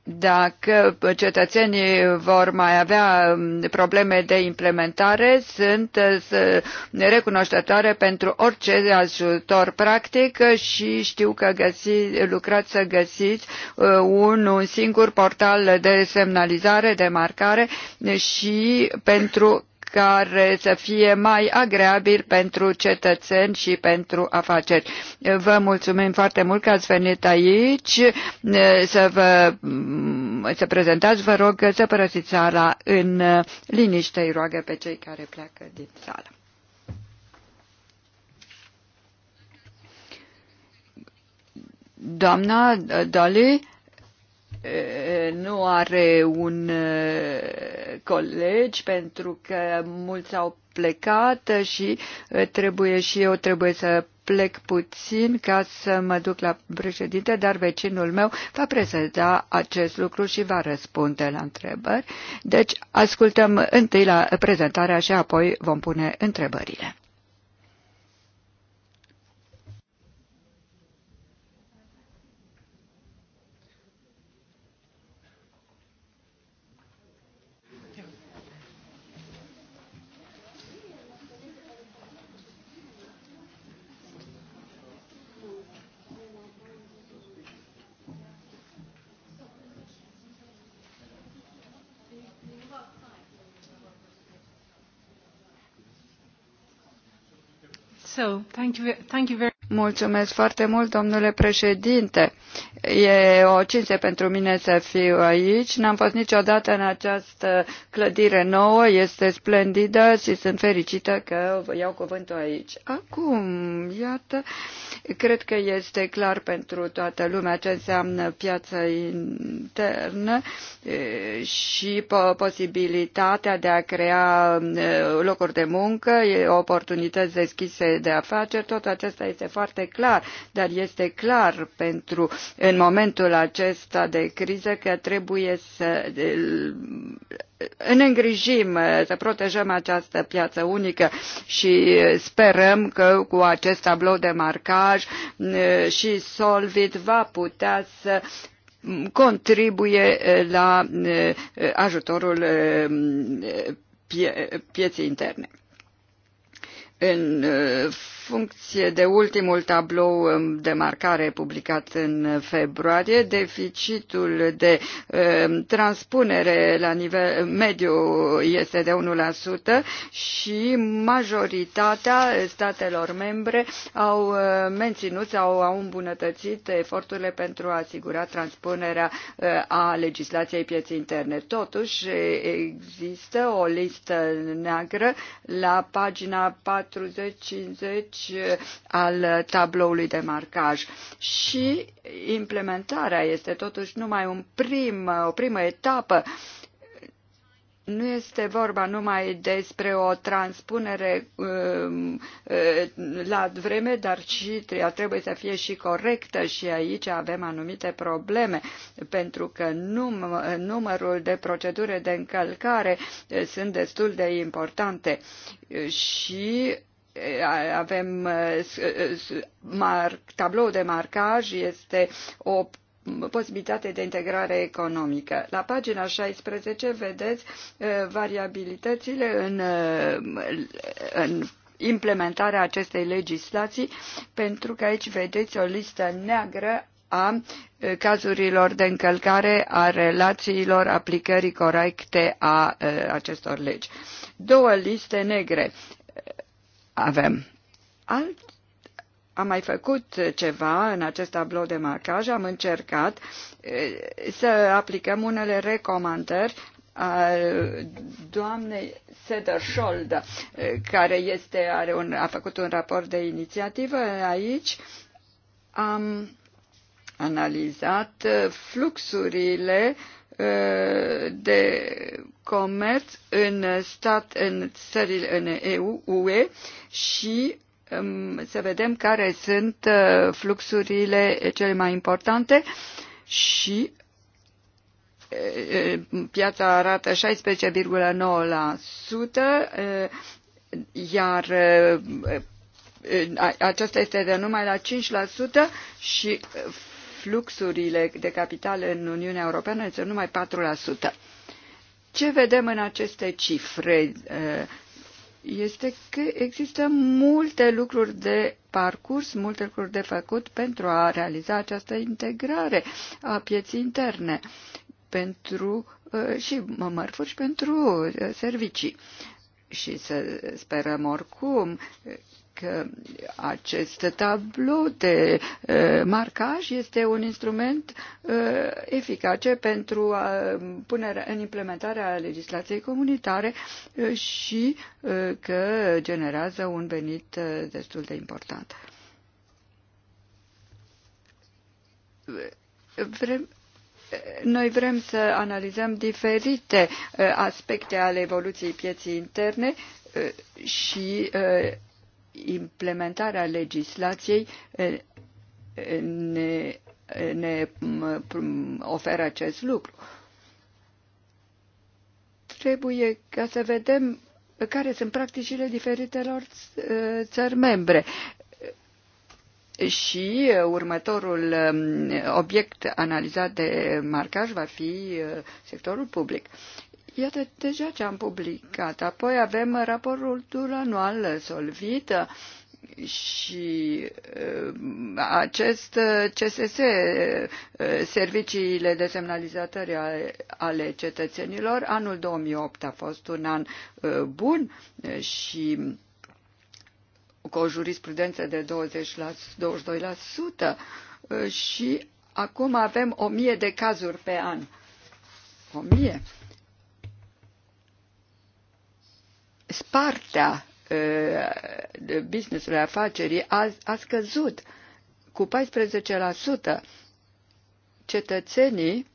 dacă cetățenii vor mai avea um, probleme de implementare, sunt uh, recunoștătoare pentru orice ajutor practic și știu că găsi, lucrați să găsiți uh, un, un singur portal de semnalizare, de marcare și pentru care să fie mai agreabil pentru cetățeni și pentru afaceri. Vă mulțumim foarte mult că ați venit aici să vă să prezentați. Vă rog să părăsiți sala în liniște. Îi roagă pe cei care pleacă din sală. Doamna Dali, Eh, nu are un eh, colegi pentru că mulți au plecat și eh, trebuie și eu trebuie să plec puțin ca să mă duc la președinte, dar vecinul meu va prezenta acest lucru și va răspunde la întrebări. Deci ascultăm întâi la prezentarea și apoi vom pune întrebările. So, thank you, thank you very Mulțumesc foarte mult, domnule președinte. E o cinste pentru mine să fiu aici. N-am fost niciodată în această clădire nouă. Este splendidă și sunt fericită că vă iau cuvântul aici. Acum, iată, cred că este clar pentru toată lumea ce înseamnă piața internă și posibilitatea de a crea locuri de muncă, oportunități deschise de afaceri. Tot acesta este foarte clar, dar este clar pentru în momentul acesta de criză că trebuie să în îngrijim, să protejăm această piață unică și sperăm că cu acest tablou de marcaj și Solvit va putea să contribuie la ajutorul pie pieței interne. În funcție de ultimul tablou de marcare publicat în februarie, deficitul de um, transpunere la nivel mediu este de 1% și majoritatea statelor membre au uh, menținut sau au îmbunătățit eforturile pentru a asigura transpunerea uh, a legislației pieței interne. Totuși, există o listă neagră la pagina 40-50 aici uh, al tabloului de marcaj. Și implementarea este totuși numai un prim, uh, o primă etapă nu este vorba numai despre o transpunere um, uh, la vreme, dar și trebuie să fie și corectă și aici avem anumite probleme, pentru că num, numărul de proceduri de încălcare sunt destul de importante și Eh, avem eh, tablou de marcaj, este o posibilitate de integrare economică. La pagina 16 vedeți eh, variabilitățile în, în implementarea acestei legislații, pentru că aici vedeți o listă neagră a cazurilor de încălcare a relațiilor aplicării corecte a acestor legi. Două liste negre avem. Alt, am mai făcut ceva în acest tablou de marcaj, am încercat eh, să aplicăm unele recomandări a eh, doamnei Sederschold, eh, care este, are un, a făcut un raport de inițiativă aici. Am analizat fluxurile de comerț în stat, în țările în EU, UE și um, să vedem care sunt uh, fluxurile cele mai importante și uh, uh, piața arată 16,9%, iar aceasta este de numai la 5% și fluxurile de capital în Uniunea Europeană este numai 4%. Ce vedem în aceste cifre? Eh, este că există multe lucruri de parcurs, multe lucruri de făcut pentru a realiza această integrare a pieții interne pentru eh, și mărfuri și pentru eh, servicii. Și să sperăm oricum acest tablou de marcaj este un instrument eficace pentru punerea în implementarea legislației comunitare și că generează un venit destul de important. Vrem, noi vrem să analizăm diferite aspecte ale evoluției pieții interne și implementarea legislației ne, ne oferă acest lucru. Trebuie ca să vedem care sunt practicile diferitelor țări membre. Și următorul obiect analizat de marcaj va fi sectorul public. Iată deja ce am publicat. Apoi avem raportul anual solvit și uh, acest CSS, uh, Serviciile de Semnalizatări ale Cetățenilor, anul 2008 a fost un an uh, bun și cu o jurisprudență de 20 la, 22% și acum avem 1000 de cazuri pe an. 1000? spartea business-ului afacerii a, a scăzut cu 14%. Cetățenii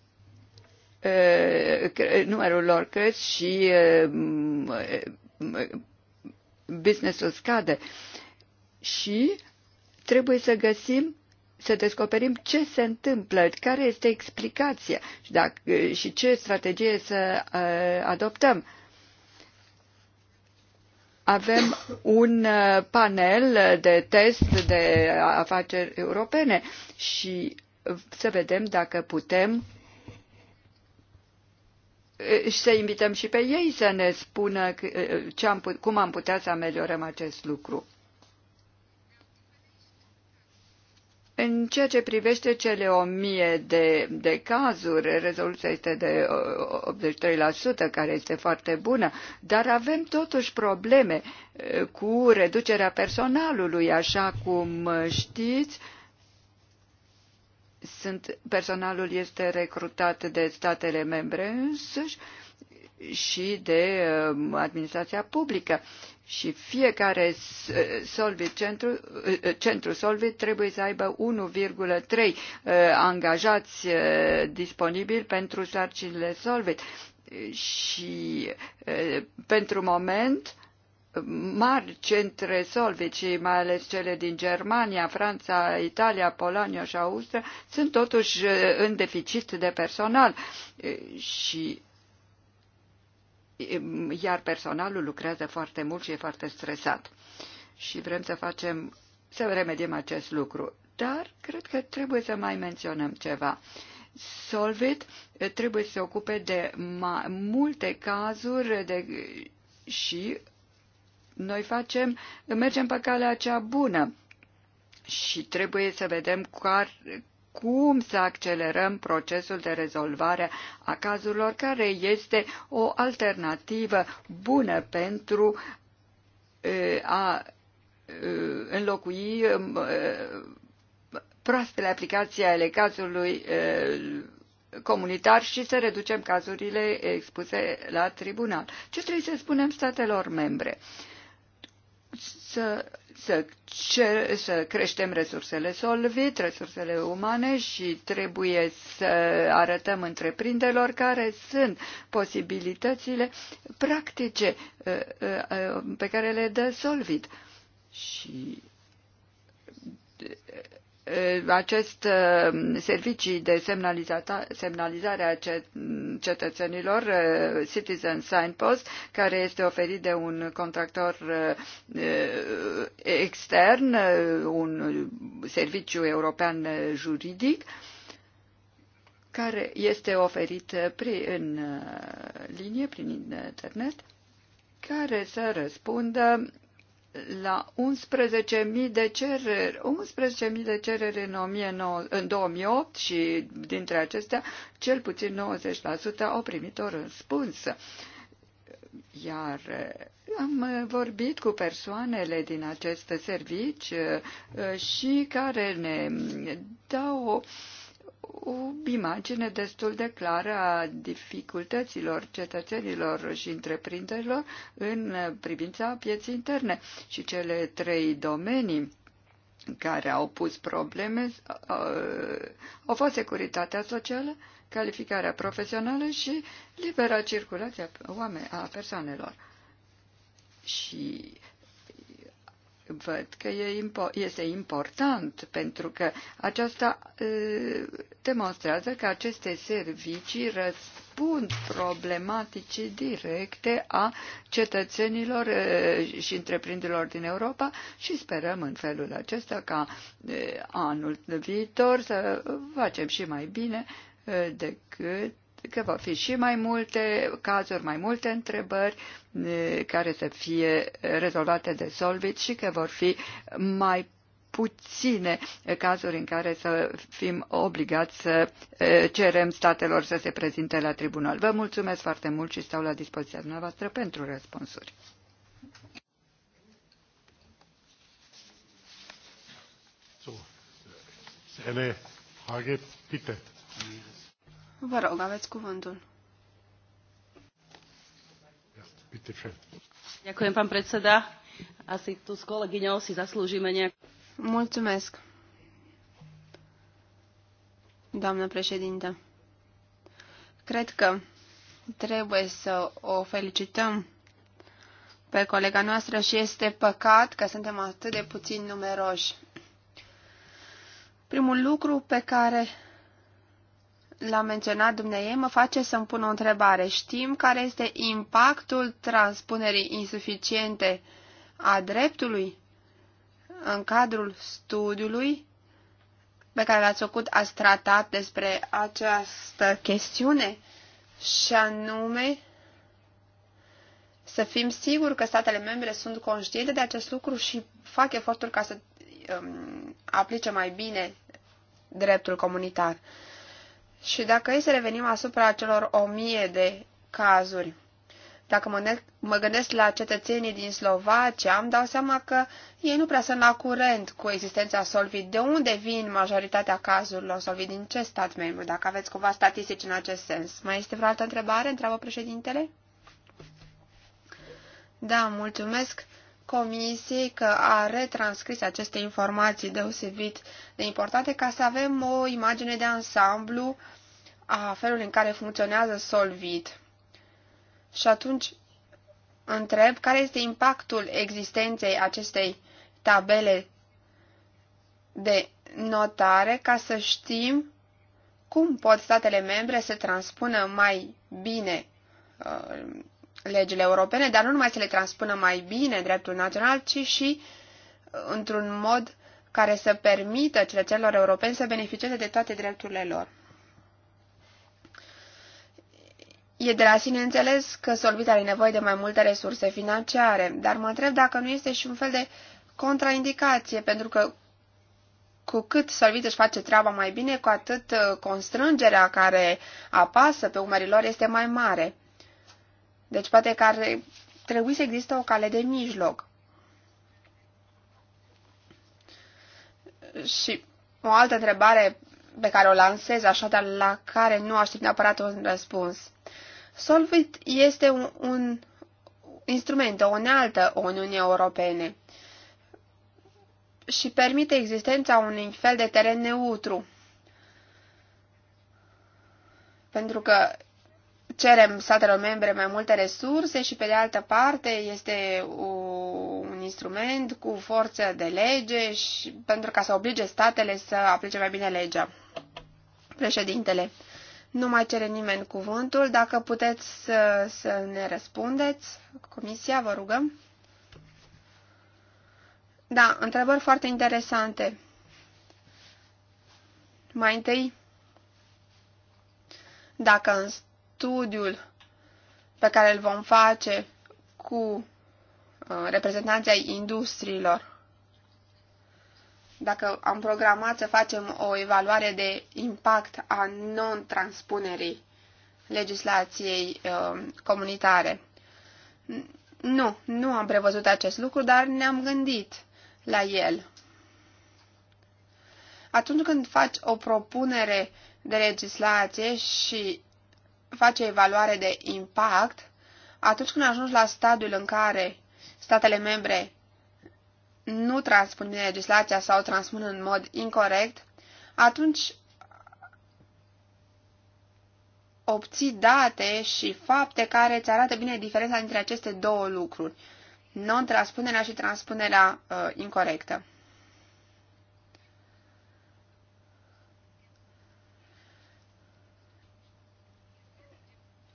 numărul lor crește și businessul scade. Și trebuie să găsim, să descoperim ce se întâmplă, care este explicația și, dacă, și ce strategie să adoptăm avem un uh, panel de test de afaceri europene și să vedem dacă putem uh, și să invităm și pe ei să ne spună uh, ce am, cum am putea să ameliorăm acest lucru. În ceea ce privește cele 1000 de, de cazuri, rezoluția este de 83%, care este foarte bună, dar avem totuși probleme cu reducerea personalului, așa cum știți sunt, personalul este recrutat de statele membre însuși și de administrația publică și fiecare Solvit centru, centru Solvit trebuie să aibă 1,3 uh, angajați uh, disponibili pentru sarcinile Solvit. Și uh, pentru moment mari centre solvit și mai ales cele din Germania, Franța, Italia, Polonia și Austria sunt totuși în deficit de personal și iar personalul lucrează foarte mult și e foarte stresat. Și vrem să facem, să remediem acest lucru. Dar cred că trebuie să mai menționăm ceva. Solvit eh, trebuie să se ocupe de mai multe cazuri de, și noi facem, mergem pe calea cea bună și trebuie să vedem care, cum să accelerăm procesul de rezolvare a cazurilor, care este o alternativă bună pentru a înlocui proastele aplicații ale cazului comunitar și să reducem cazurile expuse la tribunal. Ce trebuie să spunem statelor membre? Să să, cer, să creștem resursele Solvit, resursele umane și trebuie să arătăm întreprinderilor care sunt posibilitățile practice uh, uh, uh, pe care le dă Solvit. Și Uh, acest uh, servicii de semnalizare a cetățenilor, uh, Citizen Signpost, care este oferit de un contractor extern, un serviciu european juridic, care este oferit în linie, prin internet, care să răspundă la 11.000 de cereri, 11.000 de cereri în, 2009, în 2008 și dintre acestea cel puțin 90% au primit o răspuns. Iar eh, am vorbit cu persoanele din acest servici eh, și care ne dau o o imagine destul de clară a dificultăților cetățenilor și întreprinderilor în privința pieței interne. Și cele trei domenii care au pus probleme uh, au fost securitatea socială, calificarea profesională și libera circulație a persoanelor. Și văd că e impo- este important pentru că aceasta demonstrează că aceste servicii răspund problematicii directe a cetățenilor și întreprinderilor din Europa și sperăm în felul acesta ca anul viitor să facem și mai bine decât că vor fi și mai multe cazuri, mai multe întrebări care să fie rezolvate de Solvit și că vor fi mai puține cazuri în care să fim obligați să cerem statelor să se prezinte la tribunal. Vă mulțumesc foarte mult și stau la dispoziția dumneavoastră pentru răspunsuri. So, Frage, bitte. Vă rog, aveți cuvântul. Ďakujem, pán predseda. Asi tu s kolegyňou si zaslúžime nejak... Mulțumesc, doamnă președintă. Cred că trebuie să o felicităm pe colega noastră și este păcat că suntem atât de puțin numeroși. Primul lucru pe care l-a menționat dumneiei mă face să-mi pun o întrebare. Știm care este impactul transpunerii insuficiente a dreptului în cadrul studiului pe care l-ați făcut, ați tratat despre această chestiune și anume să fim siguri că statele membre sunt conștiente de acest lucru și fac eforturi ca să um, aplice mai bine dreptul comunitar. Și dacă e să revenim asupra celor o mie de cazuri, dacă mă, ne- mă gândesc la cetățenii din Slovacia, îmi dau seama că ei nu prea sunt la curent cu existența Solvit. De unde vin majoritatea cazurilor Solvit? Din ce stat membru? Dacă aveți cumva statistici în acest sens. Mai este vreo altă întrebare? Întreabă președintele? Da, mulțumesc. Comisiei că a retranscris aceste informații deosebit de importante ca să avem o imagine de ansamblu a felului în care funcționează Solvit. Și atunci întreb care este impactul existenței acestei tabele de notare ca să știm cum pot statele membre să transpună mai bine uh, legile europene, dar nu numai să le transpună mai bine dreptul național, ci și uh, într-un mod care să permită cetățenilor europeni să beneficieze de toate drepturile lor. E de la sine înțeles că Solvit are nevoie de mai multe resurse financiare, dar mă întreb dacă nu este și un fel de contraindicație, pentru că cu cât Solvit își face treaba mai bine, cu atât uh, constrângerea care apasă pe umerii lor este mai mare. Deci poate că ar trebui să existe o cale de mijloc. Și o altă întrebare pe care o lansez, dar la care nu aștept neapărat un răspuns. Solvit este un, un instrument, o unealtă o Uniunii Europene și permite existența unui fel de teren neutru. Pentru că cerem statelor membre mai multe resurse și, pe de altă parte, este un instrument cu forță de lege și pentru ca să oblige statele să aplice mai bine legea. Președintele, nu mai cere nimeni cuvântul. Dacă puteți să, să ne răspundeți, comisia, vă rugăm. Da, întrebări foarte interesante. Mai întâi, dacă în studiul pe care îl vom face cu uh, reprezentanții ai industriilor. Dacă am programat să facem o evaluare de impact a non-transpunerii legislației uh, comunitare. Nu, nu am prevăzut acest lucru, dar ne-am gândit la el. Atunci când faci o propunere de legislație și face evaluare de impact, atunci când ajungi la stadiul în care statele membre nu transpun bine legislația sau transpun în mod incorrect, atunci obții date și fapte care îți arată bine diferența dintre aceste două lucruri, non-transpunerea și transpunerea uh, incorrectă.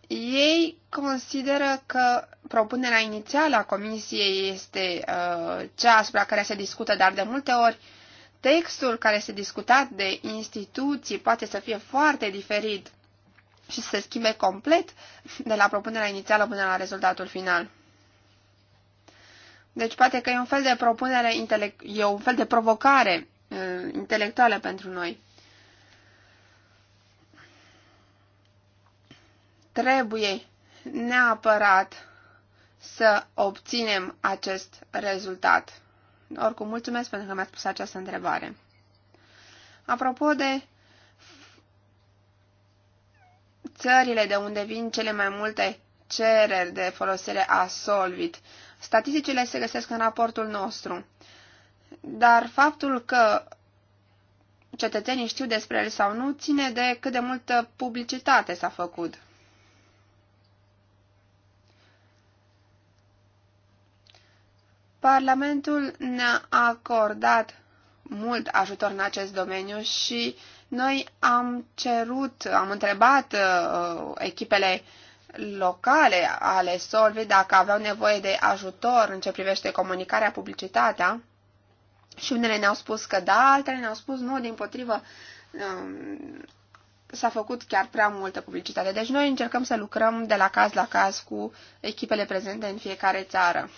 Ei consideră că propunerea inițială a Comisiei este uh, cea asupra care se discută, dar de multe ori textul care se discutat de instituții poate să fie foarte diferit și să se schimbe complet de la propunerea inițială până la rezultatul final. Deci poate că e un fel de propunere, e un fel de provocare uh, intelectuală pentru noi. Trebuie neapărat să obținem acest rezultat. Oricum, mulțumesc pentru că mi-ați pus această întrebare. Apropo de țările de unde vin cele mai multe cereri de folosire a Solvit, statisticile se găsesc în raportul nostru. Dar faptul că cetățenii știu despre el sau nu ține de cât de multă publicitate s-a făcut. Parlamentul ne-a acordat mult ajutor în acest domeniu și noi am cerut, am întrebat uh, echipele locale ale Solvi dacă aveau nevoie de ajutor în ce privește comunicarea, publicitatea și unele ne-au spus că da, altele ne-au spus nu, din potrivă um, s-a făcut chiar prea multă publicitate. Deci noi încercăm să lucrăm de la caz la caz cu echipele prezente în fiecare țară.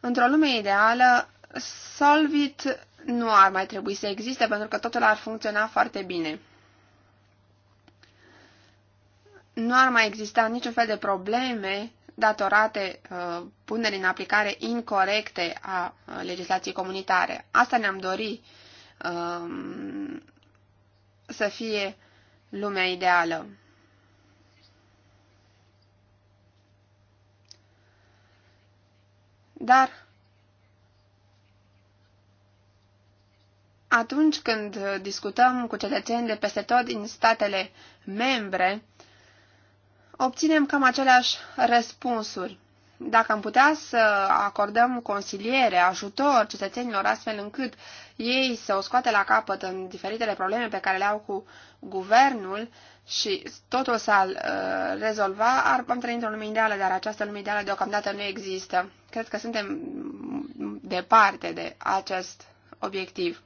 Într-o lume ideală, Solvit nu ar mai trebui să existe pentru că totul ar funcționa foarte bine. Nu ar mai exista niciun fel de probleme datorate uh, punerii în aplicare incorrecte a uh, legislației comunitare. Asta ne-am dorit uh, să fie lumea ideală. Dar atunci când discutăm cu cetățeni de peste tot din statele membre, obținem cam aceleași răspunsuri dacă am putea să acordăm consiliere, ajutor cetățenilor astfel încât ei să o scoate la capăt în diferitele probleme pe care le au cu guvernul și totul s-ar uh, rezolva, ar, am trăit o lume ideală, dar această lume ideală deocamdată nu există. Cred că suntem departe de acest obiectiv.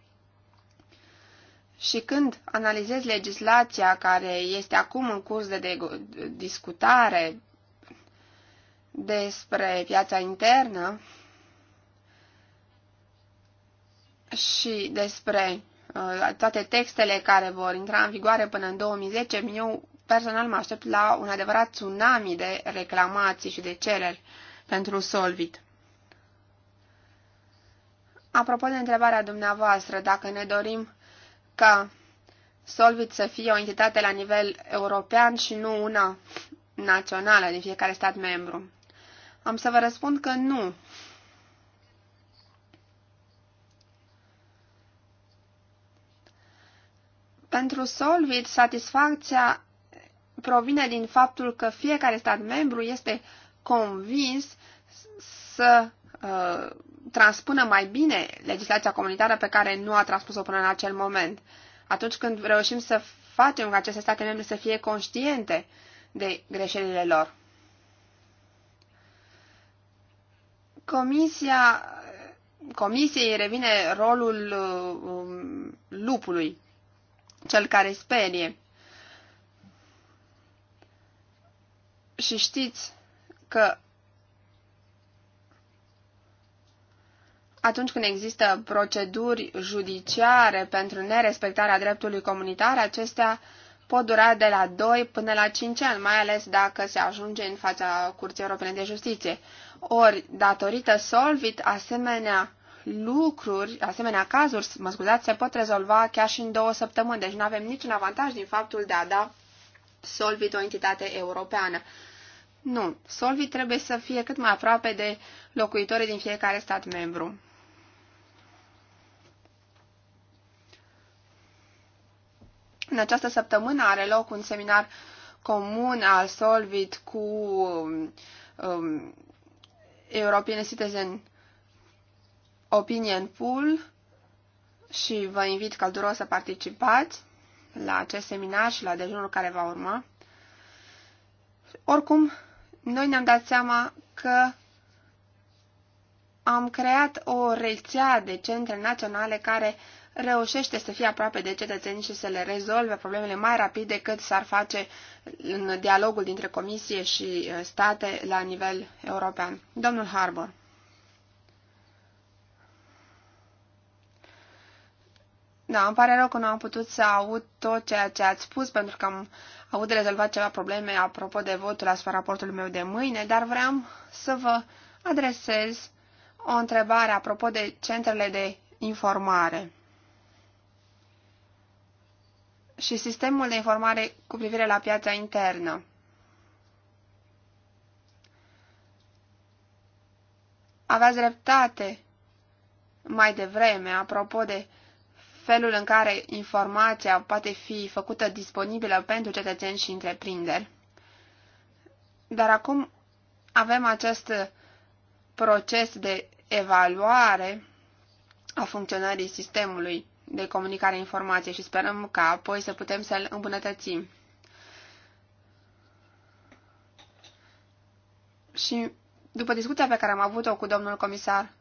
Și când analizez legislația care este acum în curs de discutare despre piața internă și despre uh, toate textele care vor intra în vigoare până în 2010, eu personal mă aștept la un adevărat tsunami de reclamații și de cereri pentru Solvit. Apropo de întrebarea dumneavoastră, dacă ne dorim ca Solvit să fie o entitate la nivel european și nu una națională din fiecare stat membru. Am să vă răspund că nu. Pentru Solvit, satisfacția provine din faptul că fiecare stat membru este convins să uh, transpună mai bine legislația comunitară pe care nu a transpus-o până în acel moment. Atunci când reușim să facem ca aceste state membre să fie conștiente de greșelile lor. Comisia, comisiei revine rolul um, lupului, cel care sperie. Și știți că atunci când există proceduri judiciare pentru nerespectarea dreptului comunitar, acestea uh, pot dura de la 2 până la 5 ani, mai ales dacă se ajunge în fața Curții Europene de Justiție. Ori, datorită Solvit, asemenea lucruri, asemenea cazuri, mă scuzați, se pot rezolva chiar și în două săptămâni, deci nu avem niciun avantaj din faptul de a da Solvit o entitate europeană. Nu, Solvit trebuie să fie cât mai aproape de locuitorii din fiecare stat membru. În această săptămână are loc un seminar comun al Solvit cu um, European Citizen Opinion Pool și vă invit călduros să participați la acest seminar și la dejunul care va urma. Oricum, noi ne-am dat seama că am creat o rețea de centre naționale care reușește să fie aproape de cetățeni și să le rezolve problemele mai rapid decât s-ar face în dialogul dintre Comisie și uh, state la nivel european. Domnul Harbour. Da, îmi pare rău că nu am putut să aud tot ceea ce ați spus, pentru că am avut de rezolvat ceva probleme apropo de votul asupra raportului meu de mâine, dar vreau să vă adresez o întrebare apropo de centrele de informare și sistemul de informare cu privire la piața internă. Aveați dreptate mai devreme apropo de felul în care informația poate fi făcută disponibilă pentru cetățeni și întreprinderi. Dar acum avem acest proces de evaluare a funcționării sistemului de comunicare informație și sperăm ca apoi să putem să-l îmbunătățim. Și după discuția pe care am avut-o cu domnul comisar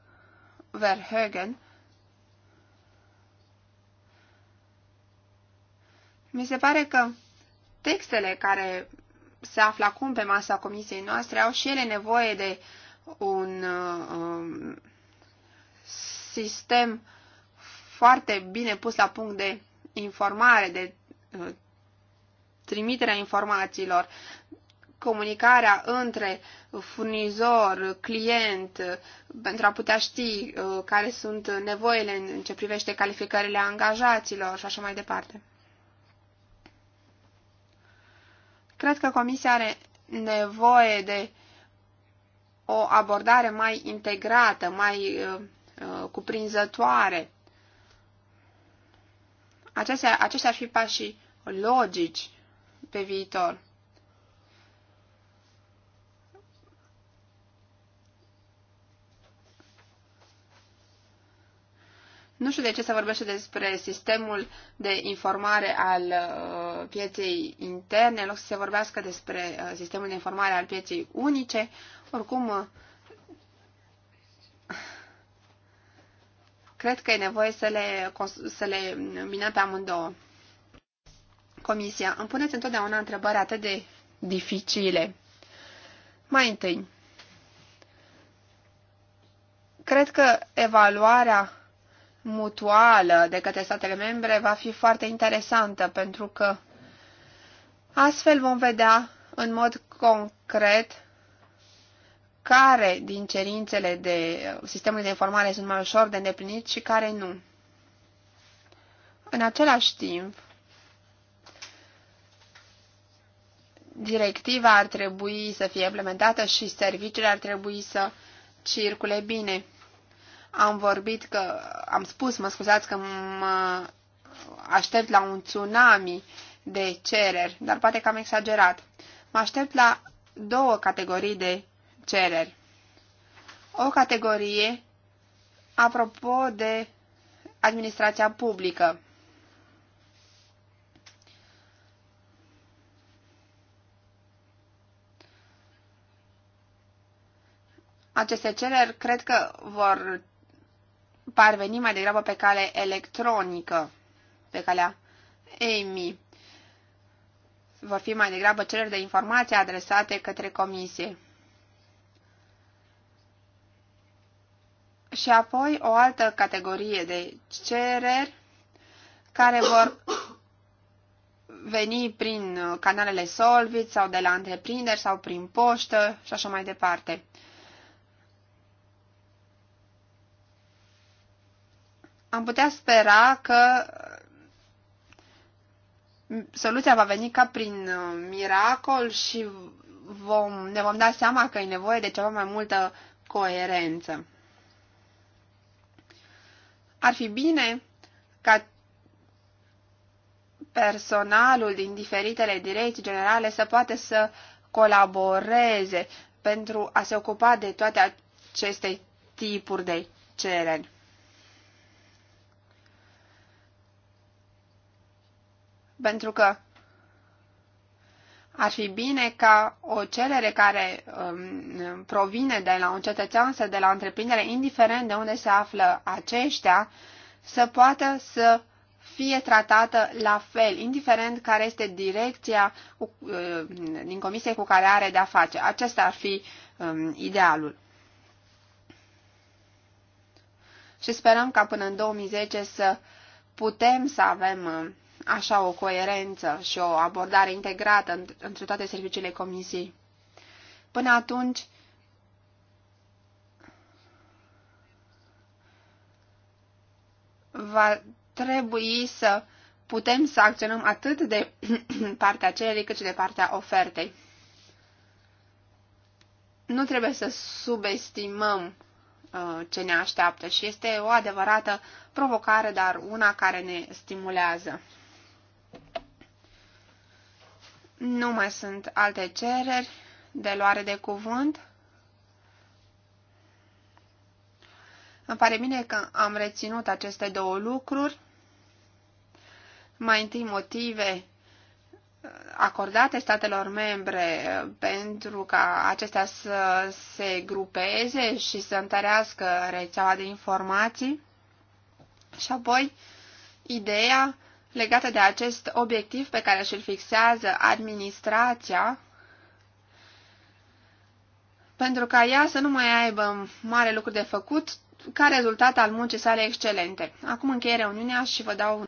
Verheugen, mi se pare că textele care se află acum pe masa comisiei noastre au și ele nevoie de un uh, sistem uh, foarte bine pus la punct de informare, de uh, trimiterea informațiilor, comunicarea între furnizor, client, uh, pentru a putea ști uh, care sunt nevoile în ce privește calificările angajaților și așa mai departe. Cred că Comisia are nevoie de o abordare mai integrată, mai uh, cuprinzătoare Acestea, aceștia ar fi pașii logici pe viitor. Nu știu de ce se vorbește despre sistemul de informare al uh, pieței interne, în loc să se vorbească despre uh, sistemul de informare al pieței unice. Oricum, uh, Cred că e nevoie să le, să le minăm pe amândouă. Comisia, îmi puneți întotdeauna întrebări atât de dificile. Mai întâi, cred că evaluarea mutuală de către statele membre va fi foarte interesantă, pentru că astfel vom vedea în mod concret care din cerințele de sistemul de informare sunt mai ușor de îndeplinit și care nu. În același timp, directiva ar trebui să fie implementată și serviciile ar trebui să circule bine. Am vorbit că, am spus, mă scuzați că mă aștept la un tsunami de cereri, dar poate că am exagerat. Mă aștept la două categorii de cereri. O categorie apropo de administrația publică. Aceste cereri cred că vor parveni mai degrabă pe cale electronică, pe calea EMI. Vor fi mai degrabă cereri de informații adresate către comisie. Și apoi o altă categorie de cereri care vor veni prin uh, canalele Solvit sau de la întreprinderi sau prin poștă și așa mai departe. Am putea spera că uh, soluția va veni ca prin uh, miracol și vom, ne vom da seama că e nevoie de ceva mai multă coerență. Ar fi bine ca personalul din diferitele direcții generale să poate să colaboreze pentru a se ocupa de toate aceste tipuri de cereri. Pentru că ar fi bine ca o cerere care um, provine de la un cetățean sau de la o întreprindere, indiferent de unde se află aceștia, să poată să fie tratată la fel, indiferent care este direcția cu, uh, din comisie cu care are de-a face. Acesta ar fi um, idealul. Și sperăm ca până în 2010 să putem să avem um, așa o coerență și o abordare integrată între toate serviciile comisiei. Până atunci, va trebui să putem să acționăm atât de partea cererii cât și de partea ofertei. Nu trebuie să subestimăm uh, ce ne așteaptă și este o adevărată provocare, dar una care ne stimulează. Nu mai sunt alte cereri de luare de cuvânt. Îmi pare bine că am reținut aceste două lucruri. Mai întâi motive uh, acordate statelor membre uh, pentru ca acestea să se grupeze și să întărească rețeaua de informații și apoi ideea legată de acest obiectiv pe care și-l fixează administrația, pentru ca ea să nu mai aibă mare lucru de făcut ca rezultat al muncii sale excelente. Acum încheie reuniunea și vă dau